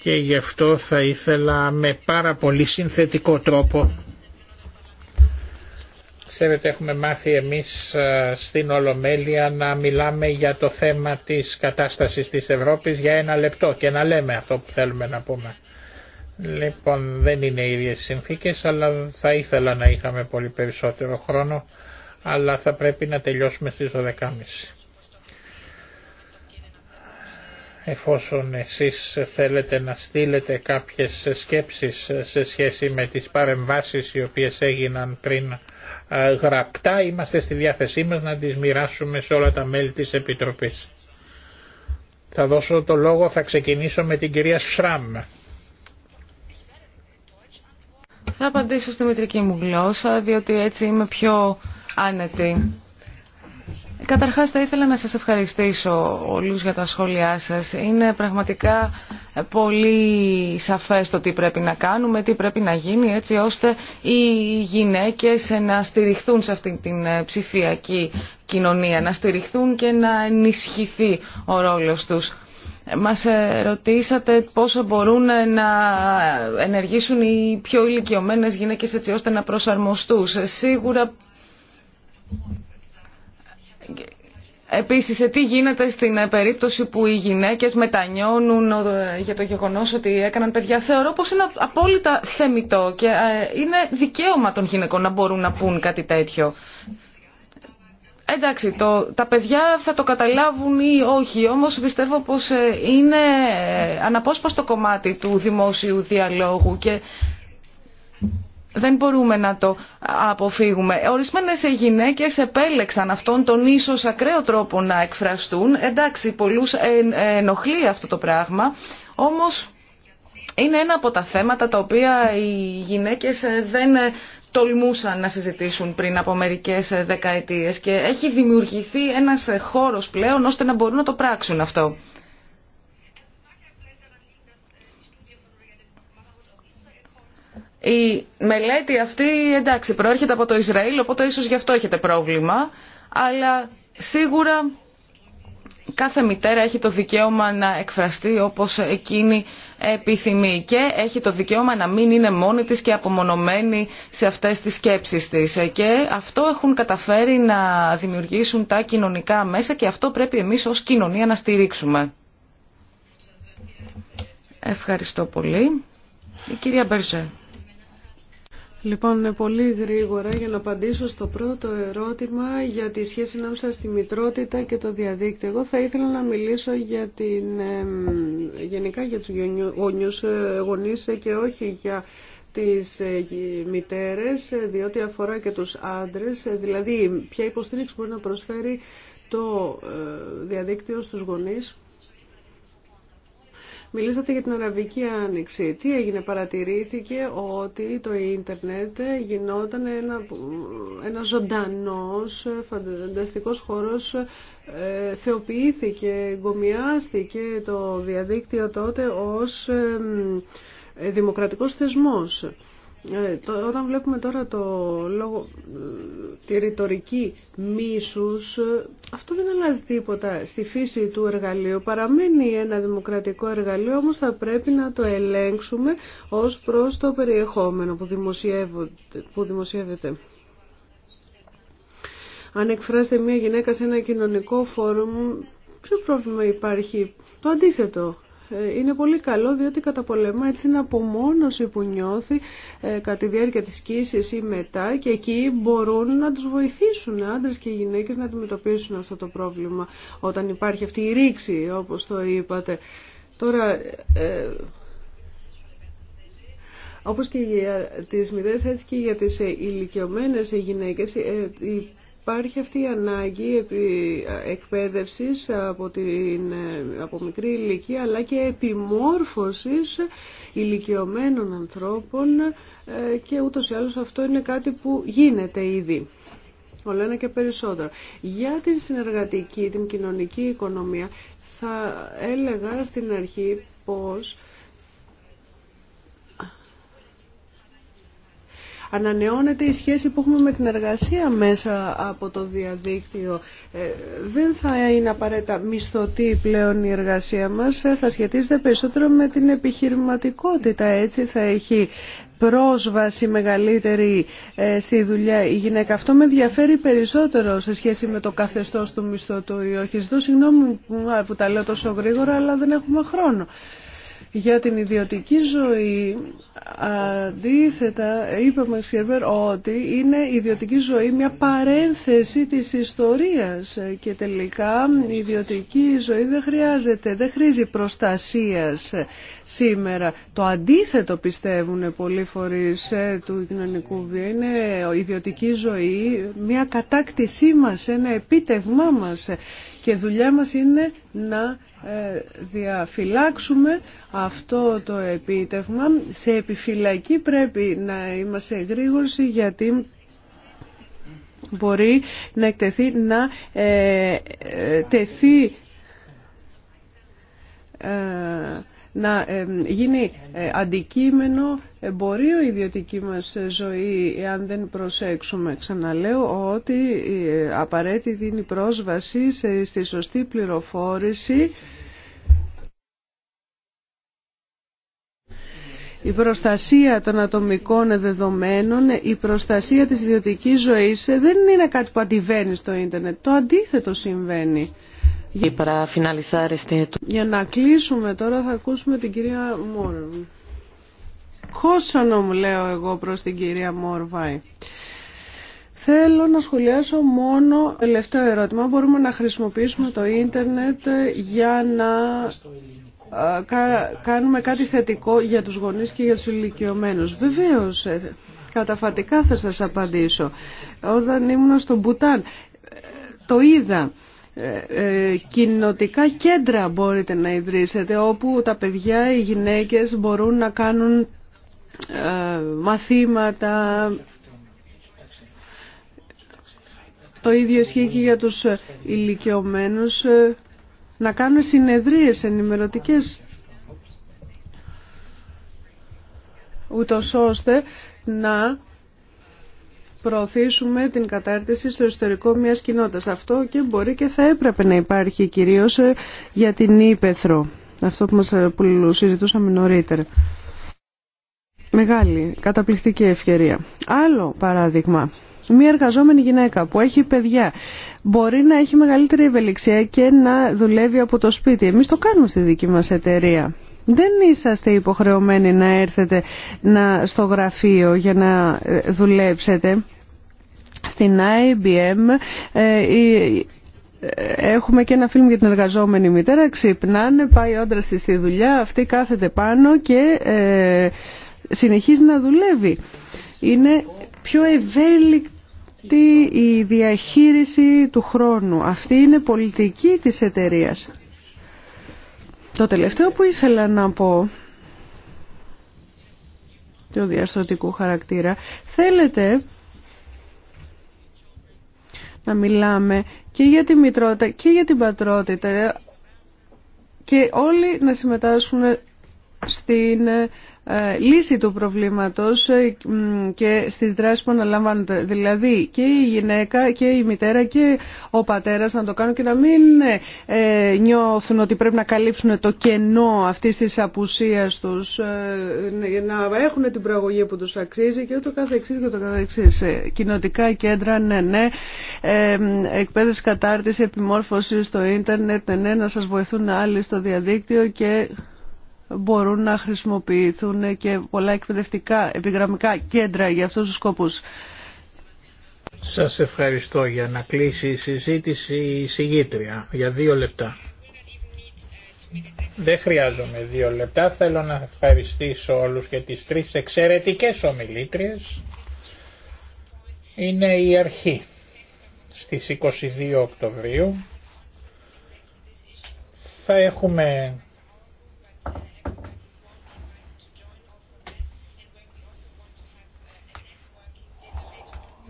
και γι' αυτό θα ήθελα με πάρα πολύ συνθετικό τρόπο Ξέρετε έχουμε μάθει εμείς ε, στην Ολομέλεια να μιλάμε για το θέμα της κατάστασης της Ευρώπης για ένα λεπτό και να λέμε αυτό που θέλουμε να πούμε. Λοιπόν δεν είναι οι ίδιες συνθήκες αλλά θα ήθελα να είχαμε πολύ περισσότερο χρόνο αλλά θα πρέπει να τελειώσουμε στις 12.30 εφόσον εσείς θέλετε να στείλετε κάποιες σκέψεις σε σχέση με τις παρεμβάσεις οι οποίες έγιναν πριν γραπτά, είμαστε στη διάθεσή μας να τις μοιράσουμε σε όλα τα μέλη της Επιτροπής. Θα δώσω το λόγο, θα ξεκινήσω με την κυρία Σραμ. Θα απαντήσω στη μητρική μου γλώσσα, διότι έτσι είμαι πιο άνετη. Καταρχάς θα ήθελα να σας ευχαριστήσω όλους για τα σχόλιά σας. Είναι πραγματικά πολύ σαφές το τι πρέπει να κάνουμε, τι πρέπει να γίνει έτσι ώστε οι γυναίκες να στηριχθούν σε αυτή την ε, ψηφιακή κοινωνία, να στηριχθούν και να ενισχυθεί ο ρόλος τους. Μας ε, ρωτήσατε πόσο μπορούν ε, να ενεργήσουν οι πιο ηλικιωμένες γυναίκες έτσι ώστε να προσαρμοστούν. Σίγουρα Επίσης, ε, τι γίνεται στην ε, περίπτωση που οι γυναίκες μετανιώνουν ε, για το γεγονός ότι έκαναν παιδιά. Θεωρώ πως είναι απόλυτα θεμητό και είναι δικαίωμα των γυναικών να μπορούν να πούν κάτι τέτοιο. Εντάξει, το, τα παιδιά θα το καταλάβουν ή όχι, όμως πιστεύω πως είναι αναπόσπαστο κομμάτι του δημόσιου διαλόγου και δεν μπορούμε να το αποφύγουμε. Ορισμένες γυναίκες επέλεξαν αυτόν τον ίσως ακραίο τρόπο να εκφραστούν. Εντάξει, πολλούς ενοχλεί αυτό το πράγμα, όμως είναι ένα από τα θέματα τα οποία οι γυναίκες δεν τολμούσαν να συζητήσουν πριν από μερικές δεκαετίες και έχει δημιουργηθεί ένας χώρος πλέον ώστε να μπορούν να το πράξουν αυτό. Η μελέτη αυτή, εντάξει, προέρχεται από το Ισραήλ, οπότε ίσως γι' αυτό έχετε πρόβλημα, αλλά σίγουρα κάθε μητέρα έχει το δικαίωμα να εκφραστεί όπως εκείνη επιθυμεί και έχει το δικαίωμα να μην είναι μόνη της και απομονωμένη σε αυτές τις σκέψεις της. Και αυτό έχουν καταφέρει να δημιουργήσουν τα κοινωνικά μέσα και αυτό πρέπει εμείς ως κοινωνία να στηρίξουμε. Ευχαριστώ πολύ. Η κυρία Μπερζέ. Λοιπόν, πολύ γρήγορα για να απαντήσω στο πρώτο ερώτημα για τη σχέση ανάμεσα στη μητρότητα και το διαδίκτυο. Εγώ θα ήθελα να μιλήσω για την, γενικά για τους γονιούς, ε, γονείς και όχι για τις ε, μητέρες, ε, διότι αφορά και τους άντρες, δηλαδή ποια υποστήριξη μπορεί να προσφέρει το διαδίκτυο στους γονείς Μιλήσατε για την Αραβική Άνοιξη. Τι έγινε, παρατηρήθηκε ότι το ίντερνετ γινόταν ένα, ένα ζωντανός, φανταστικός χώρος ε, θεοποιήθηκε, γκομιάστηκε το διαδίκτυο τότε ως ε, δημοκρατικός θεσμός. Ε, όταν βλέπουμε τώρα το λόγο, ε, τη ρητορική μίσους, ε, αυτό δεν αλλάζει τίποτα στη φύση του εργαλείου. Παραμένει ένα δημοκρατικό εργαλείο, όμως θα πρέπει να το ελέγξουμε ως προς το περιεχόμενο που, που δημοσιεύεται. Αν εκφράσετε μια γυναίκα σε ένα κοινωνικό φόρουμ, ποιο πρόβλημα υπάρχει. Το αντίθετο είναι πολύ καλό διότι καταπολεμά την απομόνωση που νιώθει ε, κατά τη διάρκεια της κοίησης ή μετά και εκεί μπορούν να τους βοηθήσουν άντρες και γυναίκες να αντιμετωπίσουν αυτό το πρόβλημα όταν υπάρχει αυτή η ρήξη όπως το είπατε. Τώρα, ε, όπως και για τις μητέρες έτσι και για τις ε, ηλικιωμένες γυναίκες υπάρχει αυτή η ανάγκη επί εκπαίδευσης από, την, από μικρή ηλικία αλλά και επιμόρφωσης ηλικιωμένων ανθρώπων ε, και ούτως ή άλλως αυτό είναι κάτι που γίνεται ήδη. όλα ένα και περισσότερο. Για την συνεργατική, την κοινωνική οικονομία θα έλεγα στην αρχή πως ανανεώνεται η σχέση που έχουμε με την εργασία μέσα από το διαδίκτυο. Ε, δεν θα είναι απαραίτητα μισθωτή πλέον η εργασία μας, ε, θα σχετίζεται περισσότερο με την επιχειρηματικότητα. Έτσι θα έχει πρόσβαση μεγαλύτερη ε, στη δουλειά η γυναίκα. Αυτό με ενδιαφέρει περισσότερο σε σχέση με το καθεστώς του μισθωτού ή όχι. Ζητώ συγγνώμη που τα λέω τόσο γρήγορα, αλλά δεν έχουμε χρόνο. Για την ιδιωτική ζωή, αντίθετα, είπε ο ότι είναι η ιδιωτική ζωή μια παρένθεση της ιστορίας και τελικά η ιδιωτική ζωή δεν χρειάζεται, δεν χρήζει προστασίας σήμερα. Το αντίθετο πιστεύουν πολλοί φορείς ε, του κοινωνικού βίου, είναι η ιδιωτική ζωή μια κατάκτησή μας, ένα επίτευμά μας και δουλειά μας είναι να ε, διαφυλάξουμε αυτό το επίτευγμα. Σε επιφυλακή πρέπει να είμαστε γρήγοροι γιατί μπορεί να εκτεθεί, να ε, ε, τεθεί να γίνει ε, αντικείμενο εμπορίου ιδιωτική μας ζωή εάν δεν προσέξουμε. Ξαναλέω ότι ε, απαραίτητη είναι η πρόσβαση στη σωστή πληροφόρηση η προστασία των ατομικών δεδομένων, η προστασία της ιδιωτικής ζωής ε, δεν είναι κάτι που αντιβαίνει στο ίντερνετ. Το αντίθετο συμβαίνει. Για να κλείσουμε τώρα θα ακούσουμε την κυρία Μόρβαη. να μου λέω εγώ προς την κυρία Μόρβαη. Θέλω να σχολιάσω μόνο τελευταίο ερώτημα. Μπορούμε να χρησιμοποιήσουμε το ίντερνετ για να κάνουμε κάτι θετικό για τους γονείς και για τους ηλικιωμένους. Βεβαίως, ε, καταφατικά θα σας απαντήσω. Όταν ήμουν στο Μπουτάν, ε, το είδα. Ε, ε, κοινοτικά κέντρα μπορείτε να ιδρύσετε όπου τα παιδιά, οι γυναίκες μπορούν να κάνουν ε, μαθήματα. Το ίδιο ισχύει και για τους ηλικιωμένους να κάνουν συνεδρίες ενημερωτικές ούτως ώστε να προωθήσουμε την κατάρτιση στο ιστορικό μιας κοινότητας. Αυτό και μπορεί και θα έπρεπε να υπάρχει κυρίως ε, για την Ήπεθρο. Αυτό που, μας, ε, συζητούσαμε νωρίτερα. Μεγάλη, καταπληκτική ευκαιρία. Άλλο παράδειγμα. Μία εργαζόμενη γυναίκα που έχει παιδιά μπορεί να έχει μεγαλύτερη ευελιξία και να δουλεύει από το σπίτι. Εμείς το κάνουμε στη δική μας εταιρεία δεν είσαστε υποχρεωμένοι να έρθετε να, στο γραφείο για να ε, δουλέψετε. Στην IBM ε, ε, έχουμε και ένα φιλμ για την εργαζόμενη μητέρα. Ξυπνάνε, πάει ο άντρας στη δουλειά, αυτή κάθεται πάνω και συνεχίζει να δουλεύει. Είναι πιο ευέλικτη η διαχείριση του χρόνου. Αυτή είναι πολιτική της εταιρείας. Το τελευταίο που ήθελα να πω του διαρθρωτικού χαρακτήρα θέλετε να μιλάμε και για τη μητρότητα και για την πατρότητα και όλοι να συμμετάσχουν στην ε, λύση του προβλήματος ε, και στις δράσεις που αναλαμβάνονται. Δηλαδή και η γυναίκα και η μητέρα και ο πατέρας να το κάνουν και να μην ε, νιώθουν ότι πρέπει να καλύψουν το κενό αυτής της απουσίας τους, να έχουν την προαγωγή που τους αξίζει και ούτω καθεξής και ούτω καθεξής. Κοινοτικά κέντρα, ναι, ναι, εκπαίδευση κατάρτιση, επιμόρφωση στο ίντερνετ, ναι, ναι, να σας βοηθούν άλλοι στο διαδίκτυο και μπορούν να χρησιμοποιηθούν και πολλά εκπαιδευτικά επιγραμμικά κέντρα για αυτούς τους σκοπούς. Σας ευχαριστώ για να κλείσει η συζήτηση η συγγήτρια για δύο λεπτά. Δεν χρειάζομαι δύο λεπτά. Θέλω να ευχαριστήσω όλους και τις τρεις εξαιρετικές ομιλήτριες. Είναι η αρχή στις 22 Οκτωβρίου. Θα έχουμε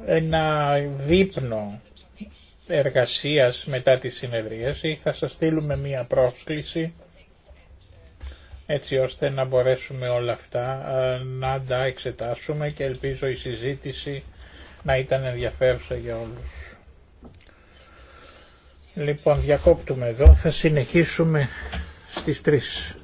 ένα δείπνο εργασίας μετά τη συνεδρίαση. Θα σας στείλουμε μία πρόσκληση έτσι ώστε να μπορέσουμε όλα αυτά ε, να τα εξετάσουμε και ελπίζω η συζήτηση να ήταν ενδιαφέρουσα για όλους. Λοιπόν, διακόπτουμε εδώ, θα συνεχίσουμε στις 3.